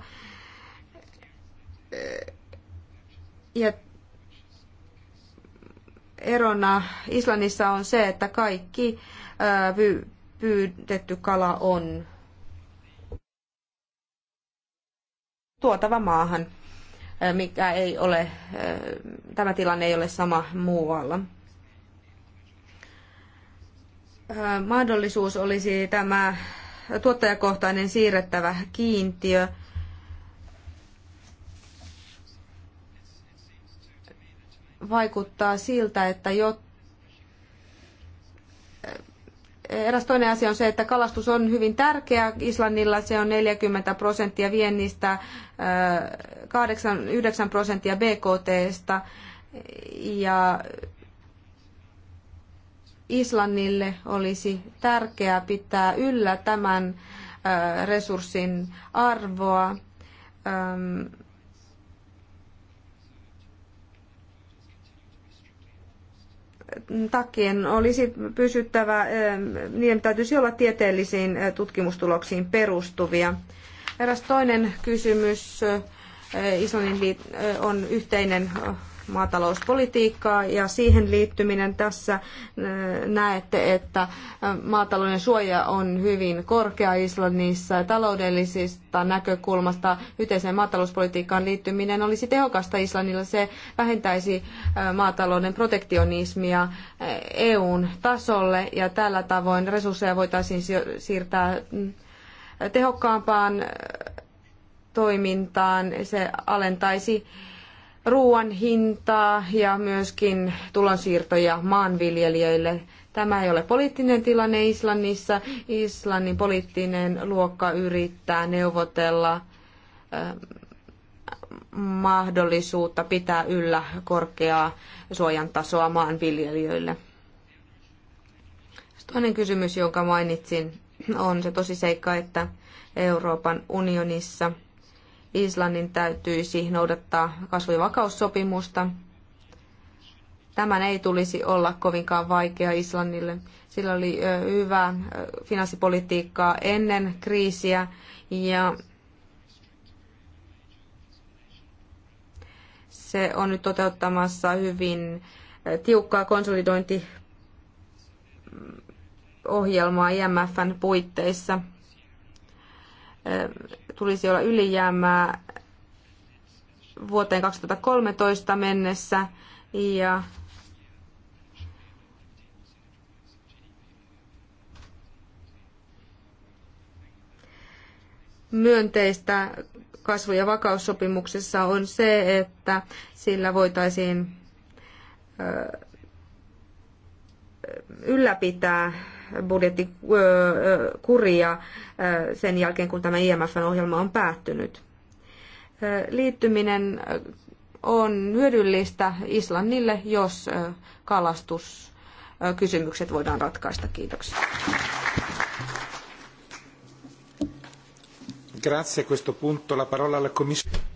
Äh, ja erona Islannissa on se, että kaikki pyydetty kala on tuotava maahan mikä ei ole, tämä tilanne ei ole sama muualla. Mahdollisuus olisi tämä tuottajakohtainen siirrettävä kiintiö. Vaikuttaa siltä, että jotta Eräs toinen asia on se, että kalastus on hyvin tärkeä. Islannilla se on 40 prosenttia viennistä, 8, äh, 9 prosenttia BKTstä. Ja Islannille olisi tärkeää pitää yllä tämän äh, resurssin arvoa. Ähm, takien olisi pysyttävä, niiden täytyisi olla tieteellisiin tutkimustuloksiin perustuvia. Eräs toinen kysymys Islannin on yhteinen maatalouspolitiikkaa ja siihen liittyminen tässä äh, näette, että äh, maatalouden suoja on hyvin korkea Islannissa taloudellisista näkökulmasta yhteiseen maatalouspolitiikkaan liittyminen olisi tehokasta Islannilla. Se vähentäisi äh, maatalouden protektionismia EUn tasolle ja tällä tavoin resursseja voitaisiin siirtää mm, tehokkaampaan toimintaan. Se alentaisi ruoan hintaa ja myöskin tulonsiirtoja maanviljelijöille. Tämä ei ole poliittinen tilanne Islannissa. Islannin poliittinen luokka yrittää neuvotella ähm, mahdollisuutta pitää yllä korkeaa suojan tasoa maanviljelijöille. Toinen kysymys, jonka mainitsin, on se tosiseikka, että Euroopan unionissa – Islannin täytyisi noudattaa kasvu- ja vakaussopimusta. Tämän ei tulisi olla kovinkaan vaikea Islannille. Sillä oli hyvää finanssipolitiikkaa ennen kriisiä ja se on nyt toteuttamassa hyvin tiukkaa konsolidointiohjelmaa IMFn puitteissa tulisi olla ylijäämää vuoteen 2013 mennessä ja myönteistä kasvu- ja vakaussopimuksessa on se, että sillä voitaisiin ylläpitää budjettikuria sen jälkeen, kun tämä imf ohjelma on päättynyt. Liittyminen on hyödyllistä Islannille, jos kalastuskysymykset voidaan ratkaista. Kiitoksia. Grazie. Questo punto la parola alla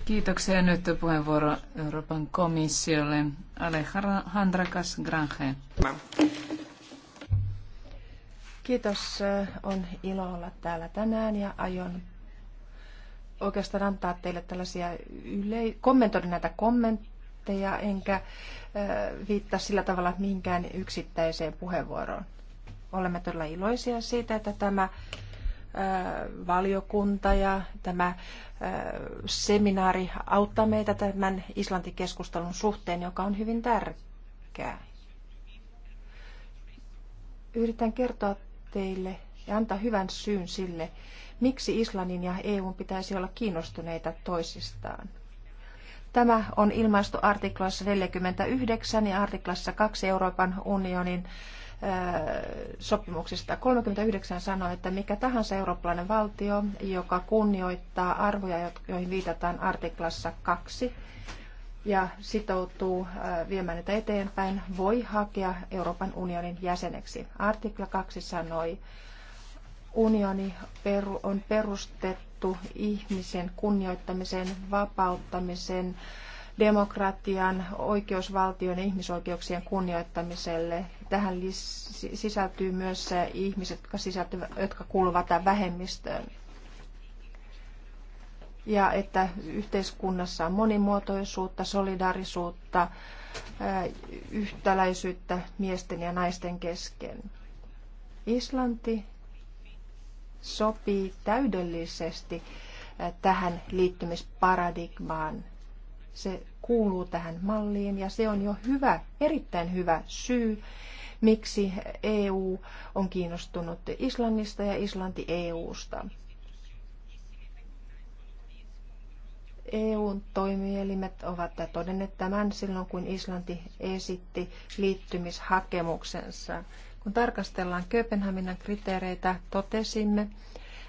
Kiitoksia. Nyt puheenvuoro Euroopan komissiolle. Alejandra Granje. Kiitos. On ilo olla täällä tänään ja aion oikeastaan antaa teille tällaisia yle- kommentoida näitä kommentteja, enkä äh, viittaa sillä tavalla minkään yksittäiseen puheenvuoroon. Olemme todella iloisia siitä, että tämä äh, valiokunta ja tämä äh, seminaari auttaa meitä tämän Islantikeskustelun suhteen, joka on hyvin tärkeä. Yritän kertoa teille ja antaa hyvän syyn sille, miksi Islannin ja EUn pitäisi olla kiinnostuneita toisistaan. Tämä on ilmaistu artiklassa 49 ja artiklassa 2 Euroopan unionin sopimuksista. 39 sanoo, että mikä tahansa eurooppalainen valtio, joka kunnioittaa arvoja, joihin viitataan artiklassa 2, ja sitoutuu äh, viemään niitä eteenpäin, voi hakea Euroopan unionin jäseneksi. Artikla 2 sanoi, unioni on perustettu ihmisen kunnioittamisen, vapauttamisen, demokratian, oikeusvaltion ja ihmisoikeuksien kunnioittamiselle. Tähän sisältyy myös ihmiset, jotka, jotka kuuluvat vähemmistöön ja että yhteiskunnassa on monimuotoisuutta, solidaarisuutta, yhtäläisyyttä miesten ja naisten kesken. Islanti sopii täydellisesti tähän liittymisparadigmaan. Se kuuluu tähän malliin ja se on jo hyvä, erittäin hyvä syy, miksi EU on kiinnostunut Islannista ja Islanti EUsta. eu toimielimet ovat todenneet tämän silloin, kun Islanti esitti liittymishakemuksensa. Kun tarkastellaan Kööpenhaminan kriteereitä, totesimme,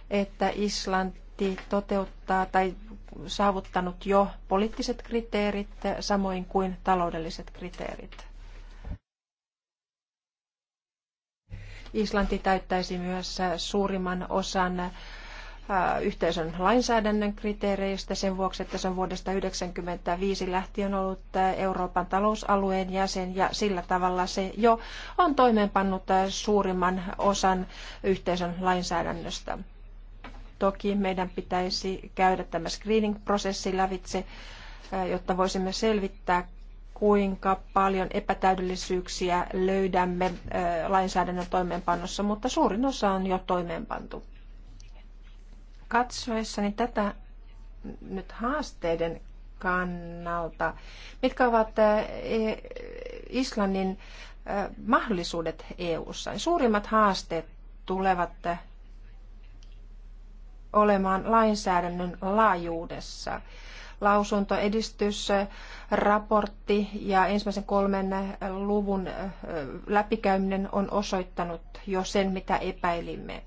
että Islanti toteuttaa tai saavuttanut jo poliittiset kriteerit, samoin kuin taloudelliset kriteerit. Islanti täyttäisi myös suurimman osan Äh, yhteisön lainsäädännön kriteereistä sen vuoksi, että se on vuodesta 1995 lähtien ollut äh, Euroopan talousalueen jäsen ja sillä tavalla se jo on toimeenpannut äh, suurimman osan yhteisön lainsäädännöstä. Toki meidän pitäisi käydä tämä screening-prosessi lävitse, jotta voisimme selvittää, kuinka paljon epätäydellisyyksiä löydämme lainsäädännön toimeenpanossa, mutta suurin osa on jo toimeenpantu katsoessani tätä nyt haasteiden kannalta, mitkä ovat e, Islannin mahdollisuudet EU:ssa. Suurimmat haasteet tulevat olemaan lainsäädännön laajuudessa. Lausunto, edistys, raportti ja ensimmäisen kolmen luvun läpikäyminen on osoittanut jo sen, mitä epäilimme.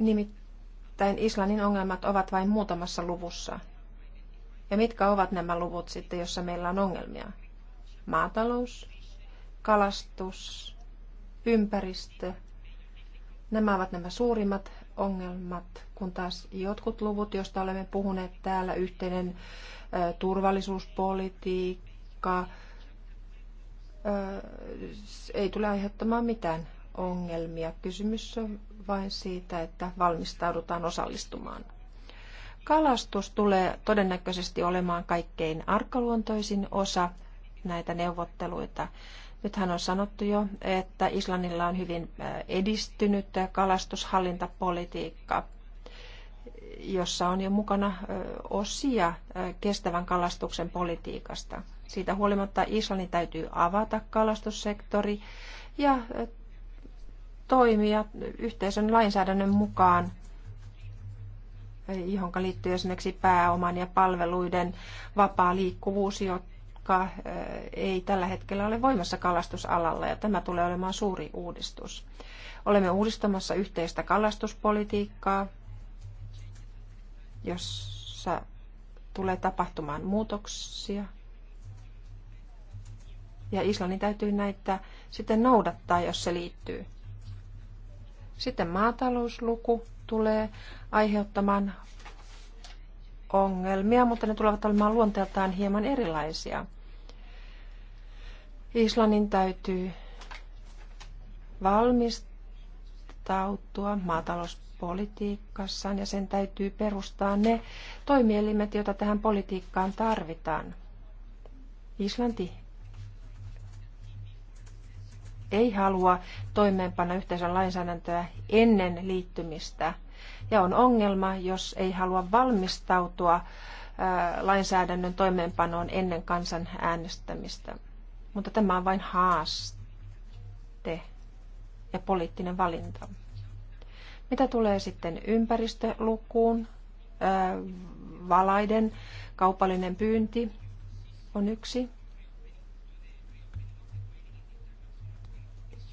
Nimittäin Islannin ongelmat ovat vain muutamassa luvussa. Ja mitkä ovat nämä luvut sitten, jossa meillä on ongelmia? Maatalous, kalastus, ympäristö. Nämä ovat nämä suurimmat ongelmat, kun taas jotkut luvut, joista olemme puhuneet täällä, yhteinen ö, turvallisuuspolitiikka, ö, ei tule aiheuttamaan mitään ongelmia. Kysymys on vain siitä, että valmistaudutaan osallistumaan. Kalastus tulee todennäköisesti olemaan kaikkein arkaluontoisin osa näitä neuvotteluita. Nythän on sanottu jo, että Islannilla on hyvin edistynyt kalastushallintapolitiikka, jossa on jo mukana osia kestävän kalastuksen politiikasta. Siitä huolimatta Islannin täytyy avata kalastussektori ja toimia yhteisön lainsäädännön mukaan, johon liittyy esimerkiksi pääoman ja palveluiden vapaa liikkuvuus, joka eh, ei tällä hetkellä ole voimassa kalastusalalla, ja tämä tulee olemaan suuri uudistus. Olemme uudistamassa yhteistä kalastuspolitiikkaa, jossa tulee tapahtumaan muutoksia. Ja Islannin täytyy näitä sitten noudattaa, jos se liittyy sitten maatalousluku tulee aiheuttamaan ongelmia, mutta ne tulevat olemaan luonteeltaan hieman erilaisia. Islannin täytyy valmistautua maatalouspolitiikkassaan ja sen täytyy perustaa ne toimielimet, joita tähän politiikkaan tarvitaan. Islanti ei halua toimeenpanna yhteisön lainsäädäntöä ennen liittymistä. Ja on ongelma, jos ei halua valmistautua lainsäädännön toimeenpanoon ennen kansan äänestämistä. Mutta tämä on vain haaste ja poliittinen valinta. Mitä tulee sitten ympäristölukuun, valaiden kaupallinen pyynti on yksi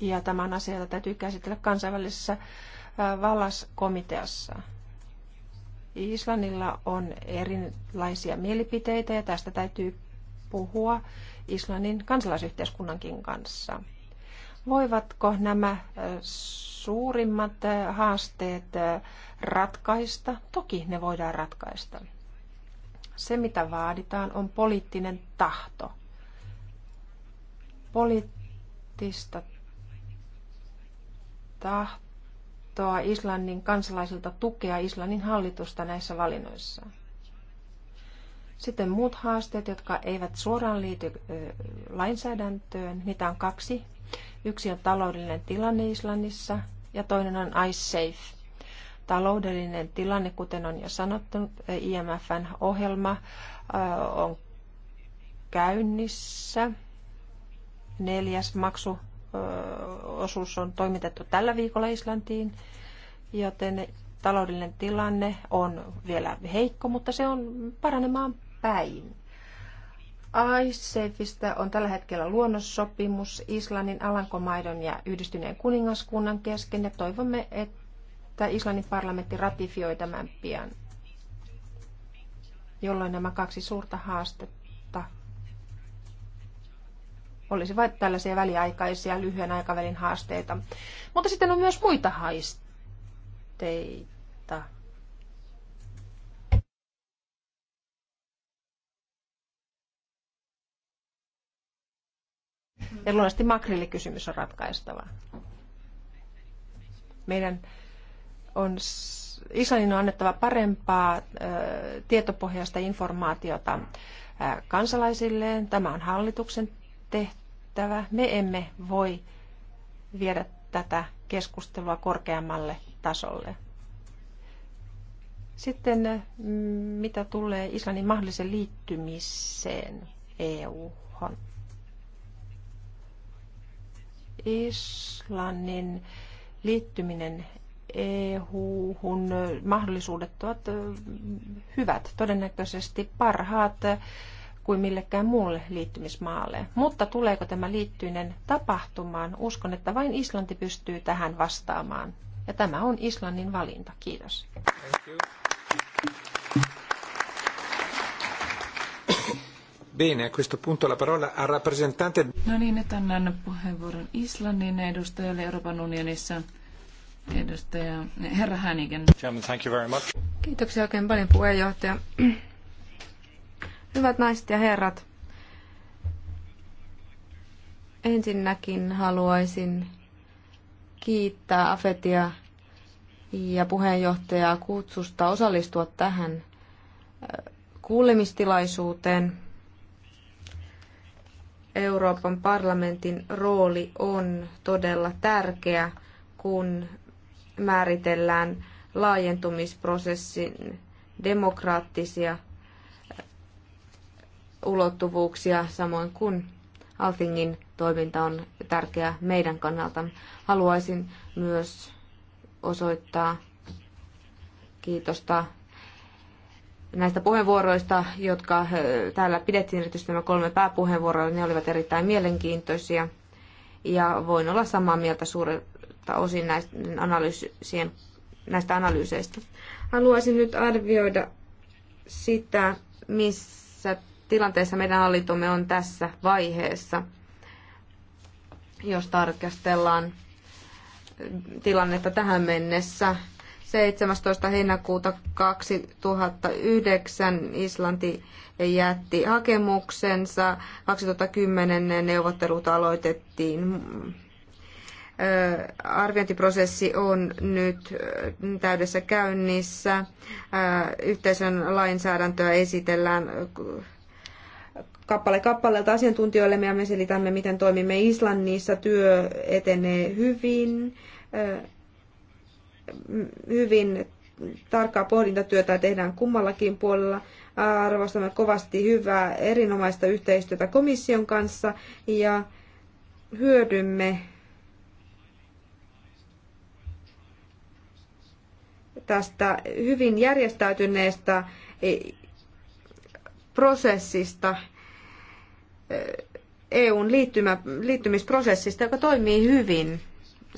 Ja tämän asian täytyy käsitellä kansainvälisessä vallaskomiteassa. Islannilla on erilaisia mielipiteitä ja tästä täytyy puhua Islannin kansalaisyhteiskunnankin kanssa. Voivatko nämä suurimmat haasteet ratkaista? Toki ne voidaan ratkaista. Se, mitä vaaditaan, on poliittinen tahto. Poliittista tahtoa Islannin kansalaisilta tukea Islannin hallitusta näissä valinnoissa. Sitten muut haasteet, jotka eivät suoraan liity lainsäädäntöön. Niitä on kaksi. Yksi on taloudellinen tilanne Islannissa ja toinen on Safe. Taloudellinen tilanne, kuten on jo sanottu, IMFn ohjelma on käynnissä. Neljäs maksu osuus on toimitettu tällä viikolla Islantiin, joten taloudellinen tilanne on vielä heikko, mutta se on paranemaan päin. ISAFista on tällä hetkellä luonnossopimus Islannin, Alankomaidon ja Yhdistyneen kuningaskunnan kesken ja toivomme, että Islannin parlamentti ratifioi tämän pian, jolloin nämä kaksi suurta haastetta vain tällaisia väliaikaisia lyhyen aikavälin haasteita. Mutta sitten on myös muita haisteita. Ja luonnollisesti makrillikysymys on ratkaistava. Meidän on Islannin on annettava parempaa ö, tietopohjaista informaatiota ö, kansalaisilleen. Tämä on hallituksen tehtävä. Me emme voi viedä tätä keskustelua korkeammalle tasolle. Sitten äh, mitä tulee Islannin mahdollisen liittymiseen EU-hon? Islannin liittyminen EU-hun äh, mahdollisuudet ovat äh, hyvät, todennäköisesti parhaat kuin millekään muulle liittymismaalle. Mutta tuleeko tämä liittyinen tapahtumaan? Uskon, että vain Islanti pystyy tähän vastaamaan. Ja tämä on Islannin valinta. Kiitos. Bene, a questo punto la parola al rappresentante... No niin, nyt annan puheenvuoron Islannin edustajalle Euroopan unionissa. Edustaja, herra Hänigen. thank you very much. Kiitoksia oikein paljon puheenjohtaja. Hyvät naiset ja herrat, ensinnäkin haluaisin kiittää Afetia ja puheenjohtajaa kutsusta osallistua tähän kuulemistilaisuuteen. Euroopan parlamentin rooli on todella tärkeä, kun määritellään laajentumisprosessin demokraattisia ulottuvuuksia, samoin kuin Altingin toiminta on tärkeä meidän kannalta. Haluaisin myös osoittaa kiitosta näistä puheenvuoroista, jotka äh, täällä pidettiin, erityisesti nämä kolme pääpuheenvuoroa, ne olivat erittäin mielenkiintoisia. Ja voin olla samaa mieltä suurelta osin näistä, analyysien, näistä analyyseistä. Haluaisin nyt arvioida sitä, missä tilanteessa meidän hallintomme on tässä vaiheessa, jos tarkastellaan tilannetta tähän mennessä. 17. heinäkuuta 2009 Islanti jätti hakemuksensa. 2010 ne neuvottelut aloitettiin. Arviointiprosessi on nyt täydessä käynnissä. Yhteisön lainsäädäntöä esitellään kappale kappaleelta asiantuntijoillemme ja me selitämme, miten toimimme Islannissa. Työ etenee hyvin, hyvin tarkkaa pohdintatyötä tehdään kummallakin puolella. Arvostamme kovasti hyvää, erinomaista yhteistyötä komission kanssa ja hyödymme tästä hyvin järjestäytyneestä e, prosessista, EUn liittymä, liittymisprosessista, joka toimii hyvin.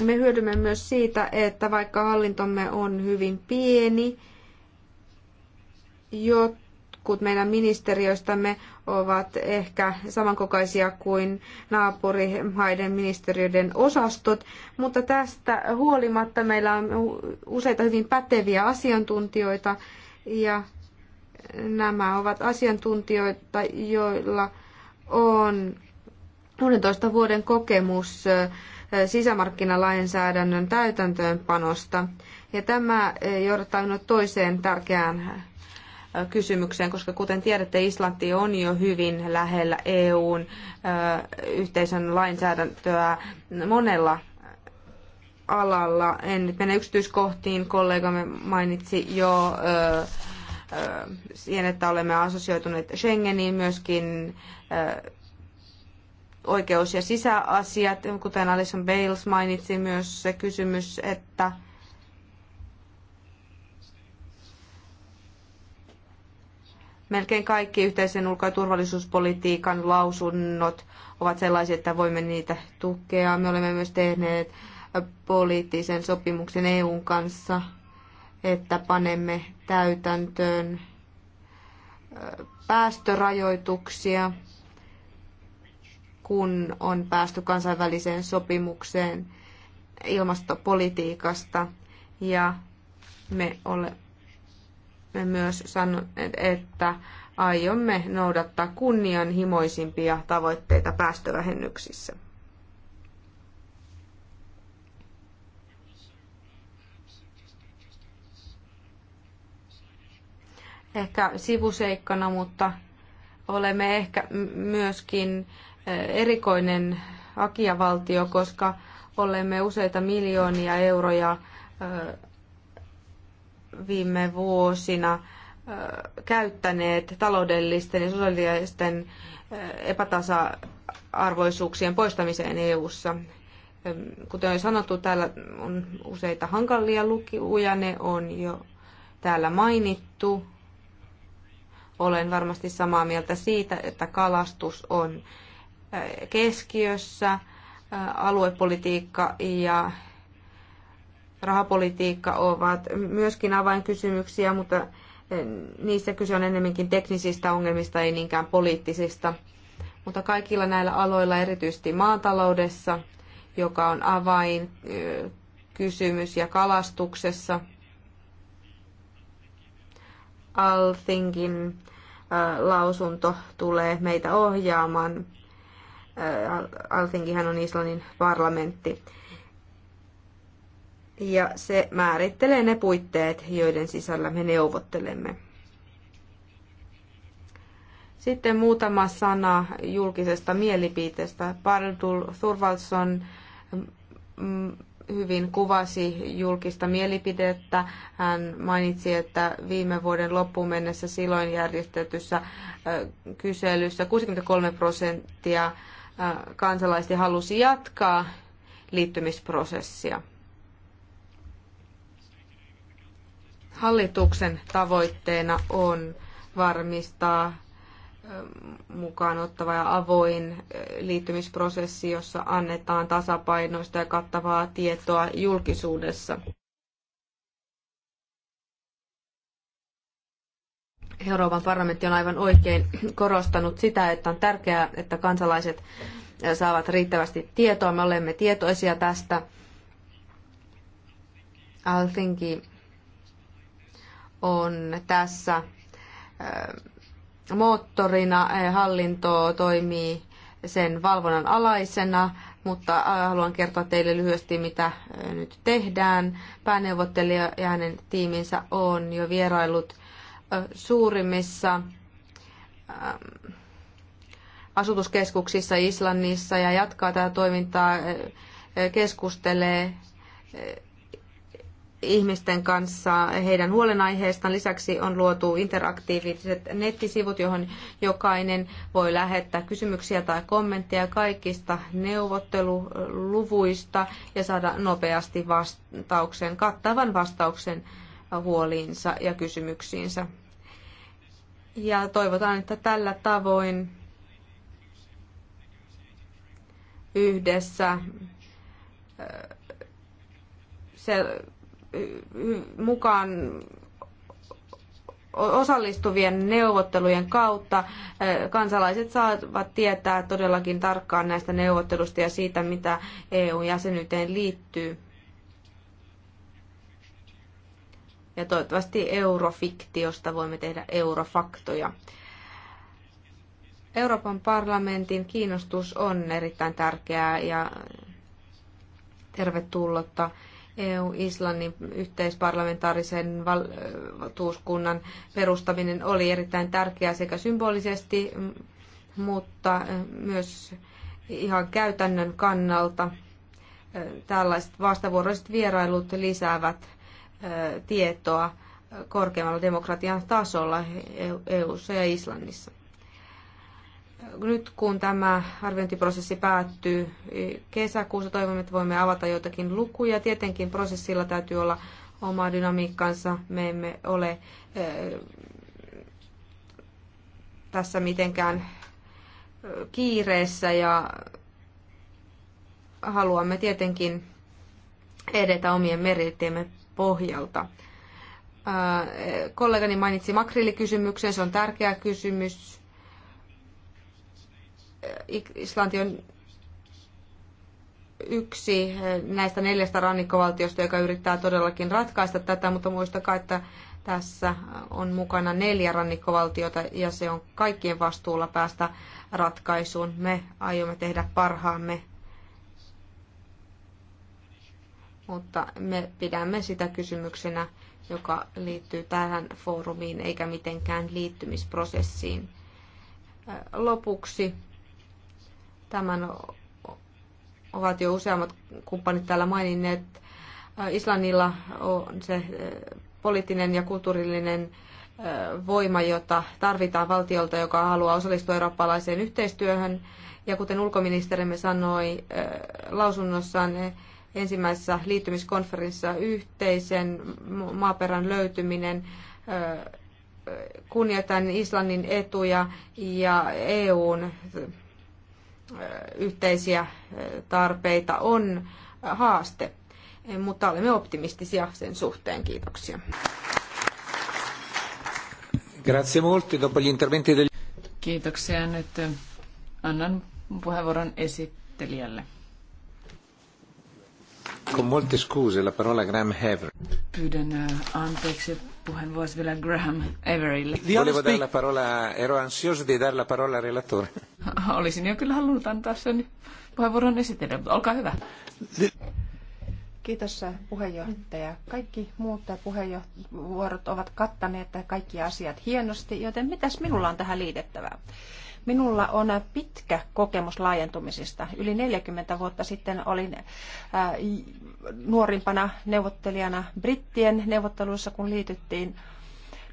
Me hyödymme myös siitä, että vaikka hallintomme on hyvin pieni, jotkut meidän ministeriöistämme ovat ehkä samankokoisia kuin naapurimaiden ministeriöiden osastot, mutta tästä huolimatta meillä on useita hyvin päteviä asiantuntijoita ja nämä ovat asiantuntijoita, joilla on 11 vuoden kokemus sisämarkkinalainsäädännön täytäntöönpanosta. Ja tämä johdattaa minut toiseen tärkeään kysymykseen, koska kuten tiedätte, Islanti on jo hyvin lähellä EUn yhteisön lainsäädäntöä monella alalla. En nyt mene yksityiskohtiin, kollegamme mainitsi jo siihen, että olemme asosioituneet Schengeniin myöskin oikeus- ja sisäasiat, kuten Alison Bales mainitsi myös se kysymys, että melkein kaikki yhteisen ulko- ja turvallisuuspolitiikan lausunnot ovat sellaisia, että voimme niitä tukea. Me olemme myös tehneet poliittisen sopimuksen EUn kanssa, että panemme täytäntöön päästörajoituksia – kun on päästy kansainväliseen sopimukseen ilmastopolitiikasta. Ja me olemme myös sanoneet, että aiomme noudattaa kunnianhimoisimpia tavoitteita päästövähennyksissä. Ehkä sivuseikkana, mutta olemme ehkä myöskin erikoinen akiavaltio, koska olemme useita miljoonia euroja viime vuosina käyttäneet taloudellisten ja sosiaalisten epätasa-arvoisuuksien poistamiseen EU:ssa. Kuten on sanottu, täällä on useita hankalia lukuja, ne on jo täällä mainittu. Olen varmasti samaa mieltä siitä, että kalastus on keskiössä. Aluepolitiikka ja rahapolitiikka ovat myöskin avainkysymyksiä, mutta niissä kyse on enemmänkin teknisistä ongelmista, ei niinkään poliittisista. Mutta kaikilla näillä aloilla, erityisesti maataloudessa, joka on avain kysymys ja kalastuksessa, althingin lausunto tulee meitä ohjaamaan. Altingihän on Islannin parlamentti. Ja se määrittelee ne puitteet, joiden sisällä me neuvottelemme. Sitten muutama sana julkisesta mielipiteestä. Pardul Thurvaldson mm, mm, hyvin kuvasi julkista mielipidettä. Hän mainitsi, että viime vuoden loppuun mennessä silloin järjestetyssä kyselyssä 63 prosenttia kansalaiset halusi jatkaa liittymisprosessia. Hallituksen tavoitteena on varmistaa mukaan ottava ja avoin liittymisprosessi, jossa annetaan tasapainoista ja kattavaa tietoa julkisuudessa. Euroopan parlamentti on aivan oikein korostanut sitä, että on tärkeää, että kansalaiset saavat riittävästi tietoa. Me olemme tietoisia tästä. Helsinki on tässä moottorina, hallinto toimii sen valvonnan alaisena, mutta haluan kertoa teille lyhyesti, mitä nyt tehdään. Pääneuvottelija ja hänen tiiminsä on jo vierailut suurimmissa asutuskeskuksissa Islannissa ja jatkaa tätä toimintaa, keskustelee ihmisten kanssa heidän huolenaiheestaan. Lisäksi on luotu interaktiiviset nettisivut, johon jokainen voi lähettää kysymyksiä tai kommentteja kaikista neuvotteluluvuista ja saada nopeasti vastauksen, kattavan vastauksen huoliinsa ja kysymyksiinsä. Ja toivotaan, että tällä tavoin yhdessä se, mukaan osallistuvien neuvottelujen kautta kansalaiset saavat tietää todellakin tarkkaan näistä neuvottelusta ja siitä, mitä EU-jäsenyyteen liittyy. Ja toivottavasti eurofiktiosta voimme tehdä eurofaktoja. Euroopan parlamentin kiinnostus on erittäin tärkeää ja tervetullutta. EU-Islannin yhteisparlamentaarisen valtuuskunnan perustaminen oli erittäin tärkeää sekä symbolisesti, mutta myös ihan käytännön kannalta. Tällaiset vastavuoroiset vierailut lisäävät tietoa korkeammalla demokratian tasolla EU:ssa e-, ja Islannissa. Nyt kun tämä arviointiprosessi päättyy kesäkuussa, toivomme, että voimme avata joitakin lukuja. Tietenkin prosessilla täytyy olla oma dynamiikkansa. Me emme ole tässä mitenkään kiireessä ja haluamme tietenkin edetä omien meritiemme pohjalta. Äh, kollegani mainitsi makrillikysymyksen, se on tärkeä kysymys. Äh, Islanti on yksi äh, näistä neljästä rannikkovaltiosta, joka yrittää todellakin ratkaista tätä, mutta muistakaa, että tässä on mukana neljä rannikkovaltiota ja se on kaikkien vastuulla päästä ratkaisuun. Me aiomme tehdä parhaamme mutta me pidämme sitä kysymyksenä, joka liittyy tähän foorumiin eikä mitenkään liittymisprosessiin. Lopuksi tämän ovat jo useammat kumppanit täällä maininneet. Islannilla on se poliittinen ja kulttuurillinen voima, jota tarvitaan valtiolta, joka haluaa osallistua eurooppalaiseen yhteistyöhön. Ja kuten ulkoministerimme sanoi lausunnossaan, ensimmäisessä liittymiskonferenssissa yhteisen maaperän löytyminen kunnioitan Islannin etuja ja EUn yhteisiä tarpeita on haaste, e, mutta olemme optimistisia sen suhteen. Kiitoksia. Grazie molti. E dopo gli interventi del... Kiitoksia. Nyt annan puheenvuoron esittelijälle. Con molte scuse, la parola Graham Avery. Pyydän anteeksi puheenvuoros vielä Graham Everille. Volevo dare la parola, ero ansioso di dare la parola al relatore. *laughs* Olisin jo kyllä halunnut antaa sen puheenvuoron esitellä, mutta olkaa hyvä. Kiitos puheenjohtaja. Kaikki muut puheenvuorot ovat kattaneet kaikki asiat hienosti, joten mitäs minulla on tähän liitettävää? Minulla on pitkä kokemus laajentumisista. Yli 40 vuotta sitten olin äh, nuorimpana neuvottelijana brittien neuvotteluissa, kun liityttiin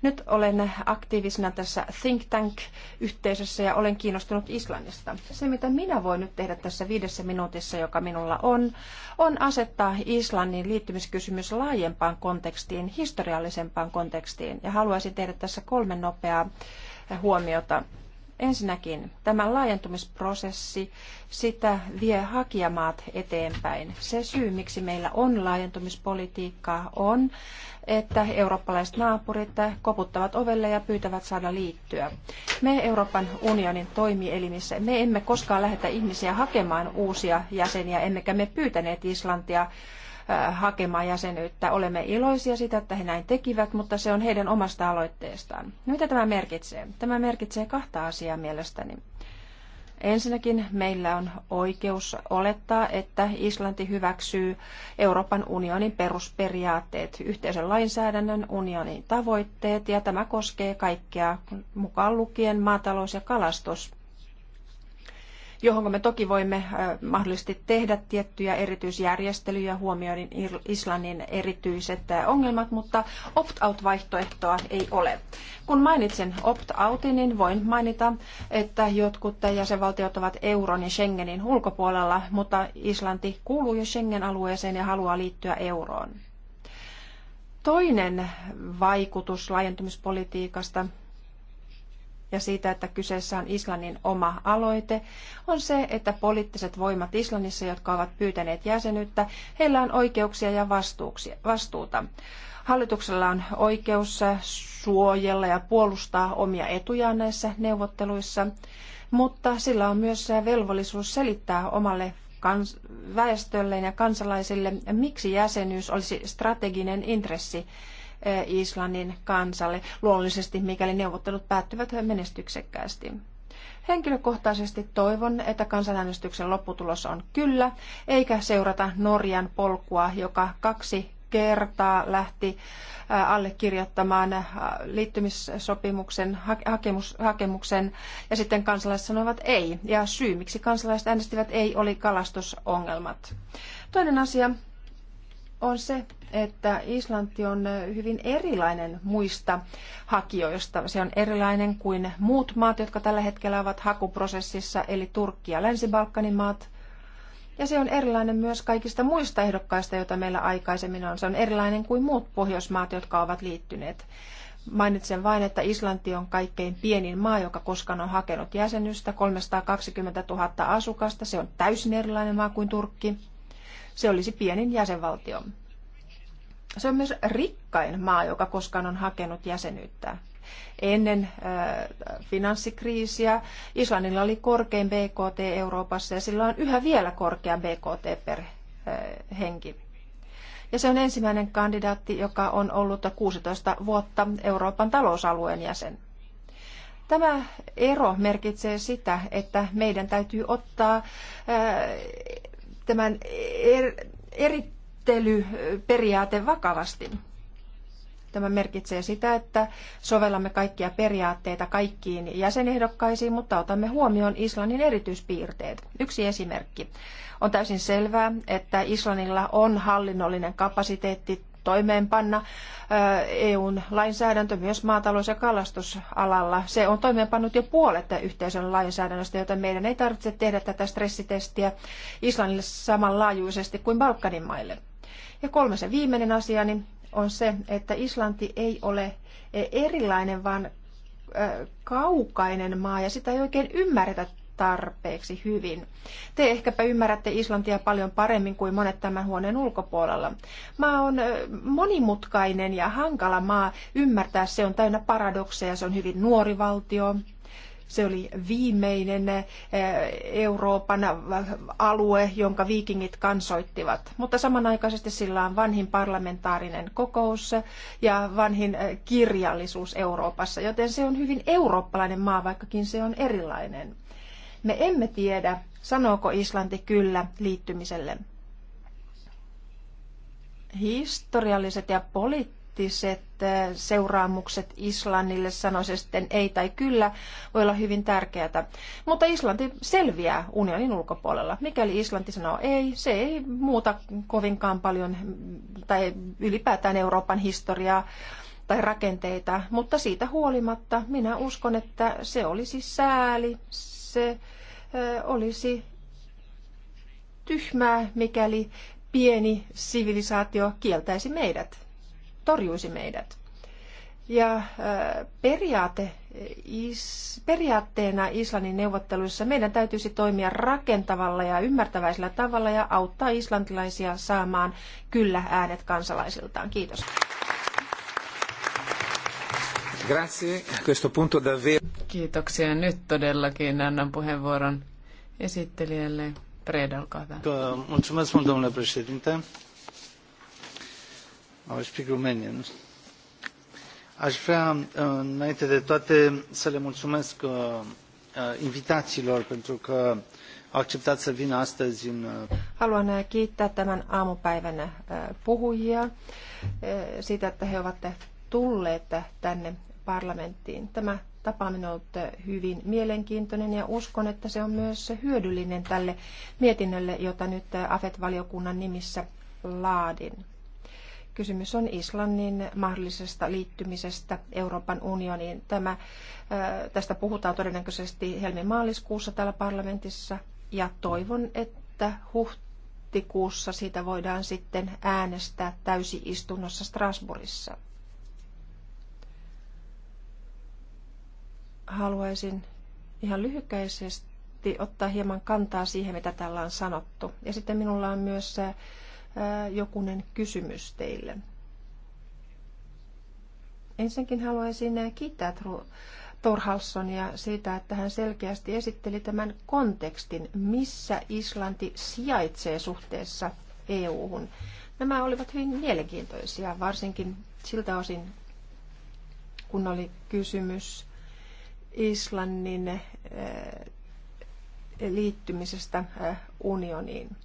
nyt olen aktiivisena tässä think tank-yhteisössä ja olen kiinnostunut Islannista. Se, mitä minä voin nyt tehdä tässä viidessä minuutissa, joka minulla on, on asettaa Islannin liittymiskysymys laajempaan kontekstiin, historiallisempaan kontekstiin. Ja haluaisin tehdä tässä kolme nopeaa huomiota. Ensinnäkin tämä laajentumisprosessi, sitä vie hakijamaat eteenpäin. Se syy, miksi meillä on laajentumispolitiikkaa, on, että eurooppalaiset naapurit koputtavat ovelle ja pyytävät saada liittyä. Me Euroopan unionin toimielimissä, me emme koskaan lähetä ihmisiä hakemaan uusia jäseniä, emmekä me pyytäneet Islantia hakemaan jäsenyyttä. Olemme iloisia siitä, että he näin tekivät, mutta se on heidän omasta aloitteestaan. No, mitä tämä merkitsee? Tämä merkitsee kahta asiaa mielestäni. Ensinnäkin meillä on oikeus olettaa, että Islanti hyväksyy Euroopan unionin perusperiaatteet, yhteisön lainsäädännön, unionin tavoitteet ja tämä koskee kaikkea mukaan lukien maatalous- ja kalastus johon me toki voimme mahdollisesti tehdä tiettyjä erityisjärjestelyjä huomioiden Islannin erityiset ongelmat, mutta opt-out-vaihtoehtoa ei ole. Kun mainitsen opt-outin, niin voin mainita, että jotkut jäsenvaltiot ovat euron ja Schengenin ulkopuolella, mutta Islanti kuuluu jo Schengen-alueeseen ja haluaa liittyä euroon. Toinen vaikutus laajentumispolitiikasta ja siitä, että kyseessä on Islannin oma aloite, on se, että poliittiset voimat Islannissa, jotka ovat pyytäneet jäsenyyttä, heillä on oikeuksia ja vastuuta. Hallituksella on oikeus suojella ja puolustaa omia etujaan näissä neuvotteluissa, mutta sillä on myös velvollisuus selittää omalle kans- väestölleen ja kansalaisille, miksi jäsenyys olisi strateginen intressi Islannin kansalle, luonnollisesti mikäli neuvottelut päättyvät menestyksekkäästi. Henkilökohtaisesti toivon, että kansanäänestyksen lopputulos on kyllä, eikä seurata Norjan polkua, joka kaksi kertaa lähti äh, allekirjoittamaan äh, liittymissopimuksen hakemus, hakemuksen ja sitten kansalaiset sanoivat ei. Ja syy, miksi kansalaiset äänestivät ei, oli kalastusongelmat. Toinen asia, on se, että Islanti on hyvin erilainen muista hakijoista. Se on erilainen kuin muut maat, jotka tällä hetkellä ovat hakuprosessissa, eli Turkki ja Länsi-Balkanin maat. Ja se on erilainen myös kaikista muista ehdokkaista, joita meillä aikaisemmin on. Se on erilainen kuin muut pohjoismaat, jotka ovat liittyneet. Mainitsen vain, että Islanti on kaikkein pienin maa, joka koskaan on hakenut jäsenystä, 320 000 asukasta. Se on täysin erilainen maa kuin Turkki. Se olisi pienin jäsenvaltio. Se on myös rikkain maa, joka koskaan on hakenut jäsenyyttä. Ennen äh, finanssikriisiä Islannilla oli korkein BKT Euroopassa ja sillä on yhä vielä korkea BKT per äh, henki. Ja se on ensimmäinen kandidaatti, joka on ollut 16 vuotta Euroopan talousalueen jäsen. Tämä ero merkitsee sitä, että meidän täytyy ottaa tämän er, erittelyperiaate vakavasti. Tämä merkitsee sitä, että sovellamme kaikkia periaatteita kaikkiin jäsenehdokkaisiin, mutta otamme huomioon Islannin erityispiirteet. Yksi esimerkki. On täysin selvää, että Islannilla on hallinnollinen kapasiteetti toimeenpanna EUn lainsäädäntö myös maatalous- ja kalastusalalla. Se on toimeenpannut jo puolet yhteisön lainsäädännöstä, joten meidän ei tarvitse tehdä tätä stressitestiä Islannille samanlaajuisesti kuin Balkanin maille. Ja kolmas ja viimeinen asia on se, että Islanti ei ole erilainen, vaan kaukainen maa ja sitä ei oikein ymmärretä tarpeeksi hyvin. Te ehkäpä ymmärrätte Islantia paljon paremmin kuin monet tämän huoneen ulkopuolella. Maa on monimutkainen ja hankala maa ymmärtää. Se on täynnä paradokseja, se on hyvin nuori valtio. Se oli viimeinen Euroopan alue, jonka viikingit kansoittivat. Mutta samanaikaisesti sillä on vanhin parlamentaarinen kokous ja vanhin kirjallisuus Euroopassa, joten se on hyvin eurooppalainen maa, vaikkakin se on erilainen. Me emme tiedä, sanooko Islanti kyllä liittymiselle. Historialliset ja poliittiset seuraamukset Islannille, sanoisi sitten ei tai kyllä, voi olla hyvin tärkeätä. Mutta Islanti selviää unionin ulkopuolella. Mikäli Islanti sanoo ei, se ei muuta kovinkaan paljon tai ylipäätään Euroopan historiaa tai rakenteita, mutta siitä huolimatta minä uskon, että se olisi sääli, se olisi tyhmää, mikäli pieni sivilisaatio kieltäisi meidät, torjuisi meidät. Ja periaate, is, periaatteena Islannin neuvotteluissa meidän täytyisi toimia rakentavalla ja ymmärtäväisellä tavalla ja auttaa islantilaisia saamaan kyllä äänet kansalaisiltaan. Kiitos. Grazie. Questo punto davvero. Kiitoksia. Nyt todellakin annan puheenvuoron esittelijälle. Preda, olkaa hyvä. Mulțumesc mult, domnule președinte. I speak Romanian. Aș vrea, înainte de toate, să le mulțumesc invitațiilor pentru că au acceptat să vină astăzi în... Haluan kiittää tämän aamupäivän puhujia siitä, että he ovat tulleet tänne parlamenttiin. Tämä tapaaminen on ollut hyvin mielenkiintoinen ja uskon, että se on myös hyödyllinen tälle mietinnölle, jota nyt AFET-valiokunnan nimissä laadin. Kysymys on Islannin mahdollisesta liittymisestä Euroopan unioniin. Tämä, tästä puhutaan todennäköisesti helmimaaliskuussa täällä parlamentissa ja toivon, että huhtikuussa siitä voidaan sitten äänestää täysistunnossa Strasbourgissa. haluaisin ihan lyhykäisesti ottaa hieman kantaa siihen, mitä täällä on sanottu. Ja sitten minulla on myös jokunen kysymys teille. Ensinnäkin haluaisin kiittää Torhalssonia siitä, että hän selkeästi esitteli tämän kontekstin, missä Islanti sijaitsee suhteessa EU-hun. Nämä olivat hyvin mielenkiintoisia, varsinkin siltä osin, kun oli kysymys Islannin eh, liittymisestä eh, unioniin.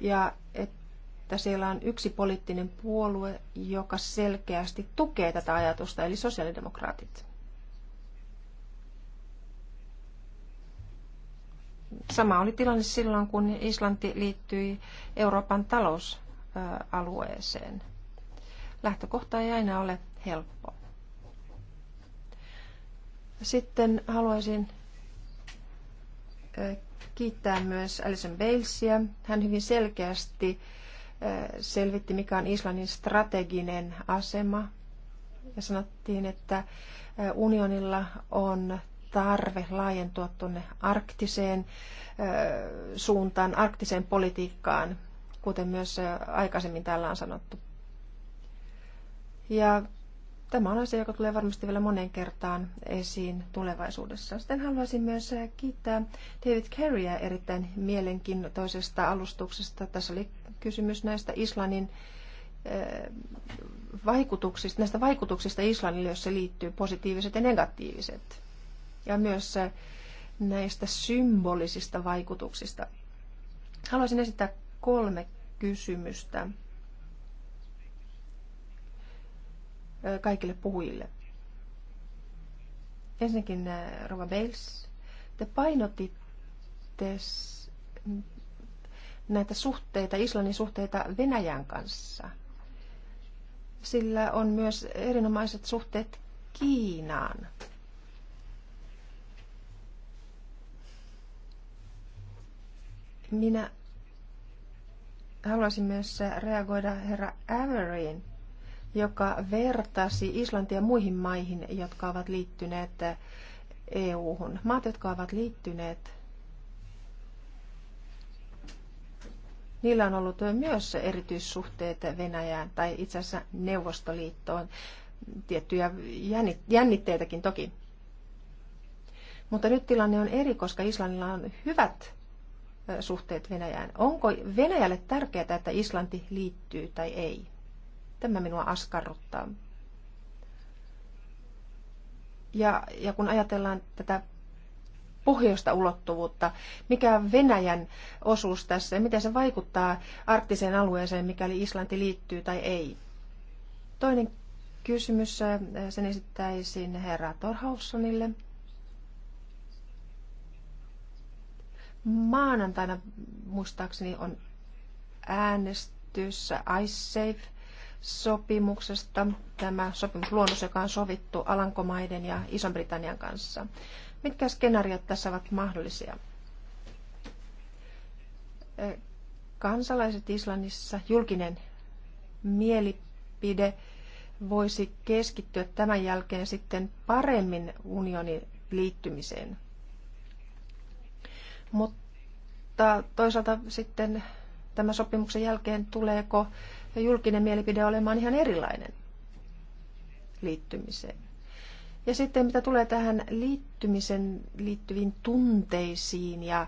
Ja että siellä on yksi poliittinen puolue, joka selkeästi tukee tätä ajatusta, eli sosiaalidemokraatit. Sama oli tilanne silloin, kun Islanti liittyi Euroopan talousalueeseen. Lähtökohta ei aina ole helppoa. Sitten haluaisin kiittää myös Alison Balesia. Hän hyvin selkeästi selvitti, mikä on Islannin strateginen asema. Ja sanottiin, että unionilla on tarve laajentua tuonne arktiseen suuntaan, arktiseen politiikkaan, kuten myös aikaisemmin täällä on sanottu. Ja Tämä on asia, joka tulee varmasti vielä monen kertaan esiin tulevaisuudessa. Sitten haluaisin myös kiittää David Careyä erittäin mielenkiintoisesta alustuksesta. Tässä oli kysymys näistä Islannin eh, vaikutuksista, näistä vaikutuksista Islannille, jos se liittyy positiiviset ja negatiiviset. Ja myös eh, näistä symbolisista vaikutuksista. Haluaisin esittää kolme kysymystä. kaikille puhujille. Ensinnäkin äh, Rova Bales, te painotitte näitä suhteita, Islannin suhteita Venäjän kanssa. Sillä on myös erinomaiset suhteet Kiinaan. Minä haluaisin myös äh, reagoida herra Averyin joka vertasi Islantia muihin maihin, jotka ovat liittyneet EU-hun. Maat, jotka ovat liittyneet, niillä on ollut myös erityissuhteet Venäjään tai itse asiassa Neuvostoliittoon. Tiettyjä jännitteitäkin toki. Mutta nyt tilanne on eri, koska Islannilla on hyvät suhteet Venäjään. Onko Venäjälle tärkeää, että Islanti liittyy tai ei? Tämä minua askarruttaa. Ja, ja kun ajatellaan tätä pohjoista ulottuvuutta, mikä on Venäjän osuus tässä ja miten se vaikuttaa arktiseen alueeseen, mikäli Islanti liittyy tai ei. Toinen kysymys, äh, sen esittäisin herra Torhaussonille. Maanantaina muistaakseni on äänestys Ice safe, sopimuksesta, tämä sopimusluonnos, joka on sovittu Alankomaiden ja iso britannian kanssa. Mitkä skenaariot tässä ovat mahdollisia? Kansalaiset Islannissa, julkinen mielipide voisi keskittyä tämän jälkeen sitten paremmin unionin liittymiseen. Mutta toisaalta sitten tämän sopimuksen jälkeen tuleeko ja julkinen mielipide olemaan ihan erilainen liittymiseen. Ja sitten mitä tulee tähän liittymisen liittyviin tunteisiin ja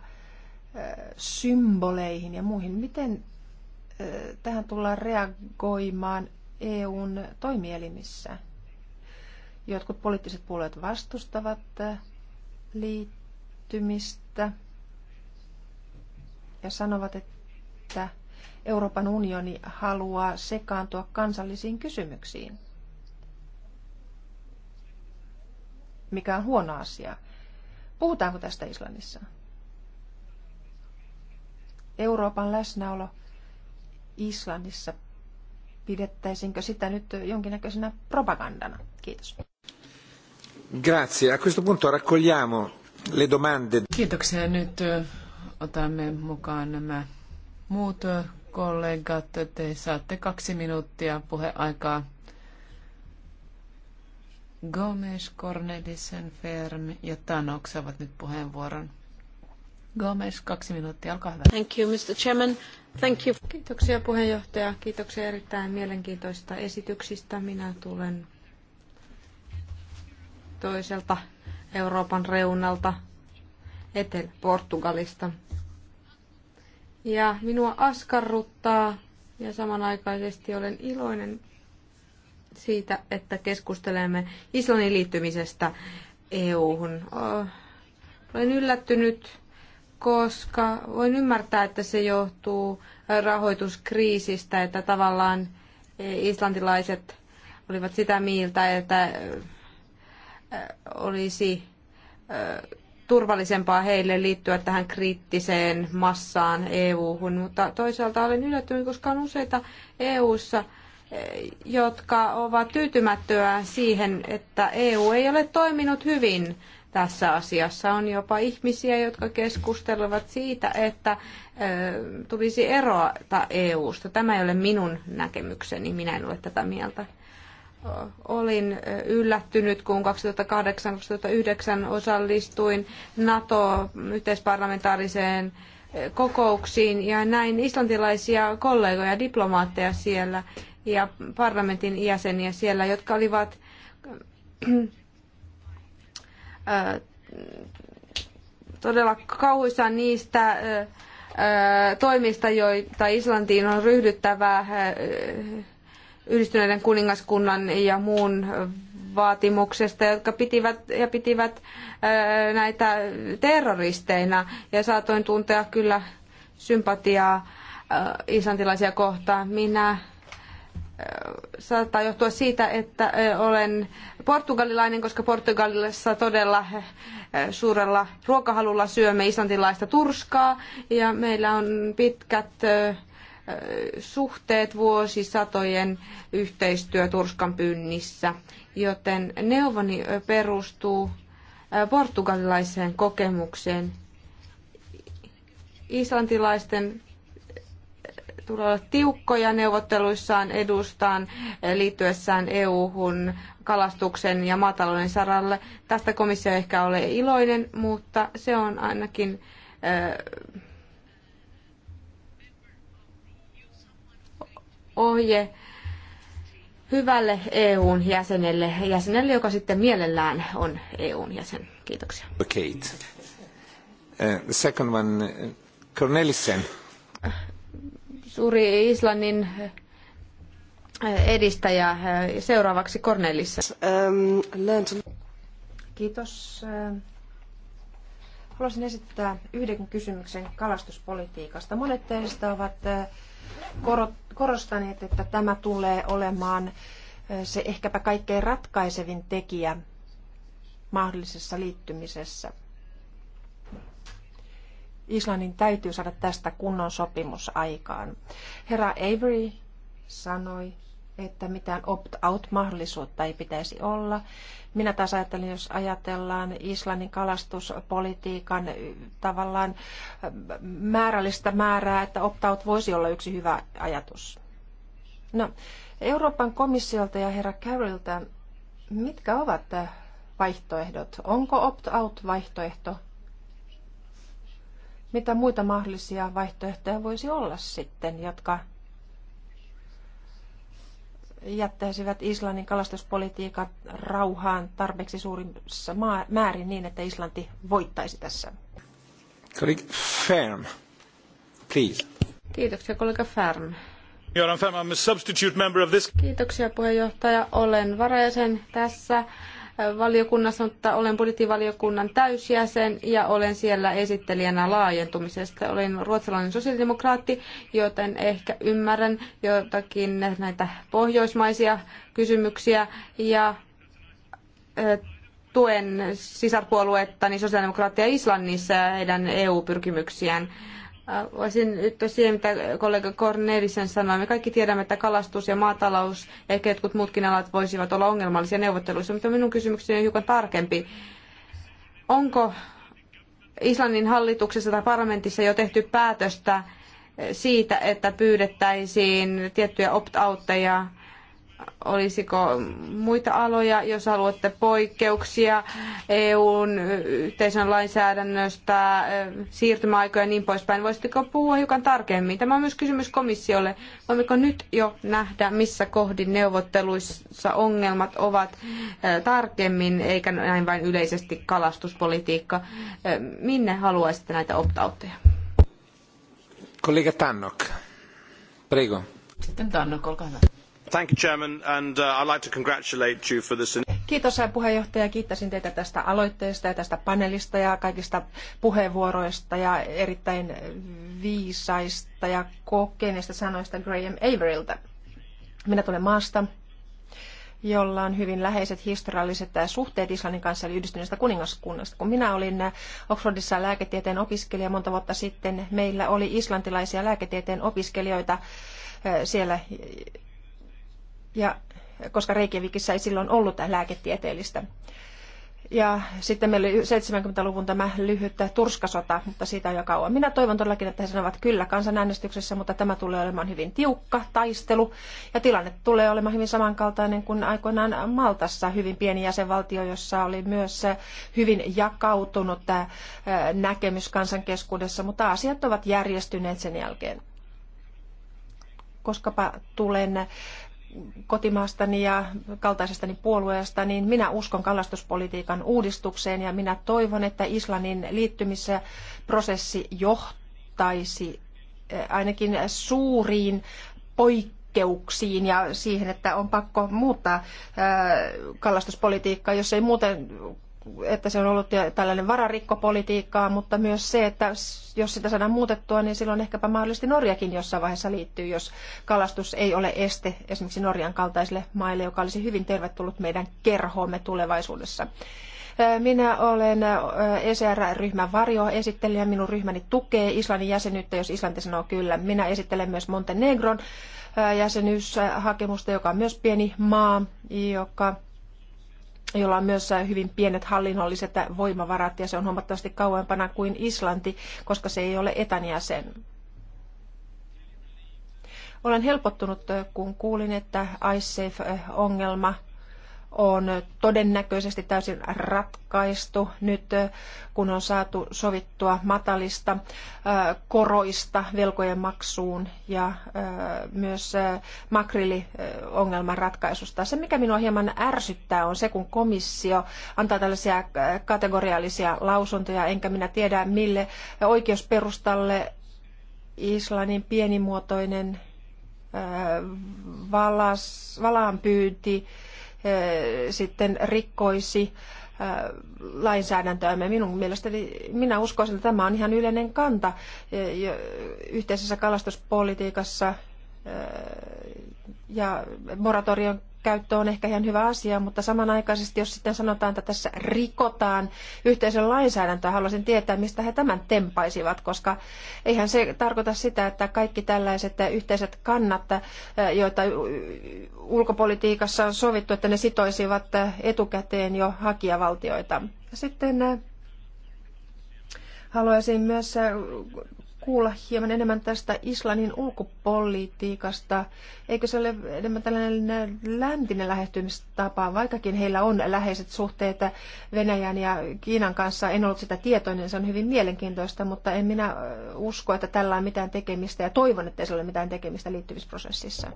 symboleihin ja muihin, miten tähän tullaan reagoimaan EUn toimielimissä? Jotkut poliittiset puolueet vastustavat liittymistä ja sanovat, että Euroopan unioni haluaa sekaantua kansallisiin kysymyksiin, mikä on huono asia. Puhutaanko tästä Islannissa? Euroopan läsnäolo Islannissa, pidettäisinkö sitä nyt jonkinnäköisenä propagandana? Kiitos. Grazie. A questo punto raccogliamo le domande. Kiitoksia. Nyt otamme mukaan nämä muut kollegat, te saatte kaksi minuuttia puheaikaa. Gomes, Cornelissen, Ferm ja Tanok saavat nyt puheenvuoron. Gomes, kaksi minuuttia, olkaa hyvä. Thank you, Mr. Chairman. Thank you. Kiitoksia puheenjohtaja, kiitoksia erittäin mielenkiintoisista esityksistä. Minä tulen toiselta Euroopan reunalta, Etelä-Portugalista. Ja minua askarruttaa ja samanaikaisesti olen iloinen siitä, että keskustelemme Islannin liittymisestä EU-hun. Oh, olen yllättynyt, koska voin ymmärtää, että se johtuu rahoituskriisistä, että tavallaan islantilaiset olivat sitä mieltä, että olisi turvallisempaa heille liittyä tähän kriittiseen massaan EU-hun, mutta toisaalta olen yllättynyt, koska on useita EU-ssa, eh, jotka ovat tyytymättöä siihen, että EU ei ole toiminut hyvin tässä asiassa. On jopa ihmisiä, jotka keskustelevat siitä, että eh, tulisi eroa EU-sta. Tämä ei ole minun näkemykseni, minä en ole tätä mieltä olin yllättynyt, kun 2008-2009 osallistuin NATO-yhteisparlamentaariseen kokouksiin ja näin islantilaisia kollegoja, diplomaatteja siellä ja parlamentin jäseniä siellä, jotka olivat todella kauhuissaan niistä toimista, joita Islantiin on ryhdyttävä yhdistyneiden kuningaskunnan ja muun vaatimuksesta, jotka pitivät, ja pitivät näitä terroristeina. Ja saatoin tuntea kyllä sympatiaa islantilaisia kohtaan. Minä saattaa johtua siitä, että olen portugalilainen, koska Portugalissa todella suurella ruokahalulla syömme islantilaista turskaa ja meillä on pitkät suhteet vuosisatojen yhteistyö Turskan pyynnissä, joten neuvoni perustuu portugalilaiseen kokemukseen. Islantilaisten tulee olla tiukkoja neuvotteluissaan edustaan liittyessään EU-hun kalastuksen ja maatalouden saralle. Tästä komissio ei ehkä ole iloinen, mutta se on ainakin ohje hyvälle EUn jäsenelle, jäsenelle, joka sitten mielellään on EUn jäsen. Kiitoksia. Okay. Uh, the second one, uh, Cornelissen. Suuri Islannin uh, edistäjä. Uh, seuraavaksi Cornelissen. Um, Kiitos. Haluaisin esittää yhden kysymyksen kalastuspolitiikasta. Monet teistä ovat korostaneet, että tämä tulee olemaan se ehkäpä kaikkein ratkaisevin tekijä mahdollisessa liittymisessä. Islannin täytyy saada tästä kunnon sopimus aikaan. Herra Avery sanoi, että mitään opt-out-mahdollisuutta ei pitäisi olla. Minä taas ajattelin, jos ajatellaan Islannin kalastuspolitiikan tavallaan määrällistä määrää, että opt-out voisi olla yksi hyvä ajatus. No, Euroopan komissiolta ja herra Carrolltä, mitkä ovat vaihtoehdot? Onko opt-out vaihtoehto? Mitä muita mahdollisia vaihtoehtoja voisi olla sitten, jotka jättäisivät Islannin kalastuspolitiikan rauhaan tarpeeksi suurissa määrin niin, että Islanti voittaisi tässä. Ferm, please. Kiitoksia kollega Färm. Göran Färm, I'm a substitute member of this. Kiitoksia puheenjohtaja. Olen varajäsen tässä valiokunnassa, mutta olen budjettivaliokunnan täysjäsen ja olen siellä esittelijänä laajentumisesta. Olen ruotsalainen sosiaalidemokraatti, joten ehkä ymmärrän jotakin näitä pohjoismaisia kysymyksiä ja tuen sisarpuoluettani sosiaalidemokraattia Islannissa ja heidän EU-pyrkimyksiään Äh, voisin nyt siihen, mitä kollega Cornelisen sanoi. Me kaikki tiedämme, että kalastus ja maatalous ja ehkä jotkut muutkin alat voisivat olla ongelmallisia neuvotteluissa, mutta minun kysymykseni on hiukan tarkempi. Onko Islannin hallituksessa tai parlamentissa jo tehty päätöstä siitä, että pyydettäisiin tiettyjä opt-outteja olisiko muita aloja, jos haluatte poikkeuksia EUn yhteisön lainsäädännöstä, siirtymäaikoja ja niin poispäin. Voisitteko puhua hiukan tarkemmin? Tämä on myös kysymys komissiolle. Voimmeko nyt jo nähdä, missä kohdin neuvotteluissa ongelmat ovat tarkemmin, eikä näin vain yleisesti kalastuspolitiikka? Minne haluaisitte näitä optautteja? Kollega Tannok, prego. Sitten Tannok, olkaa hyvä arvoisa uh, puhemies Kiitos kiittäisin teitä tästä aloitteesta ja tästä panelista ja kaikista puheenvuoroista ja erittäin viisaista ja kokeneista sanoista Graham Averilta. Minä tulen maasta, jolla on hyvin läheiset historialliset suhteet Islannin kanssa eli yhdistyneestä kuningaskunnasta. Kun minä olin Oxfordissa lääketieteen opiskelija monta vuotta sitten, meillä oli islantilaisia lääketieteen opiskelijoita eh, siellä ja koska Reykjavikissa ei silloin ollut lääketieteellistä. Ja sitten meillä oli 70-luvun tämä lyhyt turskasota, mutta siitä on jo kauan. Minä toivon todellakin, että he sanovat kyllä kansanäänestyksessä, mutta tämä tulee olemaan hyvin tiukka taistelu. Ja tilanne tulee olemaan hyvin samankaltainen kuin aikoinaan Maltassa, hyvin pieni jäsenvaltio, jossa oli myös hyvin jakautunut äh, näkemys kansan keskuudessa, mutta asiat ovat järjestyneet sen jälkeen. Koskapa tulen kotimaastani ja kaltaisestani puolueesta, niin minä uskon kalastuspolitiikan uudistukseen ja minä toivon, että Islannin liittymisprosessi johtaisi eh, ainakin suuriin poikkeuksiin ja siihen, että on pakko muuttaa eh, kalastuspolitiikkaa, jos ei muuten että se on ollut tällainen vararikkopolitiikkaa, mutta myös se, että jos sitä saadaan muutettua, niin silloin ehkäpä mahdollisesti Norjakin jossain vaiheessa liittyy, jos kalastus ei ole este esimerkiksi Norjan kaltaisille maille, joka olisi hyvin tervetullut meidän kerhoomme tulevaisuudessa. Minä olen ECR-ryhmän varjoesittelijä. Minun ryhmäni tukee Islannin jäsenyyttä, jos Islanti sanoo kyllä. Minä esittelen myös Montenegron jäsenyyshakemusta, joka on myös pieni maa, joka jolla on myös hyvin pienet hallinnolliset voimavarat ja se on huomattavasti kauempana kuin Islanti, koska se ei ole etan jäsen. Olen helpottunut, kun kuulin, että ISAFE-ongelma – on todennäköisesti täysin ratkaistu nyt, kun on saatu sovittua matalista koroista velkojen maksuun ja myös makriliongelman ratkaisusta. Se, mikä minua hieman ärsyttää, on se, kun komissio antaa tällaisia kategoriallisia lausuntoja, enkä minä tiedä mille oikeusperustalle Islannin pienimuotoinen valas, valaanpyynti pyynti sitten rikkoisi lainsäädäntöämme. Minun mielestäni, minä uskoisin, että tämä on ihan yleinen kanta yhteisessä kalastuspolitiikassa ja moratorion käyttö on ehkä ihan hyvä asia, mutta samanaikaisesti, jos sitten sanotaan, että tässä rikotaan yhteisön lainsäädäntöä, haluaisin tietää, mistä he tämän tempaisivat, koska eihän se tarkoita sitä, että kaikki tällaiset yhteiset kannat, joita ulkopolitiikassa on sovittu, että ne sitoisivat etukäteen jo hakijavaltioita. Sitten haluaisin myös kuulla hieman enemmän tästä Islannin ulkopolitiikasta. Eikö se ole enemmän tällainen läntinen lähestymistapa, vaikkakin heillä on läheiset suhteet Venäjän ja Kiinan kanssa. En ollut sitä tietoinen, se on hyvin mielenkiintoista, mutta en minä äh, usko, että tällä on mitään tekemistä ja toivon, että se ole mitään tekemistä liittymisprosessissa.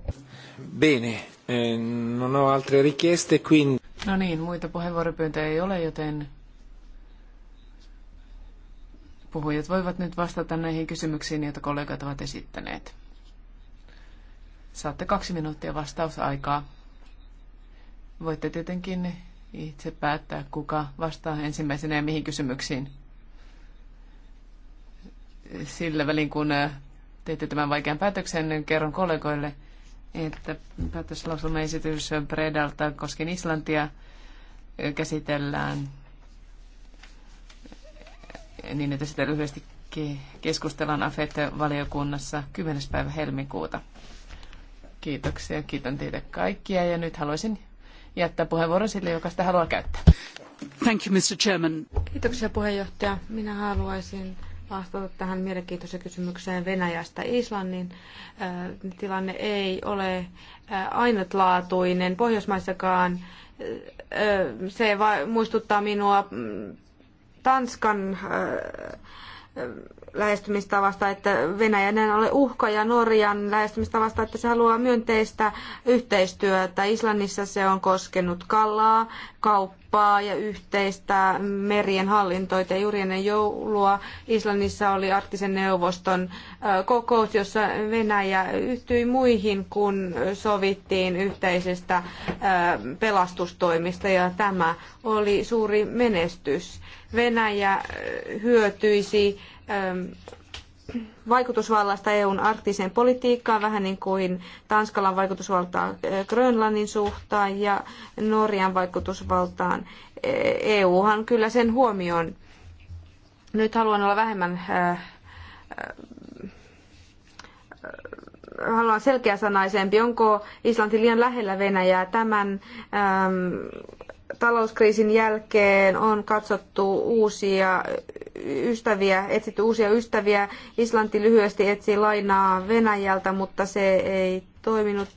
Bene, eh, non ho altre richieste, quindi... No niin, muita puheenvuoropyyntöjä ei ole, joten Puhujat voivat nyt vastata näihin kysymyksiin, joita kollegat ovat esittäneet. Saatte kaksi minuuttia vastausaikaa. Voitte tietenkin itse päättää, kuka vastaa ensimmäisenä ja mihin kysymyksiin. Sillä välin, kun teitte tämän vaikean päätöksen, niin kerron kollegoille, että päätöslauselmaesitys Predalta koskien Islantia käsitellään niin, että sitä lyhyesti keskustellaan AFET-valiokunnassa 10. päivä helmikuuta. Kiitoksia, kiitän teitä kaikkia ja nyt haluaisin jättää puheenvuoron sille, joka sitä haluaa käyttää. Thank you, Mr. Chairman. Kiitoksia puheenjohtaja. Minä haluaisin vastata tähän mielenkiintoiseen kysymykseen Venäjästä. Islannin äh, tilanne ei ole äh, ainutlaatuinen Pohjoismaissakaan. Äh, se muistuttaa minua mm, Tanskan äh, lähestymistavasta, että Venäjän ei ole uhka, ja Norjan lähestymistavasta, että se haluaa myönteistä yhteistyötä. Islannissa se on koskenut kalaa, kauppaa ja yhteistä merien hallintoita. Juuri ennen joulua Islannissa oli arktisen neuvoston äh, kokous, jossa Venäjä yhtyi muihin, kun sovittiin yhteisestä äh, pelastustoimista, ja tämä oli suuri menestys Venäjä äh, hyötyisi ähm, vaikutusvallasta EUn arktiseen politiikkaan, vähän niin kuin Tanskalan vaikutusvaltaa äh, Grönlannin suhtaan ja Norjan vaikutusvaltaan. Äh, EUhan kyllä sen huomioon. Nyt haluan olla vähemmän haluan selkeäsanaisempi, onko Islanti liian lähellä Venäjää tämän äm, talouskriisin jälkeen on katsottu uusia ystäviä, etsitty uusia ystäviä. Islanti lyhyesti etsi lainaa Venäjältä, mutta se ei toiminut.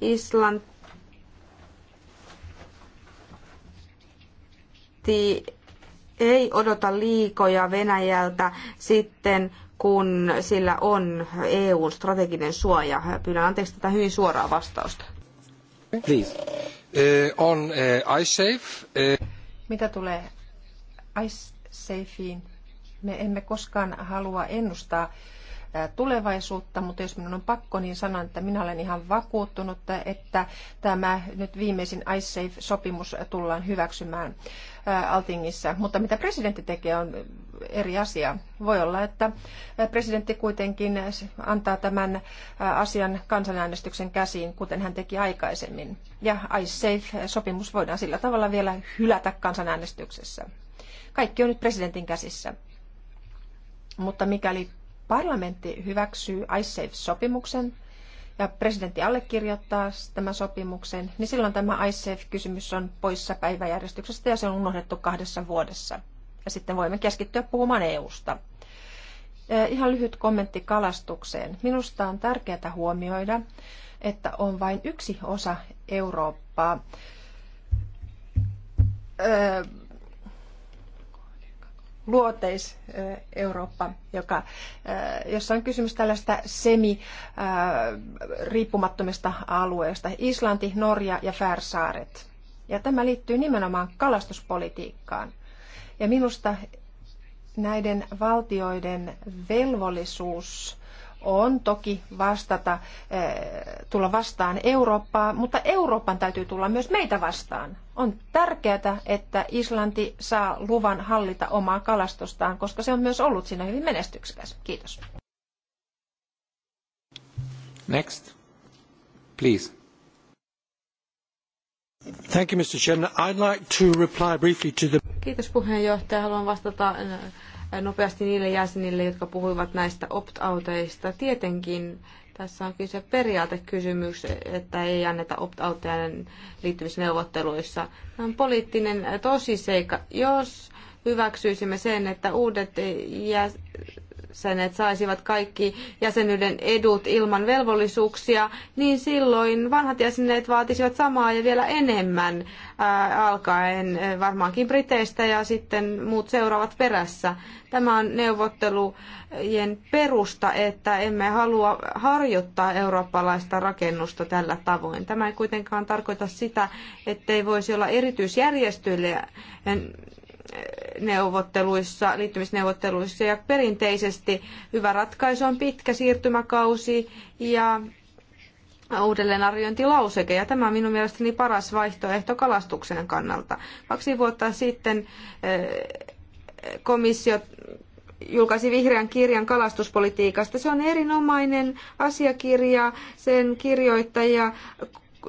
Islanti ei odota liikoja Venäjältä sitten, kun sillä on EUn strateginen suoja. Pyydän anteeksi tätä hyvin suoraa vastausta. Please. Eh, on eh, iSafe. Eh. Mitä tulee iSafeen, me emme koskaan halua ennustaa tulevaisuutta, mutta jos minun on pakko, niin sanon, että minä olen ihan vakuuttunut, että tämä nyt viimeisin iSafe-sopimus tullaan hyväksymään. Altingissa. Mutta mitä presidentti tekee on eri asia. Voi olla, että presidentti kuitenkin antaa tämän asian kansanäänestyksen käsiin, kuten hän teki aikaisemmin. Ja ISAFE-sopimus voidaan sillä tavalla vielä hylätä kansanäänestyksessä. Kaikki on nyt presidentin käsissä. Mutta mikäli parlamentti hyväksyy ISAFE-sopimuksen, ja presidentti allekirjoittaa tämän sopimuksen, niin silloin tämä icef kysymys on poissa päiväjärjestyksestä ja se on unohdettu kahdessa vuodessa. Ja sitten voimme keskittyä puhumaan EUsta. Ihan lyhyt kommentti kalastukseen. Minusta on tärkeää huomioida, että on vain yksi osa Eurooppaa, luoteis Eurooppa, joka, jossa on kysymys tällaista semi-riippumattomista alueista, Islanti, Norja ja Färsaaret. Ja tämä liittyy nimenomaan kalastuspolitiikkaan. Ja minusta näiden valtioiden velvollisuus on toki vastata, eh, tulla vastaan Eurooppaa, mutta Euroopan täytyy tulla myös meitä vastaan. On tärkeää, että Islanti saa luvan hallita omaa kalastostaan, koska se on myös ollut siinä hyvin menestyksekäs. Kiitos. Next, please. Thank you, Mr. Chairman. I'd like to reply briefly to the... Kiitos puheenjohtaja. Haluan vastata eh, nopeasti niille jäsenille, jotka puhuivat näistä opt-outeista. Tietenkin tässä on kyse periaatekysymys, että ei anneta opt-outeja liittyvissä neuvotteluissa. Tämä on poliittinen tosiseikka. Jos hyväksyisimme sen, että uudet jäs- jäsenet saisivat kaikki jäsenyyden edut ilman velvollisuuksia, niin silloin vanhat jäsenet vaatisivat samaa ja vielä enemmän ää, alkaen varmaankin Briteistä ja sitten muut seuraavat perässä. Tämä on neuvottelujen perusta, että emme halua harjoittaa eurooppalaista rakennusta tällä tavoin. Tämä ei kuitenkaan tarkoita sitä, ettei voisi olla erityisjärjestöille neuvotteluissa, liittymisneuvotteluissa ja perinteisesti hyvä ratkaisu on pitkä siirtymäkausi ja uudelleenarviointilauseke, ja tämä on minun mielestäni paras vaihtoehto kalastuksen kannalta. Kaksi vuotta sitten eh, komissio julkaisi vihreän kirjan kalastuspolitiikasta. Se on erinomainen asiakirja. Sen kirjoittaja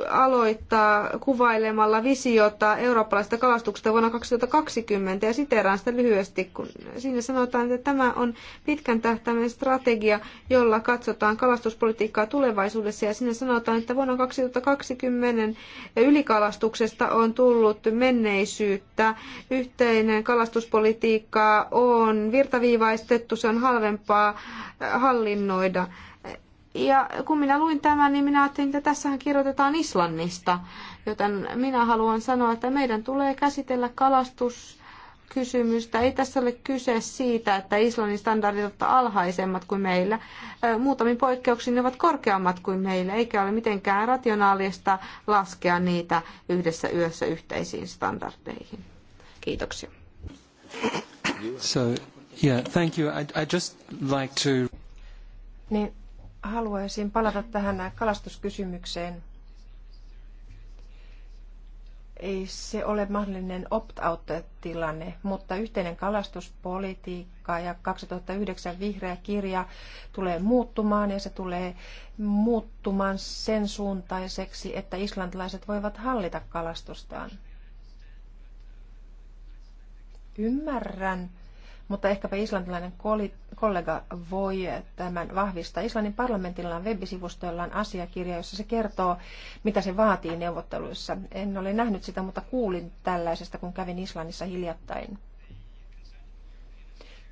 aloittaa kuvailemalla visiota eurooppalaisesta kalastuksesta vuonna 2020 ja siteeraan sitä lyhyesti, kun siinä sanotaan, että tämä on pitkän tähtäimen strategia, jolla katsotaan kalastuspolitiikkaa tulevaisuudessa ja siinä sanotaan, että vuonna 2020 ylikalastuksesta on tullut menneisyyttä. Yhteinen kalastuspolitiikka on virtaviivaistettu, se on halvempaa hallinnoida. Ja kun minä luin tämän, niin minä ajattelin, että tässähän kirjoitetaan Islannista. Joten minä haluan sanoa, että meidän tulee käsitellä kalastuskysymystä. Ei tässä ole kyse siitä, että Islannin standardit ovat alhaisemmat kuin meillä. Muutamin poikkeuksin ne ovat korkeammat kuin meillä, eikä ole mitenkään rationaalista laskea niitä yhdessä yössä yhteisiin standardeihin. Kiitoksia. So, yeah, thank you. I, I just like to... Niin, haluaisin palata tähän kalastuskysymykseen. Ei se ole mahdollinen opt-out-tilanne, mutta yhteinen kalastuspolitiikka ja 2009 vihreä kirja tulee muuttumaan ja se tulee muuttumaan sen suuntaiseksi, että islantilaiset voivat hallita kalastustaan. Ymmärrän, mutta ehkäpä islantilainen kollega voi tämän vahvistaa. Islannin parlamentilla on webisivustoillaan asiakirja, jossa se kertoo, mitä se vaatii neuvotteluissa. En ole nähnyt sitä, mutta kuulin tällaisesta, kun kävin Islannissa hiljattain.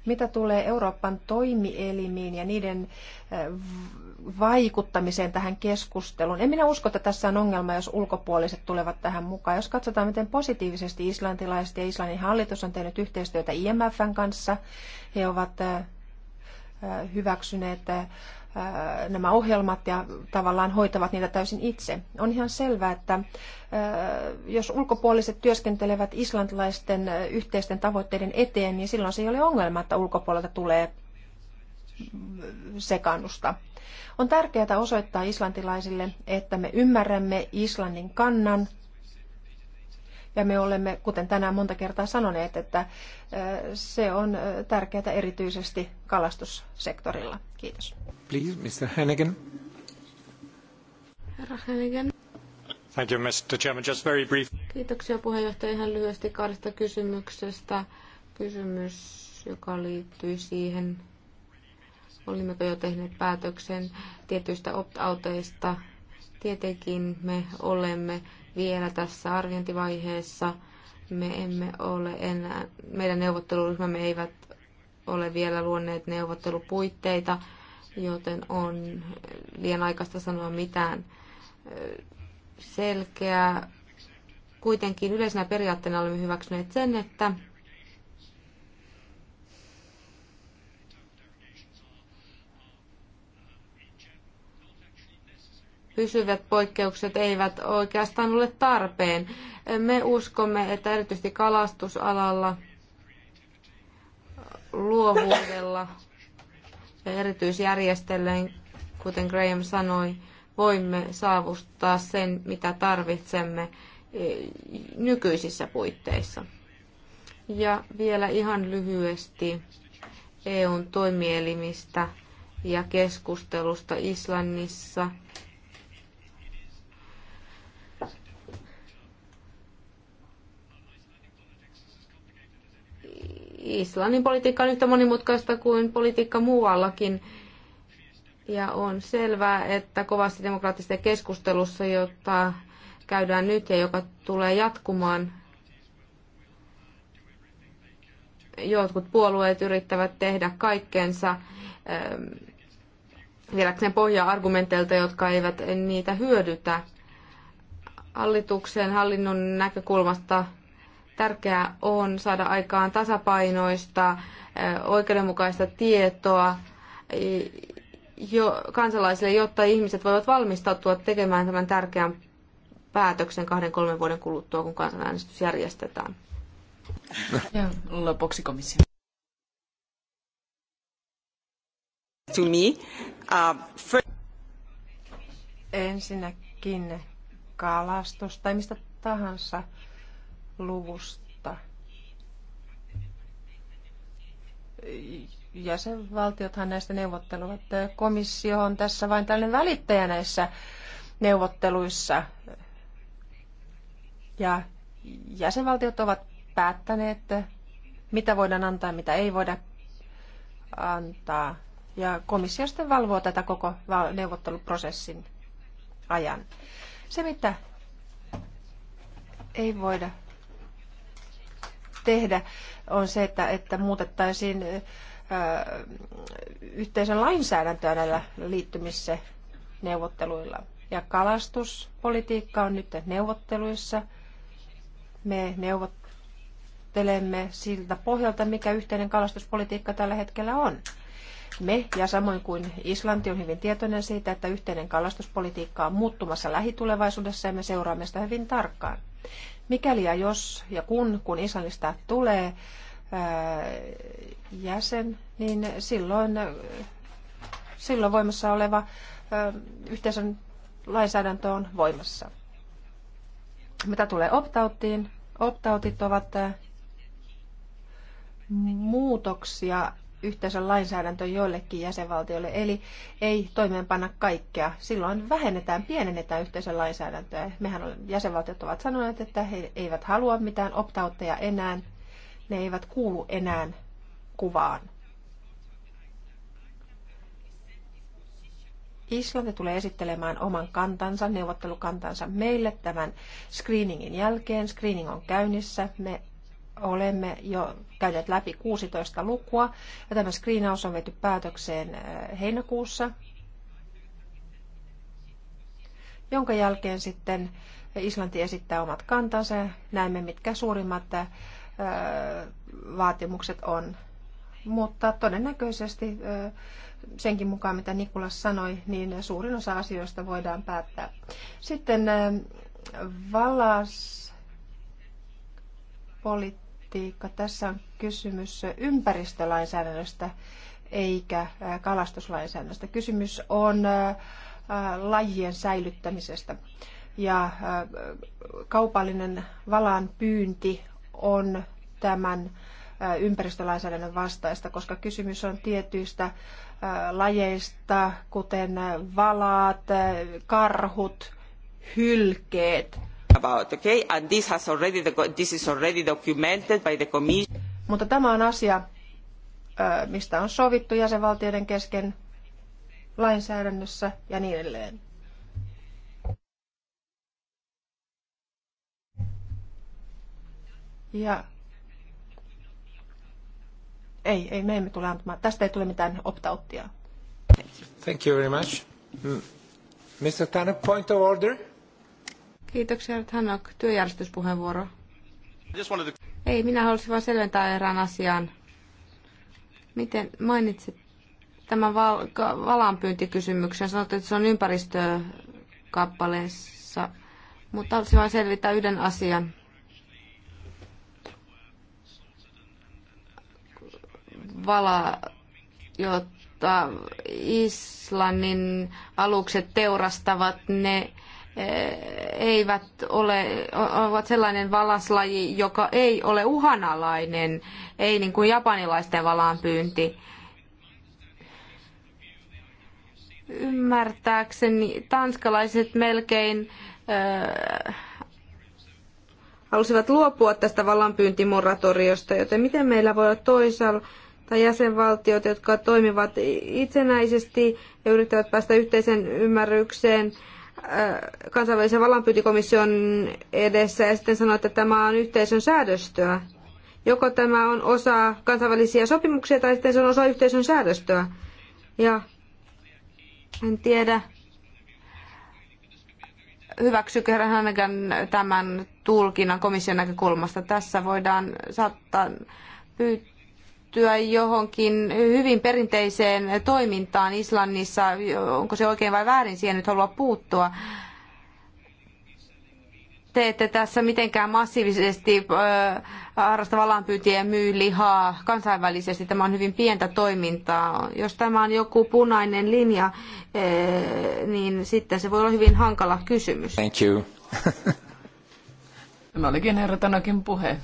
Mitä tulee Euroopan toimielimiin ja niiden vaikuttamiseen tähän keskusteluun? En minä usko, että tässä on ongelma, jos ulkopuoliset tulevat tähän mukaan. Jos katsotaan, miten positiivisesti islantilaiset ja Islannin hallitus on tehnyt yhteistyötä IMFn kanssa, he ovat hyväksyneet nämä ohjelmat ja tavallaan hoitavat niitä täysin itse. On ihan selvää, että jos ulkopuoliset työskentelevät islantilaisten yhteisten tavoitteiden eteen, niin silloin se ei ole ongelma, että ulkopuolelta tulee sekannusta. On tärkeää osoittaa islantilaisille, että me ymmärrämme Islannin kannan ja me olemme, kuten tänään monta kertaa sanoneet, että se on tärkeää erityisesti kalastussektorilla. Kiitos. Please, Mr. Hennigan. Herra Hennigan. Thank you, Mr. Chairman. Just very brief. Kiitoksia puheenjohtaja ihan lyhyesti kahdesta kysymyksestä. Kysymys, joka liittyy siihen, olimmeko jo tehneet päätöksen tietyistä opt-outeista. Tietenkin me olemme vielä tässä arviointivaiheessa. Me emme ole enää, meidän neuvotteluryhmämme eivät ole vielä luonneet neuvottelupuitteita, joten on liian aikaista sanoa mitään selkeää. Kuitenkin yleisenä periaatteena olemme hyväksyneet sen, että pysyvät poikkeukset eivät oikeastaan ole tarpeen. Me uskomme, että erityisesti kalastusalalla luovuudella ja erityisjärjestellen, kuten Graham sanoi, voimme saavuttaa sen, mitä tarvitsemme e, nykyisissä puitteissa. Ja vielä ihan lyhyesti EUn toimielimistä ja keskustelusta Islannissa Islannin politiikka on yhtä monimutkaista kuin politiikka muuallakin. Ja on selvää, että kovasti demokraattisessa keskustelussa, jota käydään nyt ja joka tulee jatkumaan, jotkut puolueet yrittävät tehdä kaikkensa ähm, viedäkseen pohjaa argumenteilta, jotka eivät niitä hyödytä. Hallituksen hallinnon näkökulmasta Tärkeää on saada aikaan tasapainoista, oikeudenmukaista tietoa jo kansalaisille, jotta ihmiset voivat valmistautua tekemään tämän tärkeän päätöksen kahden kolmen vuoden kuluttua, kun kansanäänestys järjestetään. Ja lopuksi komissio. To me. Uh, for... Ensinnäkin kalastus tai mistä tahansa luvusta. Jäsenvaltiothan näistä neuvotteluvat. Komissio on tässä vain tällainen välittäjä näissä neuvotteluissa. Ja jäsenvaltiot ovat päättäneet, mitä voidaan antaa ja mitä ei voida antaa. Ja komissio sitten valvoo tätä koko neuvotteluprosessin ajan. Se, mitä ei voida tehdä, on se, että, että muutettaisiin yhteisön lainsäädäntöä näillä liittymissä neuvotteluilla. Ja kalastuspolitiikka on nyt neuvotteluissa. Me neuvottelemme siltä pohjalta, mikä yhteinen kalastuspolitiikka tällä hetkellä on. Me ja samoin kuin Islanti on hyvin tietoinen siitä, että yhteinen kalastuspolitiikka on muuttumassa lähitulevaisuudessa ja me seuraamme sitä hyvin tarkkaan. Mikäli ja jos ja kun, kun Islannista tulee ää, äh, jäsen, niin silloin, äh, silloin voimassa oleva ää, äh, yhteisön lainsäädäntö on voimassa. Mitä tulee optauttiin, optautit ovat muutoksia yhteisön lainsäädäntö joillekin jäsenvaltioille, eli ei toimeenpanna kaikkea. Silloin vähennetään, pienennetään yhteisön lainsäädäntöä. Mehän jäsenvaltiot ovat sanoneet, että he eivät halua mitään optautteja enää, ne eivät kuulu enää kuvaan. Islanti tulee esittelemään oman kantansa, neuvottelukantansa meille tämän screeningin jälkeen. Screening on käynnissä. Me olemme jo käyneet läpi 16 lukua ja tämä screenaus on vety päätökseen äh, heinäkuussa, jonka jälkeen sitten Islanti esittää omat kantansa ja näemme, mitkä suurimmat äh, vaatimukset on. Mutta todennäköisesti äh, senkin mukaan, mitä Nikulas sanoi, niin suurin osa asioista voidaan päättää. Sitten valas polit politiikka. Tässä on kysymys ympäristölainsäädännöstä eikä kalastuslainsäädännöstä. Kysymys on lajien säilyttämisestä. Ja kaupallinen valaan pyynti on tämän ympäristölainsäädännön vastaista, koska kysymys on tietyistä lajeista, kuten valaat, karhut, hylkeet – about, okay? And this, has already the, this is already documented by the Commission. Mutta tämä on asia, mistä on sovittu jäsenvaltioiden kesken lainsäädännössä ja niin edelleen. Ja ei, ei, me emme tule antamaan. Tästä ei tule mitään optauttia. Thank you very much. Mr. Mm. Tanner, point of order. Kiitoksia, Hanok. Työjärjestyspuheenvuoro. Ei, minä halusin vain selventää erään asian. Miten mainitsit tämän val- valanpyyntikysymyksen? Sanoit, että se on ympäristökappaleessa, mutta halusin vain selvittää yhden asian. Vala, jotta Islannin alukset teurastavat, ne Eh, eivät ole, ovat sellainen valaslaji, joka ei ole uhanalainen, ei niin kuin japanilaisten valaanpyynti. Ymmärtääkseni tanskalaiset melkein äh, halusivat luopua tästä valaanpyyntimoratoriosta, joten miten meillä voi olla toisaalla tai jäsenvaltiot, jotka toimivat itsenäisesti ja yrittävät päästä yhteisen ymmärrykseen kansainvälisen vallanpyytikomission edessä ja sitten sanoi, että tämä on yhteisön säädöstöä. Joko tämä on osa kansainvälisiä sopimuksia tai sitten se on osa yhteisön säädöstöä. Ja en tiedä, hyväksykö Hannigan tämän tulkinnan komission näkökulmasta. Tässä voidaan saattaa pyytää keskittyä johonkin hyvin perinteiseen toimintaan Islannissa. Onko se oikein vai väärin, siihen nyt halua puuttua. Te ette tässä mitenkään massiivisesti harrasta valanpyytiä ja myy lihaa kansainvälisesti. Tämä on hyvin pientä toimintaa. Jos tämä on joku punainen linja, niin sitten se voi olla hyvin hankala kysymys. Thank you. Tämä olikin herra Tanakin puhe.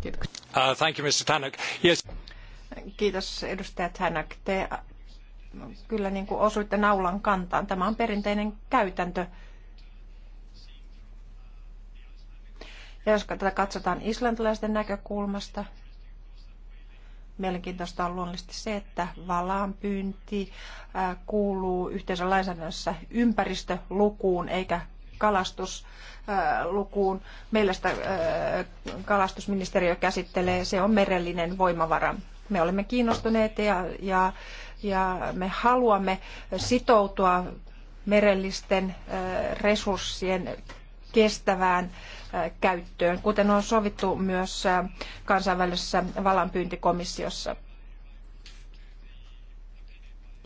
Kiitoksia. Uh, Tannock. Kiitos edustaja Tanak. Te äh, kyllä niin kuin osuitte naulan kantaan. Tämä on perinteinen käytäntö. Ja jos tätä katsotaan islantilaisten näkökulmasta, mielenkiintoista on luonnollisesti se, että valaan pyynti äh, kuuluu yhteisön lainsäädännössä ympäristölukuun eikä kalastuslukuun. Meillä sitä kalastusministeriö käsittelee, se on merellinen voimavara. Me olemme kiinnostuneet ja, ja, ja me haluamme sitoutua merellisten resurssien kestävään käyttöön, kuten on sovittu myös kansainvälisessä valanpyyntikomissiossa.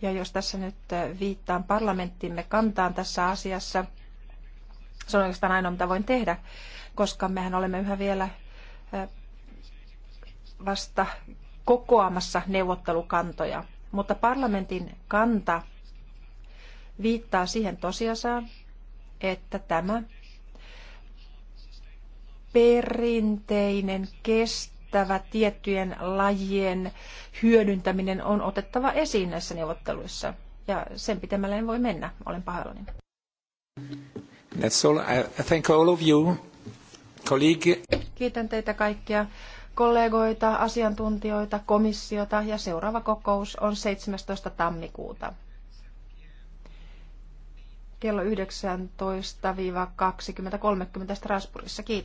Ja jos tässä nyt viittaan parlamenttimme kantaan tässä asiassa, se on oikeastaan ainoa, mitä voin tehdä, koska mehän olemme yhä vielä vasta kokoamassa neuvottelukantoja. Mutta parlamentin kanta viittaa siihen tosiasiaan, että tämä perinteinen kestävä tiettyjen lajien hyödyntäminen on otettava esiin näissä neuvotteluissa. Ja sen pitemmälle en voi mennä. Olen pahoillani. That's all. I thank all of you. Colleague. Kiitän teitä kaikkia kollegoita, asiantuntijoita, komissiota ja seuraava kokous on 17. tammikuuta kello 19-20.30 Strasbourgissa. Kiitos.